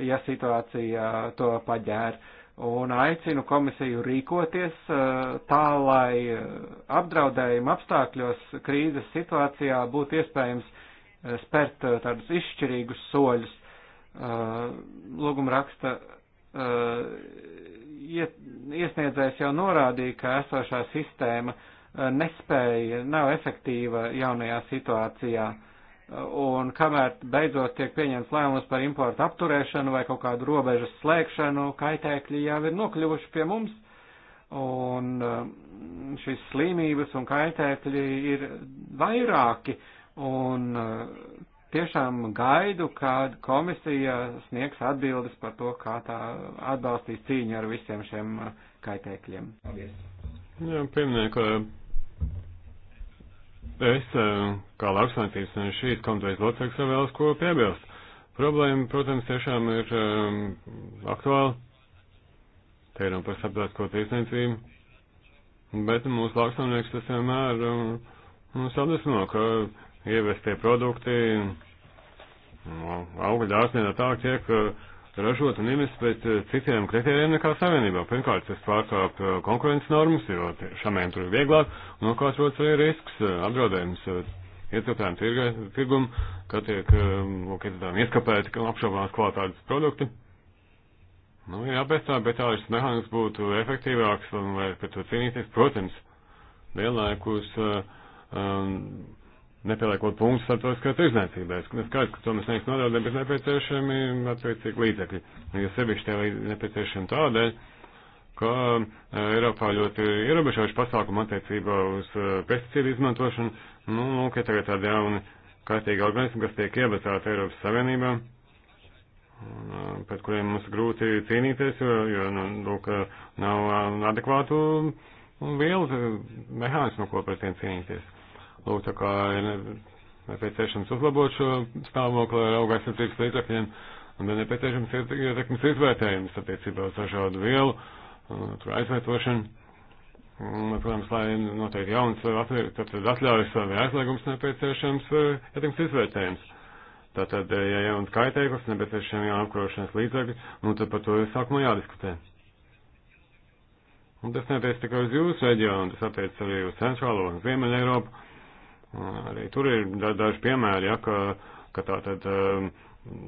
ja situācija to paģēra un aicinu komisiju rīkoties uh, tā, lai uh, apdraudējuma apstākļos krīzes situācijā būtu iespējams uh, spērt tādus izšķirīgus soļus. Lūguma raksta iesniedzējs jau norādīja, ka esošā sistēma nespēja, nav efektīva jaunajā situācijā. Uh, un kamēr beidzot tiek pieņemts lēmums par importu apturēšanu vai kaut kādu robežas slēgšanu, kaitēkļi jau ir nokļuvuši pie mums, un um, šīs slimības un kaitēkļi ir vairāki, un uh, tiešām gaidu, kad komisija sniegs atbildes par to, kā tā atbalstīs cīņu ar visiem šiem uh, kaitēkļiem. Paldies! Jā, pieminēju, ka Es, eh, kā lauksaimniecības un šīs komitejas loceklis, vēlos ko piebilst. Problēma, protams, tiešām ir um, aktuāla. Te ir un par starptautisko tiesniecību. Bet mūsu lauksaimnieks tas vienmēr um, sadusmo, ka ievestie produkti, no, nu, augļu dārzniecība tā tiek. Uh, ražot un iemest pēc eh, citiem kritērijiem nekā savienībā. Pirmkārt, tas pārkāp eh, konkurences normas, jo šamēm tur ir vieglāk, un otrkārt rodas arī risks, eh, apdraudējums iecirtējumu tirgumu, ka tiek iecirtējumi ieskapēti, ka apšaubāmas kvalitātes produkti. Nu, ir jāpēstā, bet tā šis mehānisms būtu efektīvāks un vai pret to cīnīties, protams, vienlaikus. Uh, um, nepieliekot punktus starptautiskās tirzniecībās. Es skaidrs, ka to mēs neviens nodaudēm, bet nepieciešami attiecīgi līdzekļi. Ja sevišķi tie nepieciešami tādēļ, ka e, Eiropā ļoti ierobežojuši pasākumu attiecībā uz e, pesticīdu izmantošanu, nu, lūk, ja tagad tādi jauni kaitīgi organismi, kas tiek iebecāti Eiropas Savienībā, e, pret kuriem mums grūti cīnīties, jo, jo nu, lūk, nav adekvātu vielu mehānismu, ko pret tiem cīnīties. Lūk, tā kā ir nepieciešams uzlabot šo stāvokli ar auga aizsardzības līdzekļiem, un ir nepieciešams ietekmes izvērtējums attiecībā uz dažādu vielu, tur aizvietošanu. Un, protams, lai noteikti jauns atļaujas vai aizliegums nepieciešams ietekmes izvērtējums. Tātad, ja jauns kaitēklis, nepieciešami jauna apkarošanas līdzekļi, nu tad par to ir sākumā jādiskutē. Un tas neatiec tikai uz jūsu reģionu, tas attiec arī uz Centrālo un Ziemeļa Eiropu. Mm, arī tur ir da daži piemēri, ja, ka, ka tā tad, um,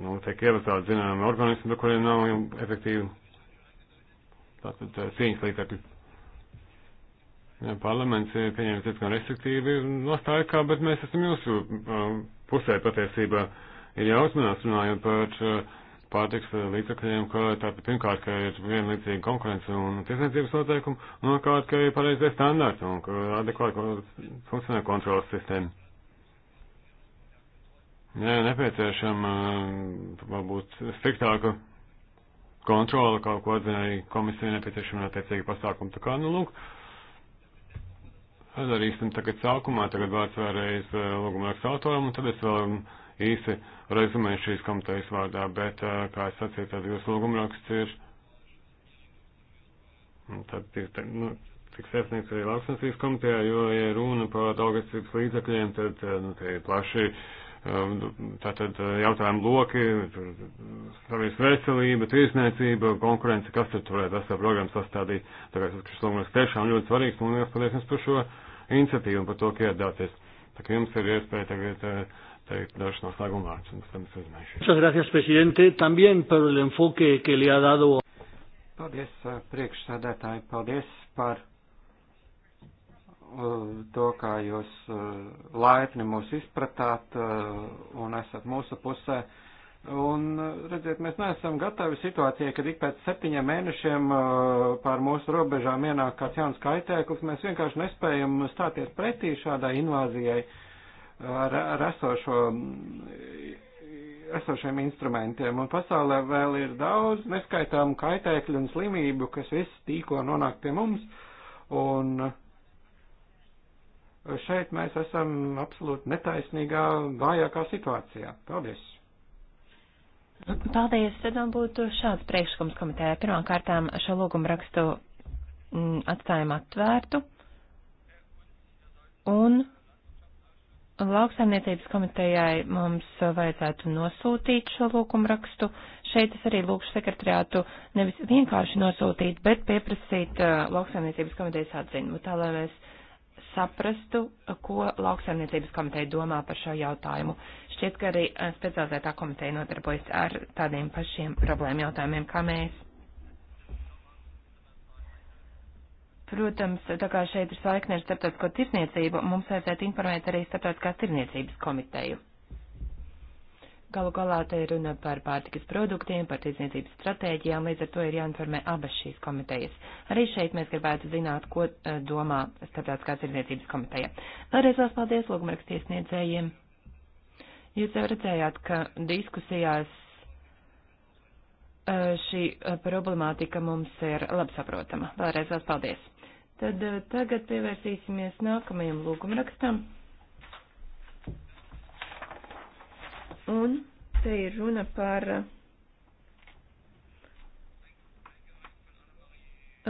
nu, tiek ievestāti zināmi organismi, par kuriem nav efektīvi tātad uh, cīņas līdzekļi. Ja, parlaments ir pieņēmis diezgan restriktīvi nostāju, kā, bet mēs esam jūsu uh, pusē patiesībā. Ir jāuzmanās runājot par uh, pārtiks līdzakļiem, ka tātad pirmkārt, ka ir vienlīdzīga konkurence un tiesniecības noteikumi, un otrkārt, ka ir pareizie standarti un ka adekvāti funkcionē kontrolas sistēma. Jā, nepieciešama uh, varbūt striktāka kontrola kaut ko atzinēja komisija nepieciešama attiecīgi pasākumu. Tā kā, nu, lūk, darīsim tagad sākumā, tagad vārds vēlreiz uh, lūguma raksta autoram, un tad es vēl. Um, īsi rezumēšu šīs komitejas vārdā, bet, kā es sacīju, tad jūsu lūgumraksts ir, tad tiks, nu, tiks iesniegts arī lauksnesīs komitejā, jo, ja runa par daudzgadsības līdzekļiem, tad, nu, tie ir plaši, nu, tātad jautājumu loki, savies veselība, tirsniecība, konkurence, kas tur turētu esam programmu sastādīt, tā kā šis lūgumraksts tiešām ļoti svarīgs, un liels paldies jums par šo iniciatīvu un par to, ka iedāties. Tā kā jums ir iespēja tagad uh, teikt dažs no slēguma vārdus, un tad es uzzināšu. Muchas gracias, presidente, también por el enfoque que le ha dado. Paldies, eh, priekšsēdētāji, paldies par eh, to, kā jūs eh, laipni mūs izpratāt un esat mūsu pusē. Un, redziet, mēs neesam gatavi situācijai, kad ik pēc septiņiem mēnešiem pār mūsu robežām ienāk kāds jauns kaitēklis. Mēs vienkārši nespējam stāties pretī šādai invāzijai. Uh, ar, ar esošo, esošiem instrumentiem. Un pasaulē vēl ir daudz neskaitāmu kaitēkļu un slimību, kas viss tīko nonāk pie mums. Un šeit mēs esam absolūti netaisnīgā, vājākā situācijā. Paldies! Paldies! Tad man būtu šāds priekšlikums komitējā. Pirmkārtām šo lūgumu rakstu mm, atstājam atvērtu. Un Lauksaimniecības komitejai mums vajadzētu nosūtīt šo lūkumu rakstu. Šeit es arī lūkšu sekretariātu nevis vienkārši nosūtīt, bet pieprasīt uh, lauksaimniecības komitejas atzinumu, tā lai mēs saprastu, ko lauksaimniecības komiteja domā par šo jautājumu. Šķiet, ka arī uh, specializētā komiteja nodarbojas ar tādiem pašiem problēmu jautājumiem kā mēs. Protams, tā kā šeit ir saikne ar starptautisko tirsniecību, mums vajadzētu informēt arī starptautiskās tirsniecības komiteju. Galu galā te ir runa par pārtikas produktiem, par tirsniecības stratēģijām, līdz ar to ir jāinformē abas šīs komitejas. Arī šeit mēs gribētu zināt, ko e, domā starptautiskā tirsniecības komiteja. Vēlreiz vēl paldies lūgumrakstiesniedzējiem. Jūs jau redzējāt, ka diskusijās e, šī e, problemātika mums ir labi saprotama. Vēlreiz vēl paldies! Tad eh, tagad pievērsīsimies nākamajam lūgumrakstam. Un te ir runa par eh,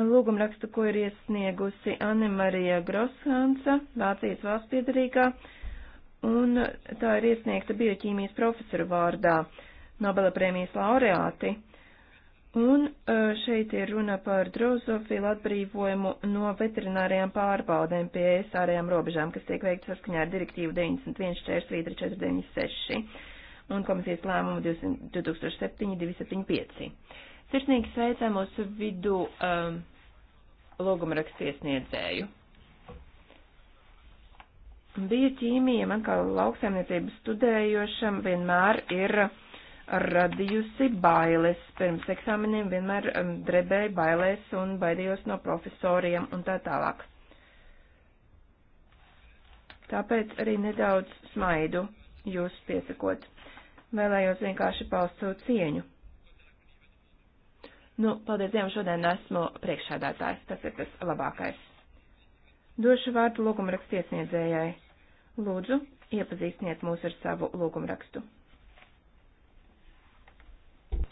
lūgumrakstu, ko ir iesniegusi Annemarija Groshansa, Vācijas valsts piedarīgā, un tā ir iesniegta bioķīmijas profesoru vārdā, Nobela prēmijas laureāti. Un e, šeit ir runa par drozofilu atbrīvojumu no veterinārijām pārbaudēm pie es ārējām robežām, kas tiek veikts saskaņā ar direktīvu 91.4.496 un komisijas lēmumu 2007.275. Sirsnīgi sveicam mūsu vidu um, e, logumrakstu iesniedzēju. Bioķīmijam, atkal lauksaimniecības studējošam, vienmēr ir uh, radījusi bailes. Pirms eksāmeniem vienmēr um, drebēju bailēs un baidījos no profesoriem un tā tālāk. Tāpēc arī nedaudz smaidu jūs piesakot. Vēlējos vienkārši paust savu cieņu. Nu, paldies Dievam, šodien esmu priekšādātājs. Tas ir tas labākais. Došu vārdu lūgumrakstiesniedzējai. Lūdzu, iepazīstiniet mūs ar savu lūgumrakstu.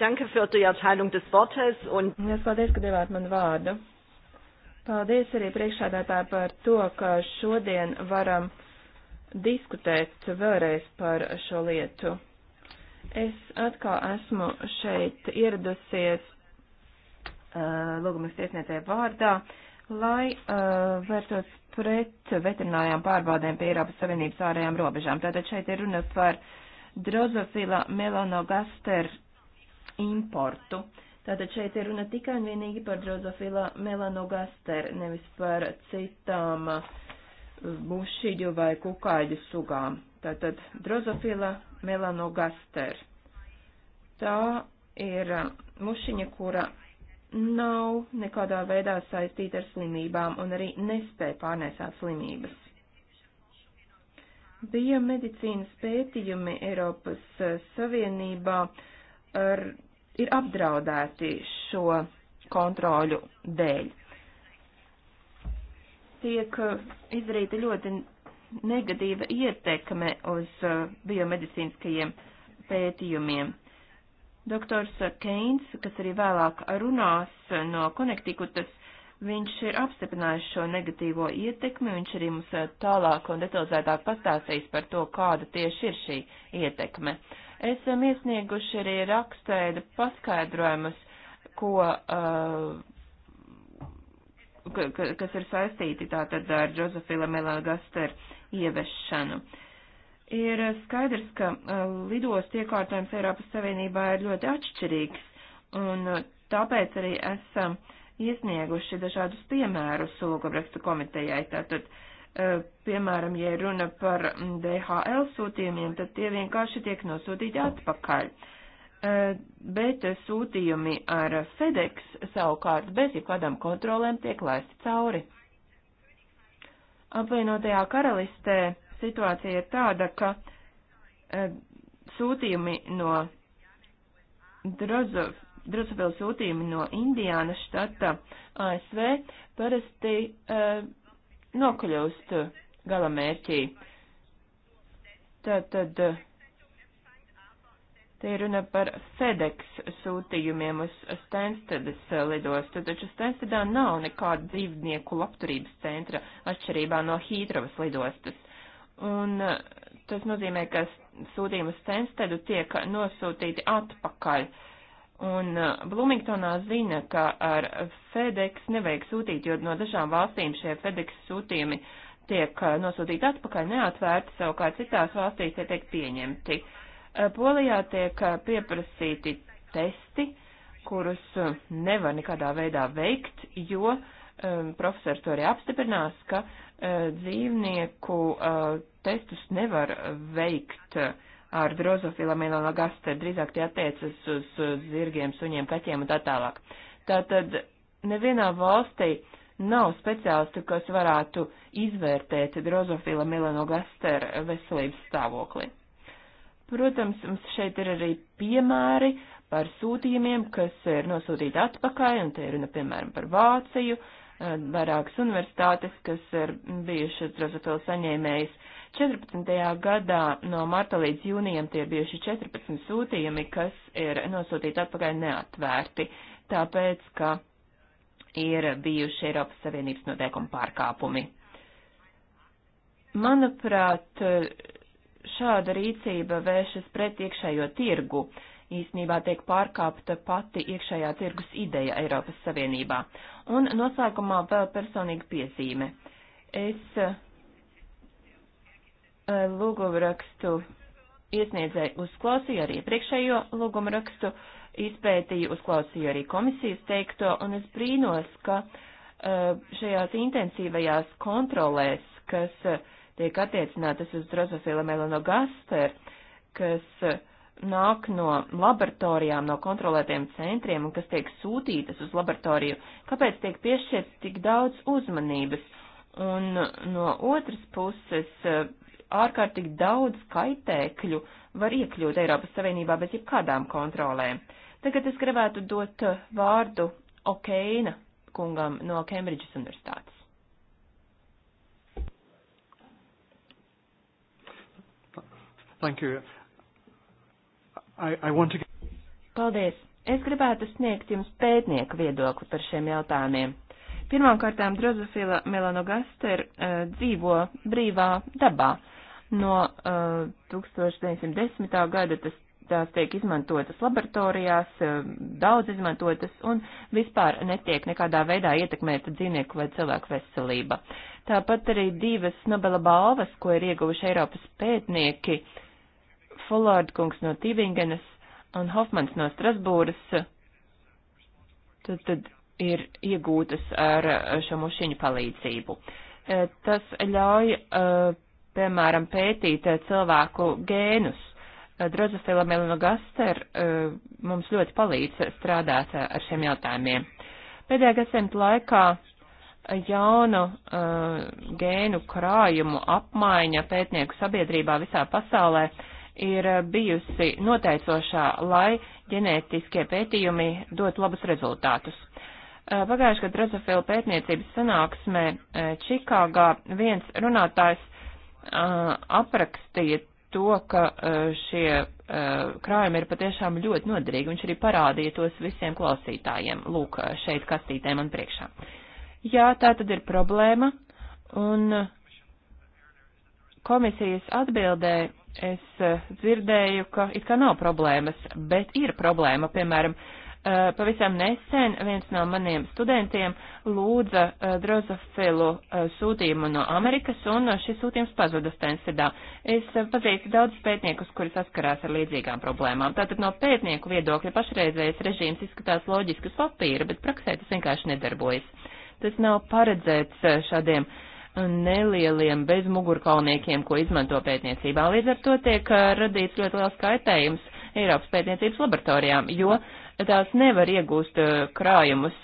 Danke für die Erteilung des Wortes un. Es paldies, ka devāt man vārdu. Paldies arī priekšādātāji par to, ka šodien varam diskutēt vēlreiz par šo lietu. Es atkal esmu šeit ieradusies uh, eh, lūgumas tiesniecēju vārdā, lai uh, vērtos pret veterinārijām pārbaudēm pie Eiropas Savienības ārējām robežām. Tātad šeit ir runa par drozofila melanogaster importu. Tātad šeit ir runa tikai un vienīgi par drozofila melanogaster, nevis par citām uh, bušķiļu vai kukaiļu sugām. Tātad drozofila melanogaster. Tā ir uh, mušiņa, kura nav nekādā veidā saistīta ar slimībām un arī nespēja pārnēsāt slimības. Bija medicīnas pētījumi Eiropas uh, Savienībā ar ir apdraudēti šo kontroļu dēļ. Tiek izdarīta ļoti negatīva ietekme uz uh, biomedicīniskajiem pētījumiem. Doktors Keins, kas arī vēlāk runās no Konektikutas, viņš ir apstiprinājis šo negatīvo ietekmi, viņš arī mums uh, tālāk un detalizētāk pastāstīs par to, kāda tieši ir šī ietekme. Uh, Esam iesnieguši arī rakstveida paskaidrojumus, ko, uh, ka, ka, kas ir saistīti tātad ar Džozefila Melagaster ieviešanu. Ir skaidrs, ka uh, lidostu iekārtojums Eiropas Savienībā ir ļoti atšķirīgs, un uh, tāpēc arī esam iesnieguši dažādus piemērus lūgumrakstu komitejai. Tātad uh, Eh, piemēram, ja runa par mm, DHL sūtījumiem, tad tie vienkārši tiek nosūtīti atpakaļ. Eh, bet sūtījumi ar FedEx savukārt bez jebkādām kontrolēm tiek laisti cauri. Apvienotajā karalistē situācija ir tāda, ka eh, sūtījumi no Drozov, Drozovila sūtījumi no Indiānas štata ASV parasti uh, nokļūst uh, gala mērķī. Tātad uh, te ir runa par FedEx sūtījumiem uz Stenstedas uh, lidostu, taču Stenstedā nav nekāda dzīvnieku labturības centra atšķirībā no Hītrovas lidostas. Un tas nozīmē, ka sūtījumi uz Stenstedu tiek nosūtīti atpakaļ. Uh, Un uh, Bloomingtonā zina, ka ar FedEx nevajag sūtīt, jo no dažām valstīm šie FedEx sūtījumi tiek uh, nosūtīti atpakaļ, neatvērti, savukārt citās valstīs tie tiek pieņemti. Uh, Polijā tiek pieprasīti testi, kurus nevar nekādā veidā veikt, jo um, profesori to arī apstiprinās, ka uh, dzīvnieku uh, testus nevar veikt. Uh, ar drozofilamilonagaster, drīzāk tie attiecas uz, uz zirgiem, suņiem, kaķiem un tā tālāk. Tātad nevienā valstī nav speciālistu, kas varētu izvērtēt drozofila melanogaster veselības stāvokli. Protams, mums šeit ir arī piemēri par sūtījumiem, kas ir nosūtīti atpakaļ, un te ir runa, piemēram, par Vāciju, uh, vairākas universitātes, kas ir bijušas Rozafila saņēmējas. 14. gadā no marta līdz jūnijam tie ir bijuši 14 sūtījumi, kas ir nosūtīti atpakaļ neatvērti, tāpēc, ka ir bijuši Eiropas Savienības noteikumu pārkāpumi. Manuprāt, šāda rīcība vēršas pret iekšējo tirgu. Uh, īsnībā tiek pārkāpta pati iekšējā tirgus ideja Eiropas Savienībā. Un noslēgumā vēl personīga piezīme. Es eh, lūgumrakstu iesniedzēju uzklausīju arī priekšējo lūgumrakstu, izpētīju, uzklausīju arī komisijas teikto, un es brīnos, ka eh, šajās intensīvajās kontrolēs, kas eh, tiek attiecinātas uz drozofila melanogaster, kas uh, nāk no laboratorijām, no kontrolētiem centriem un kas tiek sūtītas uz laboratoriju, kāpēc tiek piešķirts tik daudz uzmanības. Un no otras puses, eh, ārkārtīgi daudz kaitēkļu var iekļūt Eiropas Savienībā bez jebkādām kontrolēm. Tagad es gribētu dot eh, vārdu Okeina kungam no Kembridžas universitātes. Thank you. I, I want to... Paldies! Es gribētu sniegt jums pētnieku viedokli par šiem jautājumiem. Pirmkārtām, drozofila melanogaster uh, dzīvo brīvā dabā. No uh, eh, 1910. gada tas, tās tiek izmantotas laboratorijās, uh, daudz izmantotas un vispār netiek nekādā veidā ietekmēta dzīvnieku vai cilvēku veselība. Tāpat arī divas Nobela balvas, ko ir ieguvuši Eiropas pētnieki, uh, Fullārda kungs no Tīvingenes un Hofmans no Strasbūras tad, tad ir iegūtas ar šo mušiņu palīdzību. E, tas ļauj, e, piemēram, pētīt e, cilvēku gēnus. Drozofila melanogaster mums ļoti palīdz strādāt ar šiem jautājumiem. Pēdējā gadsimta laikā jaunu uh, gēnu krājumu apmaiņa pētnieku sabiedrībā visā pasaulē ir eh, bijusi noteicošā, lai ģenētiskie pētījumi dotu labus rezultātus. Eh, pagājušajā gadā drozofila pētniecības sanāksmē eh, Čikāgā viens runātājs aprakstīja to, ka šie krājumi ir patiešām ļoti noderīgi. Viņš arī parādīja tos visiem klausītājiem. Lūk, šeit kastītē man priekšā. Jā, tā tad ir problēma. Un komisijas atbildē Es eh, dzirdēju, ka it kā nav problēmas, bet ir problēma. Piemēram, eh, pavisam nesen viens no maniem studentiem lūdza eh, drozofilu sūtījumu no Amerikas, un šis sūtījums pazuda Stensedā. Es pazīstu daudz pētniekus, kuri saskarās ar līdzīgām problēmām. Tātad no pētnieku viedokļa pašreizējais režīms izskatās loģiskas papīra, bet praksē tas vienkārši nedarbojas. Tas nav paredzēts šādiem uh, nelieliem bezmugurkalniekiem, ko izmanto pētniecībā. Līdz ar to tiek uh, radīts ļoti liels kaitējums Eiropas pētniecības laboratorijām, jo tās nevar iegūst uh, krājumus,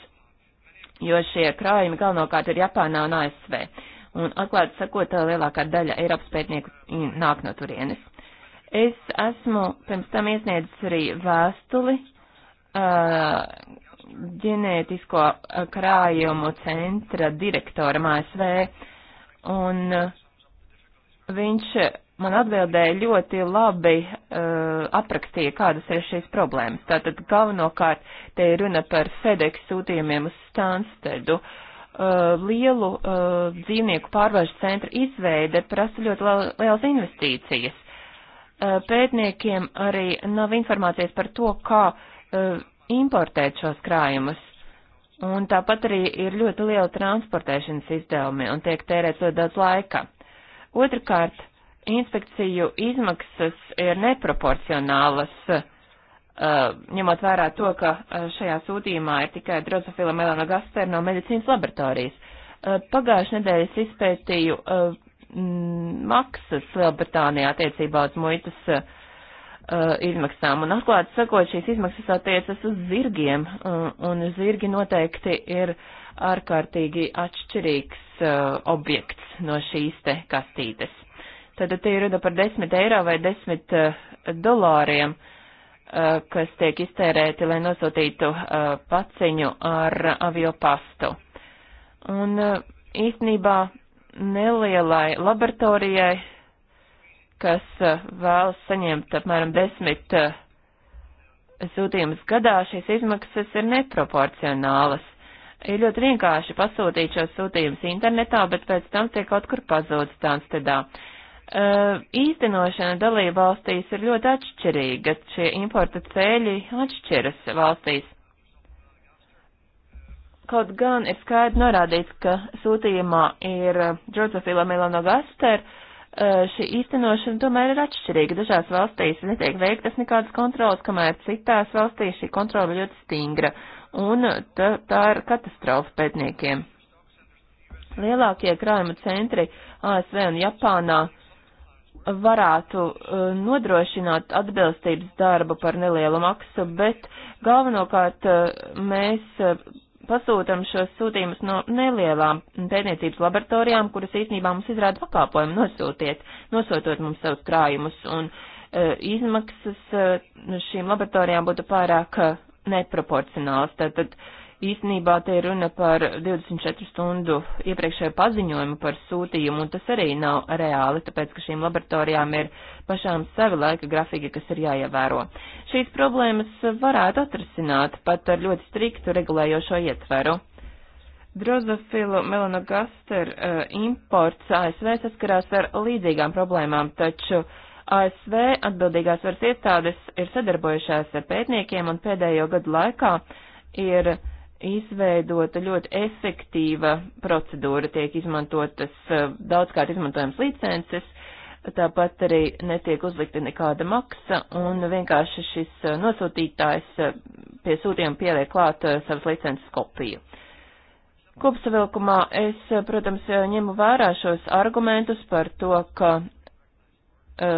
jo šie krājumi galvenokārt ir Japānā un ASV. Un atklāti sakot, uh, lielākā daļa Eiropas pētnieku nāk no turienes. Es esmu pirms tam iesniedzis arī vēstuli ģenētisko krājumu centra direktoram ASV, Un uh, viņš man atbildēja ļoti labi uh, aprakstīja, kādas ir šīs problēmas. Tātad galvenokārt te ir runa par FedEx sūtījumiem uz Stanstedu. Uh, lielu uh, dzīvnieku pārvažu centra izveide prasa ļoti lielas investīcijas. Uh, pētniekiem arī nav informācijas par to, kā uh, importēt šos krājumus. Un tāpat arī ir ļoti liela transportēšanas izdevumi un tiek tērēts ļoti daudz laika. Otrakārt, inspekciju izmaksas ir neproporcionālas, uh, ņemot vērā to, ka uh, šajā sūtījumā ir tikai drozofila melana gaster no medicīnas laboratorijas. Uh, Pagājušajā nedēļā es izpētīju maksas Lielbritānijā attiecībā uz muitas uh, Uh, izmaksām. Un atklāti sakot, šīs izmaksas attiecas uz zirgiem, un zirgi noteikti ir ārkārtīgi atšķirīgs uh, objekts no šīs te kastītes. Tad te ir runa par 10 eiro vai 10 uh, dolāriem, kas tiek iztērēti, lai nosūtītu paciņu ar avio pastu. Un īstenībā nelielai laboratorijai kas eh, vēlas saņemt apmēram desmit eh, sūtījumus gadā, šīs izmaksas ir neproporcionālas. Ir ļoti vienkārši pasūtīt šos sūtījumus internetā, bet pēc tam tie kaut kur pazūd stānstedā. Uh, eh, īstenošana dalība valstīs ir ļoti atšķirīga, šie importa ceļi atšķiras valstīs. Kaut gan ir skaidri norādīts, ka sūtījumā ir Džozefila Milano Gaster, uh, Eh, šī īstenošana tomēr ir atšķirīga. Dažās valstīs netiek veiktas nekādas kontrolas, kamēr citās valstīs šī kontrola ir ļoti stingra, un eh, tā, tā ir katastrofa pētniekiem. Lielākie krājuma centri ASV un Japānā varētu uh, nodrošināt atbilstības darbu par nelielu maksu, bet galvenokārt uh, mēs uh, pasūtam šos sūtījumus no nelielām pētniecības laboratorijām, kuras īstenībā mums izrāda pakāpojumu nosūtiet, nosūtot mums savus krājumus, un uh, izmaksas uh, šīm laboratorijām būtu pārāk uh, neproporcionāls. Tātad īstenībā te ir runa par 24 stundu iepriekšēju paziņojumu par sūtījumu, un tas arī nav reāli, tāpēc, ka šīm laboratorijām ir pašām savi laika grafiki, kas ir jāievēro. Šīs problēmas varētu atrasināt pat ar ļoti striktu regulējošo ietveru. Drozofilu melanogaster uh, imports ASV saskarās ar līdzīgām problēmām, taču uh, ASV atbildīgās varas iestādes ir sadarbojušās ar pētniekiem un pēdējo gadu laikā ir izveidota ļoti efektīva procedūra, tiek izmantotas eh, daudzkārt izmantojams licences, tāpat arī netiek uzlikta nekāda maksa, un vienkārši šis eh, nosūtītājs eh, pie sūtījuma pieliek klāt savas licences kopiju. Kopsavilkumā es, protams, ņemu vērā šos argumentus par to, ka uh,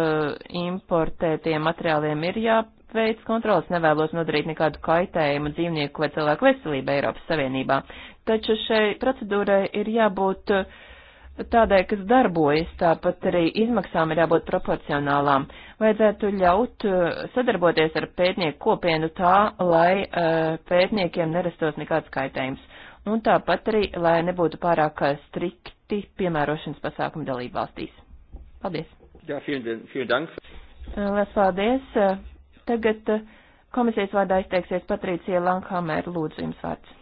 importētiem materiāliem ir jā, veids kontrols nevēlos nodarīt nekādu kaitējumu dzīvnieku vai cilvēku veselību Eiropas Savienībā. Taču šai procedūrai ir jābūt uh, tādai, kas darbojas, tāpat arī izmaksām ir jābūt proporcionālām. Vajadzētu ļaut uh, sadarboties ar pētnieku kopienu tā, lai uh, pētniekiem nerastos nekāds kaitējums. Un tāpat arī, lai nebūtu pārāk uh, strikti piemērošanas pasākumi dalību valstīs. Paldies! Jā, vielen, vielen dank. Lielas paldies Tagad eh, komisijas vārdā izteiksies Patricija Langhamēra. Lūdzu, jums vārds.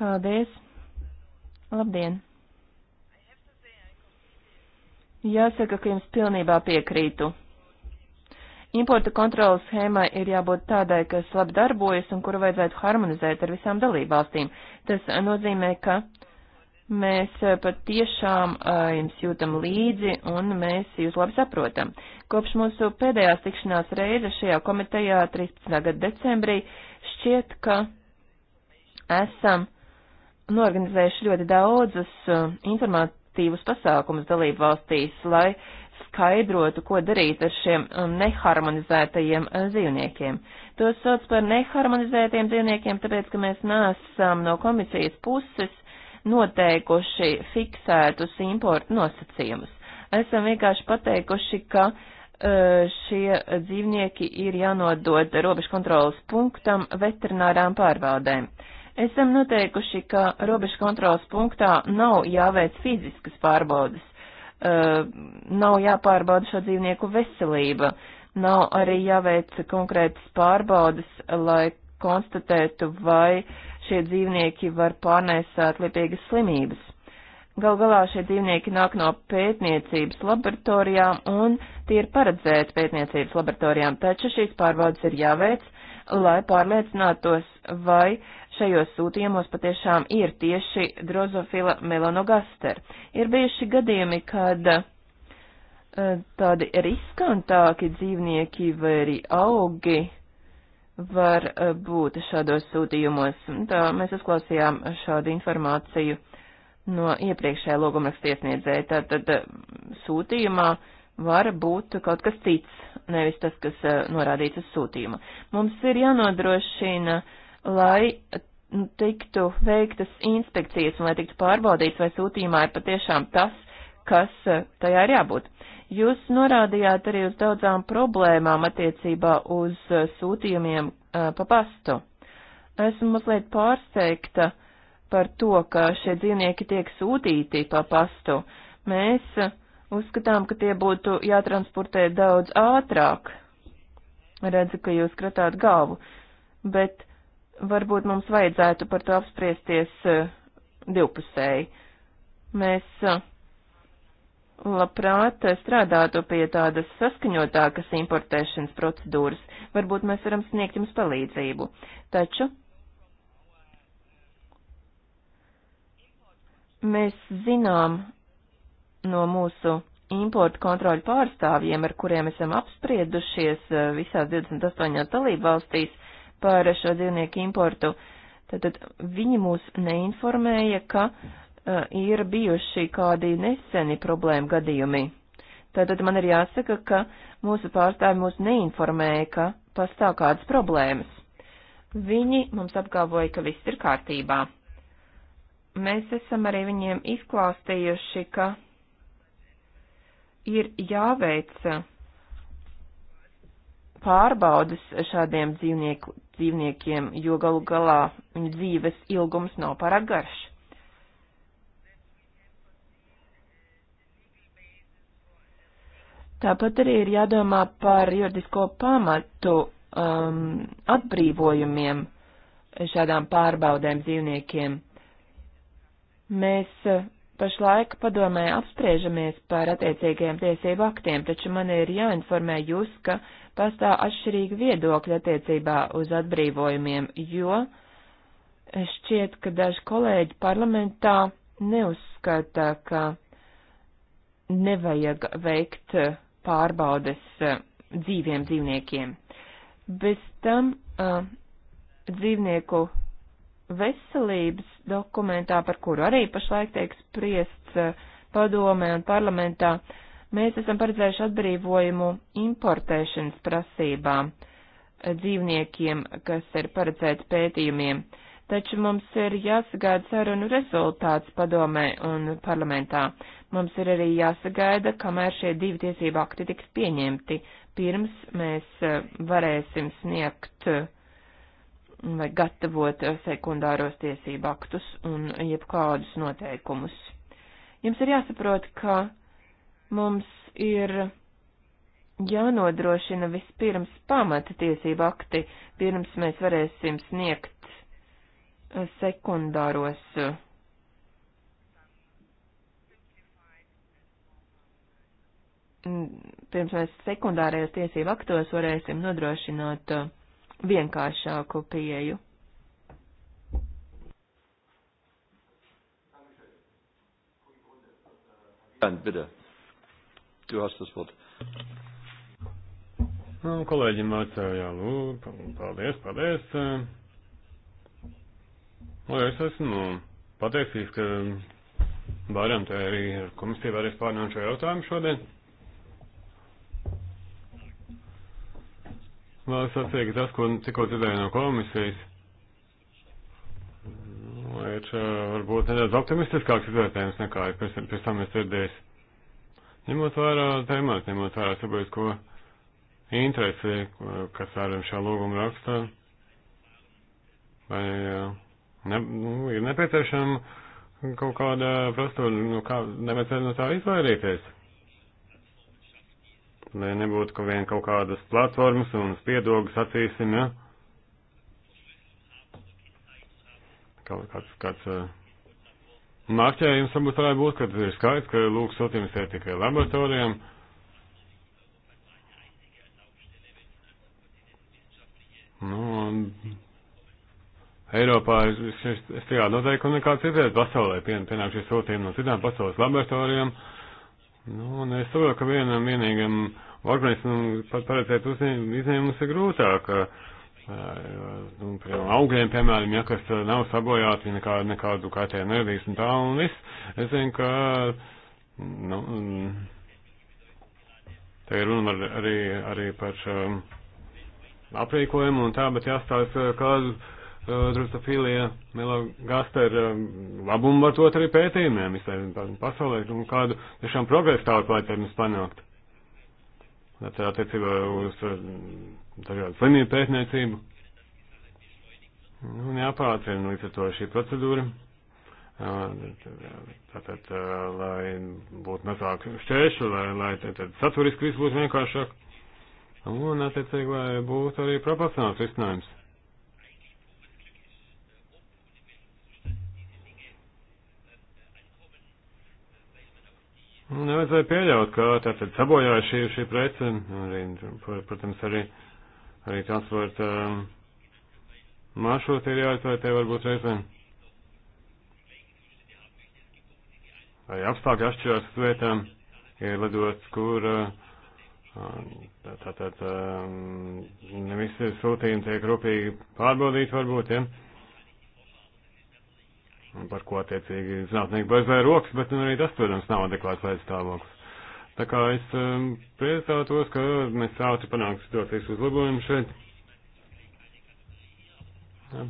Paldies. Labdien. Jāsaka, ka jums pilnībā piekrītu. Importa kontrolas schēmai ir jābūt tādai, kas labi darbojas un kuru vajadzētu harmonizēt ar visām dalībvalstīm. Tas nozīmē, ka Mēs eh, pat tiešām eh, jums jūtam līdzi un mēs jūs labi saprotam. Kopš mūsu pēdējās tikšanās reize šajā komitejā 13. gada decembrī šķiet, ka esam norganizējuši ļoti daudzus eh, informatīvus pasākumus dalību valstīs, lai skaidrotu, ko darīt ar šiem neharmonizētajiem dzīvniekiem. To sauc par neharmonizētiem dzīvniekiem, tāpēc, ka mēs nesam no komisijas puses noteikuši fiksētus importu nosacījumus. Esam vienkārši pateikuši, ka eh, šie dzīvnieki ir jānodod robežu kontrolas punktam veterinārām pārvaldēm. Esam noteikuši, ka robežu kontrolas punktā nav jāveic fiziskas pārbaudas, eh, nav jāpārbauda šo dzīvnieku veselība, nav arī jāveic konkrētas pārbaudas, lai konstatētu, vai uh, šie dzīvnieki var pārnēsāt lipīgas slimības. Gal galā šie dzīvnieki nāk no pētniecības laboratorijām un tie ir paredzēti pētniecības laboratorijām, taču šīs pārbaudas ir jāveic, lai pārliecinātos, vai šajos sūtījumos patiešām ir tieši drozofila melanogaster. Ir bijuši gadījumi, kad eh, tādi riskantāki dzīvnieki vai arī augi var eh, būt šādos sūtījumos. Tā mēs uzklausījām šādu informāciju no iepriekšējā logumraksta iesniedzēja. Tātad eh, sūtījumā var būt kaut kas cits, nevis tas, kas eh, norādīts uz sūtījuma. Mums ir jānodrošina, lai tiktu veiktas inspekcijas un lai tiktu pārbaudīts, vai sūtījumā ir patiešām tas, kas eh, tajā ir jābūt. Jūs norādījāt arī uz daudzām problēmām attiecībā uz eh, sūtījumiem eh, pa pastu. Esmu mazliet pārsteigta par to, ka šie dzīvnieki tiek sūtīti pa pastu. Mēs uzskatām, ka tie būtu jātransportē daudz ātrāk. Redzu, ka jūs kratāt galvu, bet varbūt mums vajadzētu par to apspriesties divpusēji. Mēs uh, labprāt strādātu pie tādas saskaņotākas importēšanas procedūras. Varbūt mēs varam sniegt jums palīdzību. Taču mēs zinām no mūsu importu kontroļu pārstāvjiem, ar kuriem esam apspriedušies eh, visās 28 dalību valstīs par šo dzīvnieku importu, tad, tad viņi mūs neinformēja, ka uh, ir bijuši kādi neseni problēma gadījumi. Tātad man ir jāsaka, ka mūsu pārstāvi mūs neinformēja, ka pastāv kādas problēmas. Viņi mums apgalvoja, ka viss ir kārtībā. Mēs esam arī viņiem izklāstījuši, ka ir jāveic pārbaudas šādiem dzīvnieku, dzīvniekiem, jo galu galā viņu dzīves ilgums nav pārāk garš. Tāpat arī ir jādomā par juridisko pamatu um, atbrīvojumiem šādām pārbaudēm dzīvniekiem. Mēs uh, pašlaik padomē apspriežamies par attiecīgajiem tiesību aktiem, taču man ir jāinformē jūs, ka pastāv atšķirīgi viedokļi attiecībā uz atbrīvojumiem, jo šķiet, ka daži kolēģi parlamentā neuzskata, ka nevajag veikt uh, pārbaudes eh, dzīviem dzīvniekiem. Bez tam eh, dzīvnieku veselības dokumentā, par kuru arī pašlaik tiek spriests eh, padomē un parlamentā, mēs esam paredzējuši atbrīvojumu importēšanas prasībām dzīvniekiem, kas ir paredzēts pētījumiem. Uh, taču mums ir jāsagaida sarunu rezultāts padomē un parlamentā. Mums ir arī jāsagaida, kamēr šie divi tiesību akti tiks pieņemti, pirms mēs eh, varēsim sniegt eh, vai gatavot eh, sekundāros tiesību aktus un jebkādus noteikumus. Jums ir jāsaprot, ka mums ir jānodrošina vispirms pamata tiesību akti, pirms mēs varēsim sniegt sekundāros pirms mēs sekundārajos tiesību aktos varēsim nodrošināt vienkāršāku pieeju. Bernd, bitte. Du hast das Wort. Nu, kolēģi Mārcā, jā, lūdzu, paldies, paldies. Nu, es esmu pateicīgs, ka varam te arī ar komisiju vēlreiz pārnāt šo jautājumu šodien. Vēl sacīja, ka tas, ko tikko dzirdēju no komisijas, ir nu, eh, varbūt nedaudz optimistiskāks izvērtējums nekā ir pēc, pēc tam es dzirdējis. Ņemot vērā tēmāt, ņemot vērā sabiedrisko interesi, kas ar šā lūguma rakstā, vai eh, Ne, nu, ir nepieciešama kaut kāda prastura, nu, kā nevajadzētu no tā izvairīties. Lai nebūtu ka vien kaut kādas platformas un spiedogas acīsim, ja? Kaut kāds, kāds uh, mārķējums varbūt varētu būt, kad ir skaidrs, ka lūk sūtījums ir tikai laboratorijām. Nu, un Eiropā ir strādā noteikumi nekā citēt pasaulē, pien, pienāk šie sūtījumi no citām pasaules laboratorijām. Nu, un es saprotu, ka vienam vienīgam organismam pat paredzēt izņēmumus ir grūtāk. Nu, piemēram, augļiem, piemēram, ja kas nav sabojāti, nekā, nekādu kaitēju neradīs un tā un viss. Es zinu, ka, nu, te ir runa ar, arī, arī par um, aprīkojumu un tā, bet jāstāsta, kādu Uh, drusafīlija melogastera um, labumu var dot arī pētījumiem visai pasaulē, un kādu tiešām progresu tālāk vajadzētu mums panākt. Tātad uh, attiecībā uz uh, dažādu slimību pētniecību. Un jāpātrina līdz ar to šī procedūra. Tātad, lai būtu mazāk šķēršu, lai, lai tātad, saturiski viss būtu vienkāršāk. Un, attiecīgi, lai būtu arī proporcionāls risinājums. Nu, nevajadzēja pieļaut, ka tātad sabojāja šī, šī prece, arī, protams, arī, arī transporta um, maršruti ir jāizvērtē varbūt reizēm. Arī apstākļi atšķirās uz vietām, ir lidots, kur tātad um, tā, tā, um, ne visi sūtījumi tiek rūpīgi pārbaudīti varbūt, ja? par ko attiecīgi zinātnieki baizē rokas, bet nu, arī tas, protams, nav adekvāts veids stāvoklis. Tā kā es um, priecātos, ka mēs ātri panāksim situācijas uzlabojumu šeit.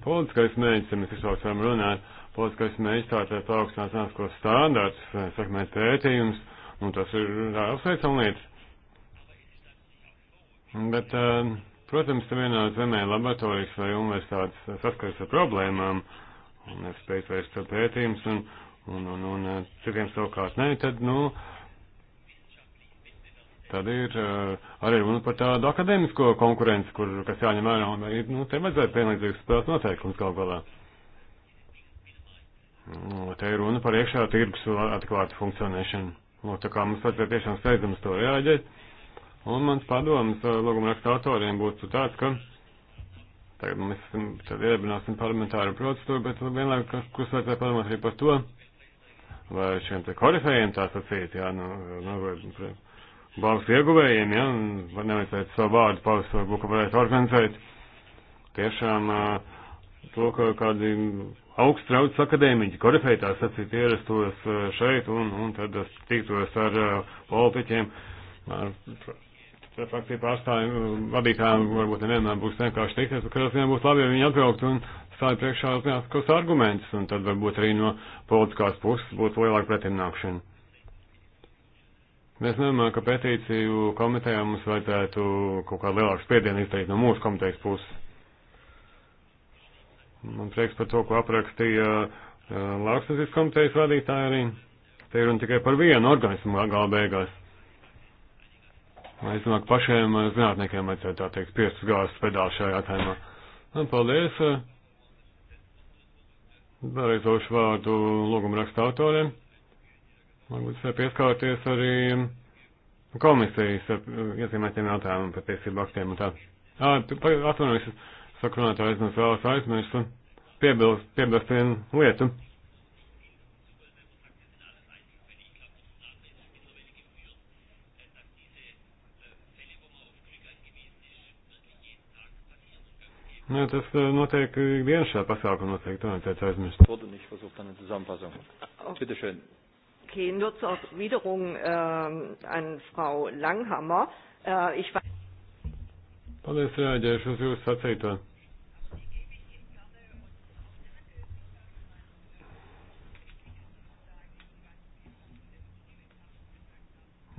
Politiskais mēģis, ja mēs vispār varam runāt, politiskais mēģis tātad paaugstināt zinātnisko standārts, eh, sakmēt pētījums, un tas ir apsveicam lietas. Bet, um, protams, te vienā zemē laboratorijas vai universitātes saskaras ar problēmām. Uh, un spējas vairs pētījums un, un, un, un citiem savukārt nē, tad, nu, tad ir eh, arī runa par tādu akadēmisko konkurenci, kur, kas jāņem vērā, un, eh, nu, te vajadzētu pienlīdzīgas spēles noteikums kaut galā. Nu, te ir runa par iekšā tirgus atklātu funkcionēšanu. Nu, tā kā mums vajadzētu tiešām steidzams to reaģēt. Un mans padoms eh, lūguma raksta autoriem būtu tāds, ka Tagad mēs tad iedibināsim parlamentāru procedūru, bet vienlaikus klusētāji padomās arī par to, vai šiem te korifējiem tā sacīt, jā, nu, nu, balvas ieguvējiem, jā, ja, nevajadzētu savu vārdu paust, varbūt, ka varētu organizēt tiešām to, ka kādi augstrauc akadēmiķi, korifēji tā sacīt, ierastos šeit un, un tad tiktos ar politiķiem, ar frakciju pārstāvju um, vadītājiem varbūt nevienmēr būs vienkārši tikties, bet kādās dienām būtu labi, ja viņi atbraukt un stāja priekšā zinātniskos argumentus, un tad varbūt arī no politiskās puses būtu lielāka pretimnākšana. Mēs nedomājam, ka petīciju komitejā mums vajadzētu kaut kādu lielāku spiedienu izdarīt no mūsu komitejas puses. Man prieks par to, ko aprakstīja uh, lauksnesības komitejas vadītāja arī. Te ir un tikai par vienu organismu gala beigās. Es domāju, ka pašiem eh, zinātniekiem vajadzētu tā teikt piesas gāzes pedāli šajā jautājumā. Un nu, paldies. Vēlreiz došu vārdu lūguma raksta autoriem. Varbūt es pieskārties arī komisijas eh, iezīmētiem jautājumiem par tiesību aktiem un tā. Atvainojos, sakrunātājs no savas aizmirstu piebilst, piebilst vienu lietu. Nē, nu, tas eh, notiek ikdienas šajā pasākumā, notiek to nevajadzētu aizmirst. Wurde nicht versucht, eine Zusammenfassung. Oh. Bitte schön. Okay, nur zur Erwiderung äh, an Frau Langhammer. Äh, ich weiß. Paldies, reaģēšu uz jūsu sacīto.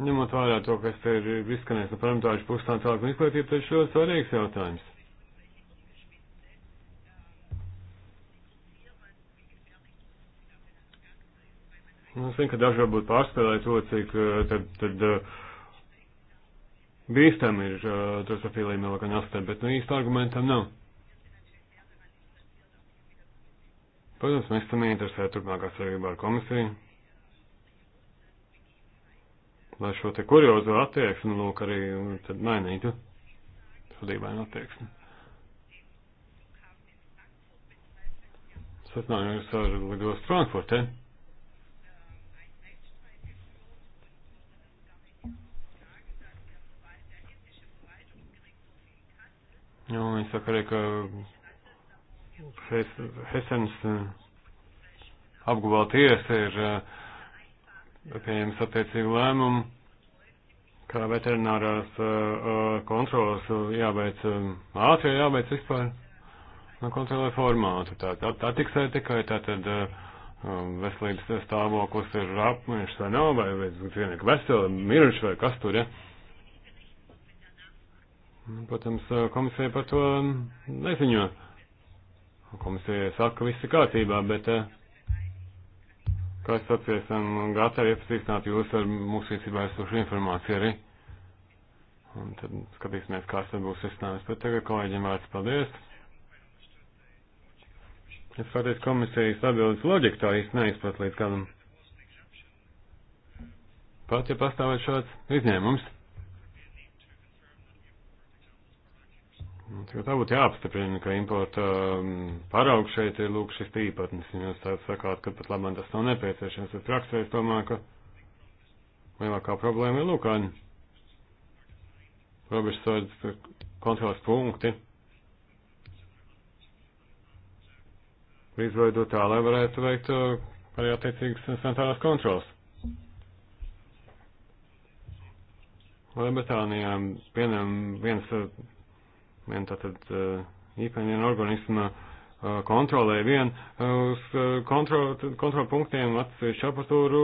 Ņemot vērā to, kas ir izskanējis no parlamentāšu puses, tā tālāk izglītība, tas ir ļoti svarīgs jautājums. Nu, es zinu, ka daži varbūt pārspēlē to, cik eh, tad, tad eh, bīstam ir tas apīlīja melakaņastē, bet nu īsti argumentam nav. Protams, mēs tam ieinteresē turpmākā sarība ar komisiju. Lai šo te kuriozo attieksmi, lūk, arī nu, tad mainītu. Sudībainu attieksmi. Satnājos ar Ligos Frankfurte. Eh? Jo nu, viņi saka arī, ka Hesens uh, apguvā tiesa ir uh, pieņems attiecīgu lēmumu, kā veterinārās kontrolas uh, jāveic ātri, jāveic vispār no nu, kontrolē formātu. Tā, tā, tā tiksē tikai tātad um, veselības stāvoklis ir apmēršs vai nav, vai dzīvnieku veseli, miruši vai kas tur, ja. Protams, eh, komisija par to neziņo. Komisija saka, ka viss ir kārtībā, bet, eh, kā es sacīju, esam gatavi iepazīstināt jūs ar mūsu rīcībā esošu informāciju arī. Un tad skatīsimies, kāds tad būs risinājums. Bet tagad kolēģiem vārds paldies. Es skaties komisijas atbildes loģiku tā īsti neizprat līdz kādam. Pat, ja pastāvēt šāds izņēmums. Nu, tā būtu jāapstiprina, ka importa um, paraugs šeit ir lūk šis īpatnis. Jūs sakāt, ka pat labam tas nav nepieciešams, bet praksē es domāju, ka lielākā problēma ir lūkāņi. Robežsardzes kontrolas punkti. Izveidot tā, lai varētu veikt uh, arī attiecīgas sanitārās kontrolas. Lielbritānijā, piemēram, viens uh, vien tātad eh, īpaņu vienu organismu eh, kontrolē vien eh, uz kontrol, kontrol punktiem atsevišķu apatūru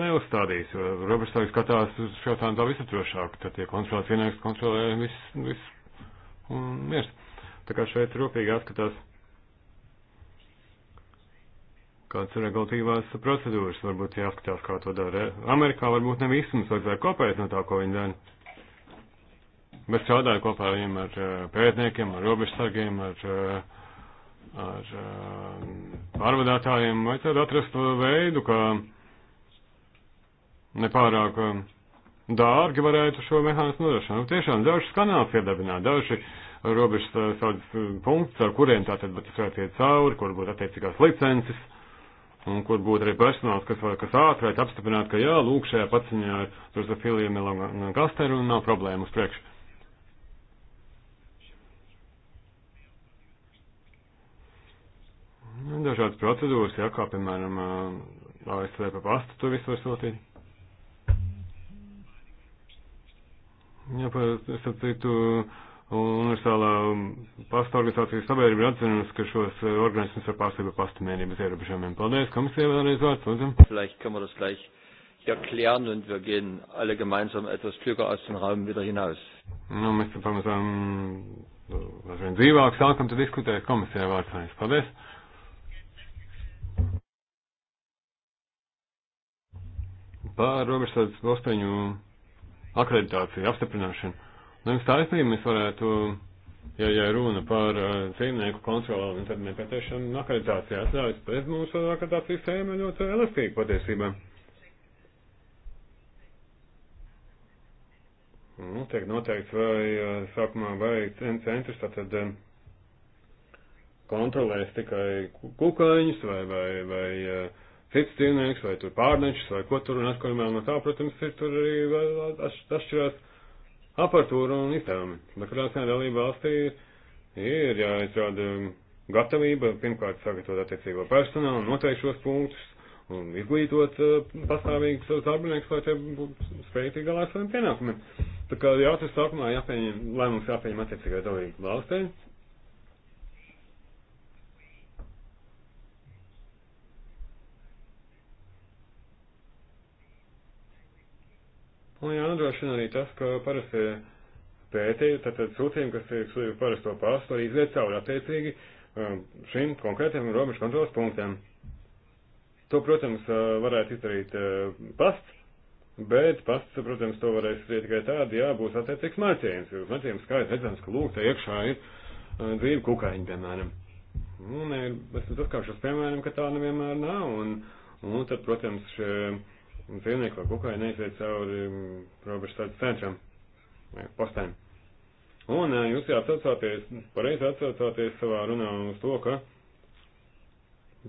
neuzstādīs, jo robežstāvis skatās uz šo tādu tā visaptrošāk, tad tie kontrolēs vienīgs kontrolē viss, viss un mirs. Tā kā šeit rūpīgi atskatās, kāds ir regulatīvās procedūras, varbūt jāskatās, kā to dara Amerikā, varbūt ne visu mums vajadzēja kopēt no tā, ko viņi dara. Bet strādāju kopā ar viņiem, ar eh, pētniekiem, ar robežsargiem, ar, eh, ar eh, pārvadātājiem, lai tad atrastu veidu, kā nepārāk dārgi varētu šo mehānismu nodrošināt. Nu, tiešām dažus kanālus iedabināt, daži robežas tādas punktus, ar kuriem tātad tas varētu iet cauri, kur būtu attiecīgās licences, un kur būtu arī personāls, kas, var, kas ātrāk apstiprināt, ka jā, lūk, šajā paciņā ir tur zafilija melona nu, kasteru un nav problēmu uz priekšu. Dažādas procedūras, jā, kā piemēram ASV pa pastu to visu var sūtīt. Jā, par, es atcītu, universālā pasta organizācijas sabiedrība ir atzinusi, ka šos organismus var pārstāvēt pa pastu mērības ierobežojumiem. Paldies, komisija vēlreiz vārds, lūdzu. Vielleicht kann man das gleich hier klären und wir gehen alle gemeinsam etwas klüger aus dem Raum wieder hinaus. Nu, mēs pamazām, vēl vien dzīvāk sākam te diskutēt komisijā vārds. Paldies. par robežsardzes posteņu akreditāciju, apstiprināšanu. Nu, jums taisnība, mēs varētu, ja, ja runa par uh, dzīvnieku kontroli, tad nepieciešama akreditācija atļaujas, bet mūsu akreditācijas tēma ir ļoti elastīga patiesībā. Nu, tiek noteikts, vai uh, sākumā vai centrs tātad um, kontrolēs tikai kukaiņus vai, vai, vai uh, cits dzīvnieks, vai tur pārnešs, vai ko tur, un atkarībā no tā, protams, ir tur arī atšķirās aparatūra un izdevumi. Bet kurā ziņā dalība valstī ir jāizrāda gatavība pirmkārt sagatavot attiecīgo personālu, noteikt šos punktus un izglītot eh, pastāvīgi savus darbiniekus, lai tie būtu spējīgi galā ar saviem pienākumiem. Tā kā jautājums sākumā jāpieņem, lēmums jāpieņem attiecīgai dalību valstī, Un jānodrošina arī tas, ka parastie pētījumi, tātad sūtījumi, kas ir uz parasto pastu, arī iziet cauri attiecīgi um, šim konkrētiem robežu kontrolas punktiem. To, protams, uh, varētu izdarīt uh, pasts, bet pasts, protams, to varēs izdarīt tikai tādi, jā, būs attiecīgs mācījums, jo mācījums skaidrs redzams, ka lūk, te iekšā ir uh, dzīve kukaiņa, piemēram. Un ir, eh, esmu saskaušos, piemēram, ka tā nevienmēr nav, un, un tad, protams, šie un dzīvnieki vai kukai neiziet cauri mm, robežu sardzes centram, postēm. Un jūs jau atcaucāties, pareizi atcaucāties savā runā uz to, ka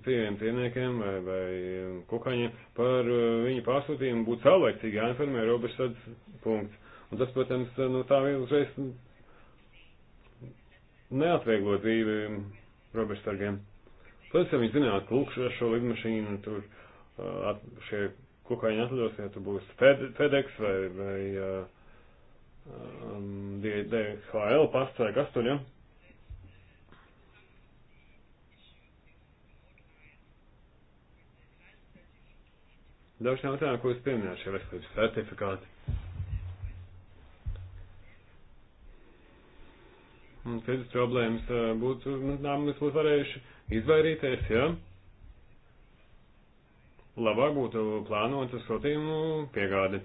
dzīviem dzīvniekiem vai, vai mm, kukaņiem par viņu pārsūtījumu būtu saulēcīgi jāinformē robežu sardzes punkts. Un tas, protams, nu tā uzreiz neatvieglo dzīvi robežu sargiem. Protams, ja viņi zinātu, ka lūk, šo lidmašīnu tur at, šie ko kā viņi atlidos, ja tur būs Fed, FedEx vai, vai um, DHL pasts vai kas tur, ja? Dažs jautājumi, ko jūs pieminējāt šie veselības certifikāti. Un citas problēmas uh, būtu, nu, mēs būtu varējuši izvairīties, jā. Ja? labāk būtu plānot uz sotījumu piegādi.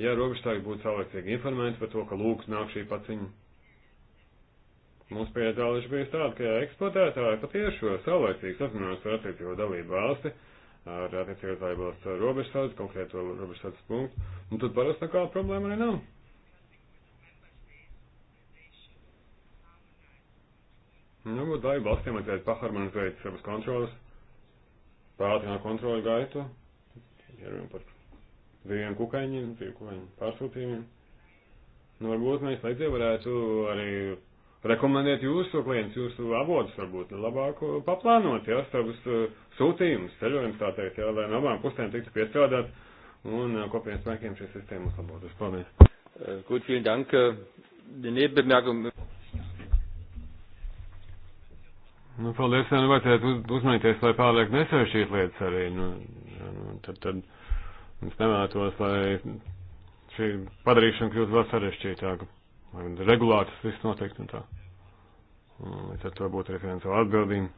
Ja robežtāji būtu saulēcīgi informēti par to, ka lūk, nāk šī paciņa. Mums pieredzē līdz bijis tāda, ka eksploatētāji patiešo saulēcīgi sazinās ar attiecīgo dalību valsti, ar attiecīgo dalību valsts robežsardz, konkrēto robežsardz punktu, un nu, tad parasti nekā problēma arī nav. Nu, būtu dalību valstīm vajadzētu paharmonizēt savas kontrolas pātrināt kontroli gaitu, ja runājam par diviem kukaiņiem, divu kukaiņu pārsūtījumiem. Nu, varbūt mēs līdzi varētu arī rekomendēt jūsu klientus, jūsu avotus, varbūt nu, labāk paplānot, jā, ja, savus uh, sūtījumus, ceļojumus, tā teikt, jā, ja, lai no abām pusēm tiktu piestrādāt un uh, kopienas spēkiem šīs sistēmas labot. Paldies. Gut, vielen Dank. Äh, die Nebenbemerkung. Nu, paldies, ja nu vajadzētu uzmanīties, lai pārliek nesēršīt lietas arī. Nu, nu, tad, tad mums nevētos, lai šī padarīšana kļūtu vēl sarežģītāka. Regulātas viss noteikti un tā. Un, līdz ar to būtu arī finansiāla atbildība.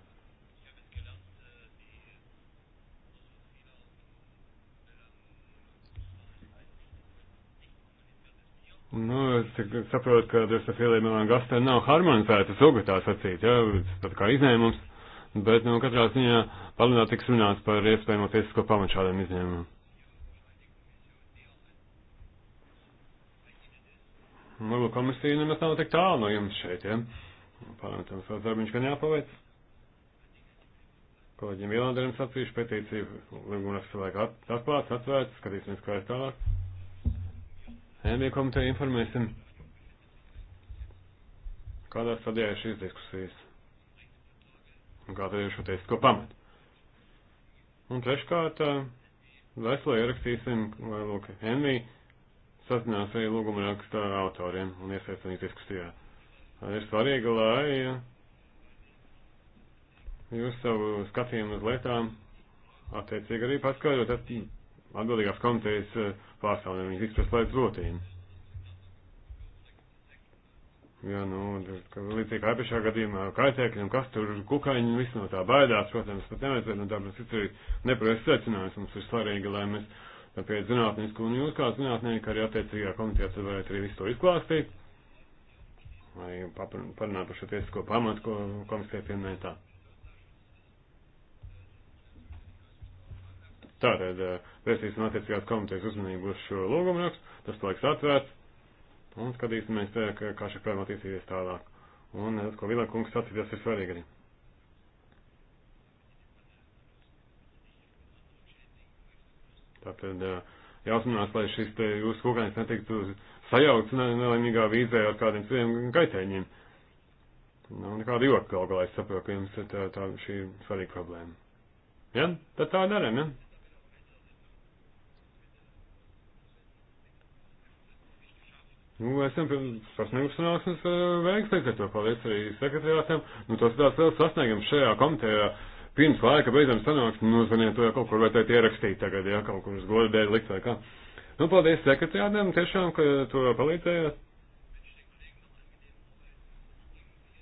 Nu, es saprotu, ka drosofiliem un gastēm nav harmonizētas uga tā sacīt, jā, ja? tad kā izņēmums, bet, nu, katrā ziņā palunā tiks runāts par iespējamo tiesisko pamatu šādiem izņēmumiem. Nu, komisija nemaz nav tik tālu no jums šeit, jā. Ja? Pārmetams, vēl darbiņš gan jāpaveic. Kolēģiem Vīlanderim sacīšu petīciju, lūgumu rakstu laiku atklāts, atvērts, skatīsimies, kā ir tālāk. Envija komiteju informēsim, kādā stadijā ir šīs diskusijas un kāda ir šo tiesisko pamatu. Un treškārt, vēstulē ierakstīsim, lai lūk, Envija sazinās arī lūguma raksta autoriem un iesaistīsim diskusijā. Ir svarīgi, lai jūs savu skatījumu uz lietām attiecīgi arī paskaidrot atbildīgās komitejas uh, pārstāvjiem, viņi tiks paslēgts rotīm. Jā, nu, līdzīgi kā iepriekšā gadījumā kaitēkļi un kas tur kukaiņi un viss no tā baidās, protams, pat nevajadzētu, un tāpēc tas ir nepareizs secinājums, mums ir svarīgi, lai mēs pie zinātnisku un jūs kā zinātnieki arī attiecīgā komitejā varētu arī visu to izklāstīt, lai parunātu par šo tiesisko pamatu, ko komisija pieminēja tā. Tātad vērsīsim attiecīgās komitejas uzmanību uz šo lūgumu rakstu, tas paliks atvērts, un skatīsimies, kā šī problēma attīstīsies tālāk. Un, ko Vila kungs sacīties, ir svarīgi arī. Tātad jāuzmanās, lai šis te jūsu kukainis netiktu sajaukts nelaimīgā vīzē ar kādiem citiem kaitēņiem. Nav nu, nekāda joka galvā, es saprotu, ka jums ir tā, tā šī svarīga problēma. Ja? Tad tā darām, ja? Nu, esam sasnieguši sanāksmes veiksmi, līdz ar to paldies arī sekretārātam. Nu, tas ir tāds liels sasniegums šajā komitejā. Pirms laika beidzam sanāksmi, nu, ziniet, to jau kaut kur vajadzētu ierakstīt tagad, ja kaut kur uz godu dēļ likt vai kā. Nu, paldies sekretārātam, tiešām, ka to palīdzējāt.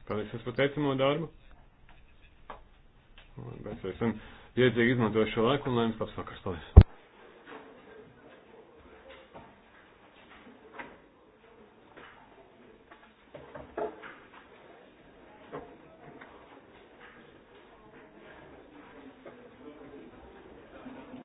Paldies par teicamo darbu. Un, bet es esmu iedzīgi izmantojuši šo laiku un lai jums labs vakars. Paldies!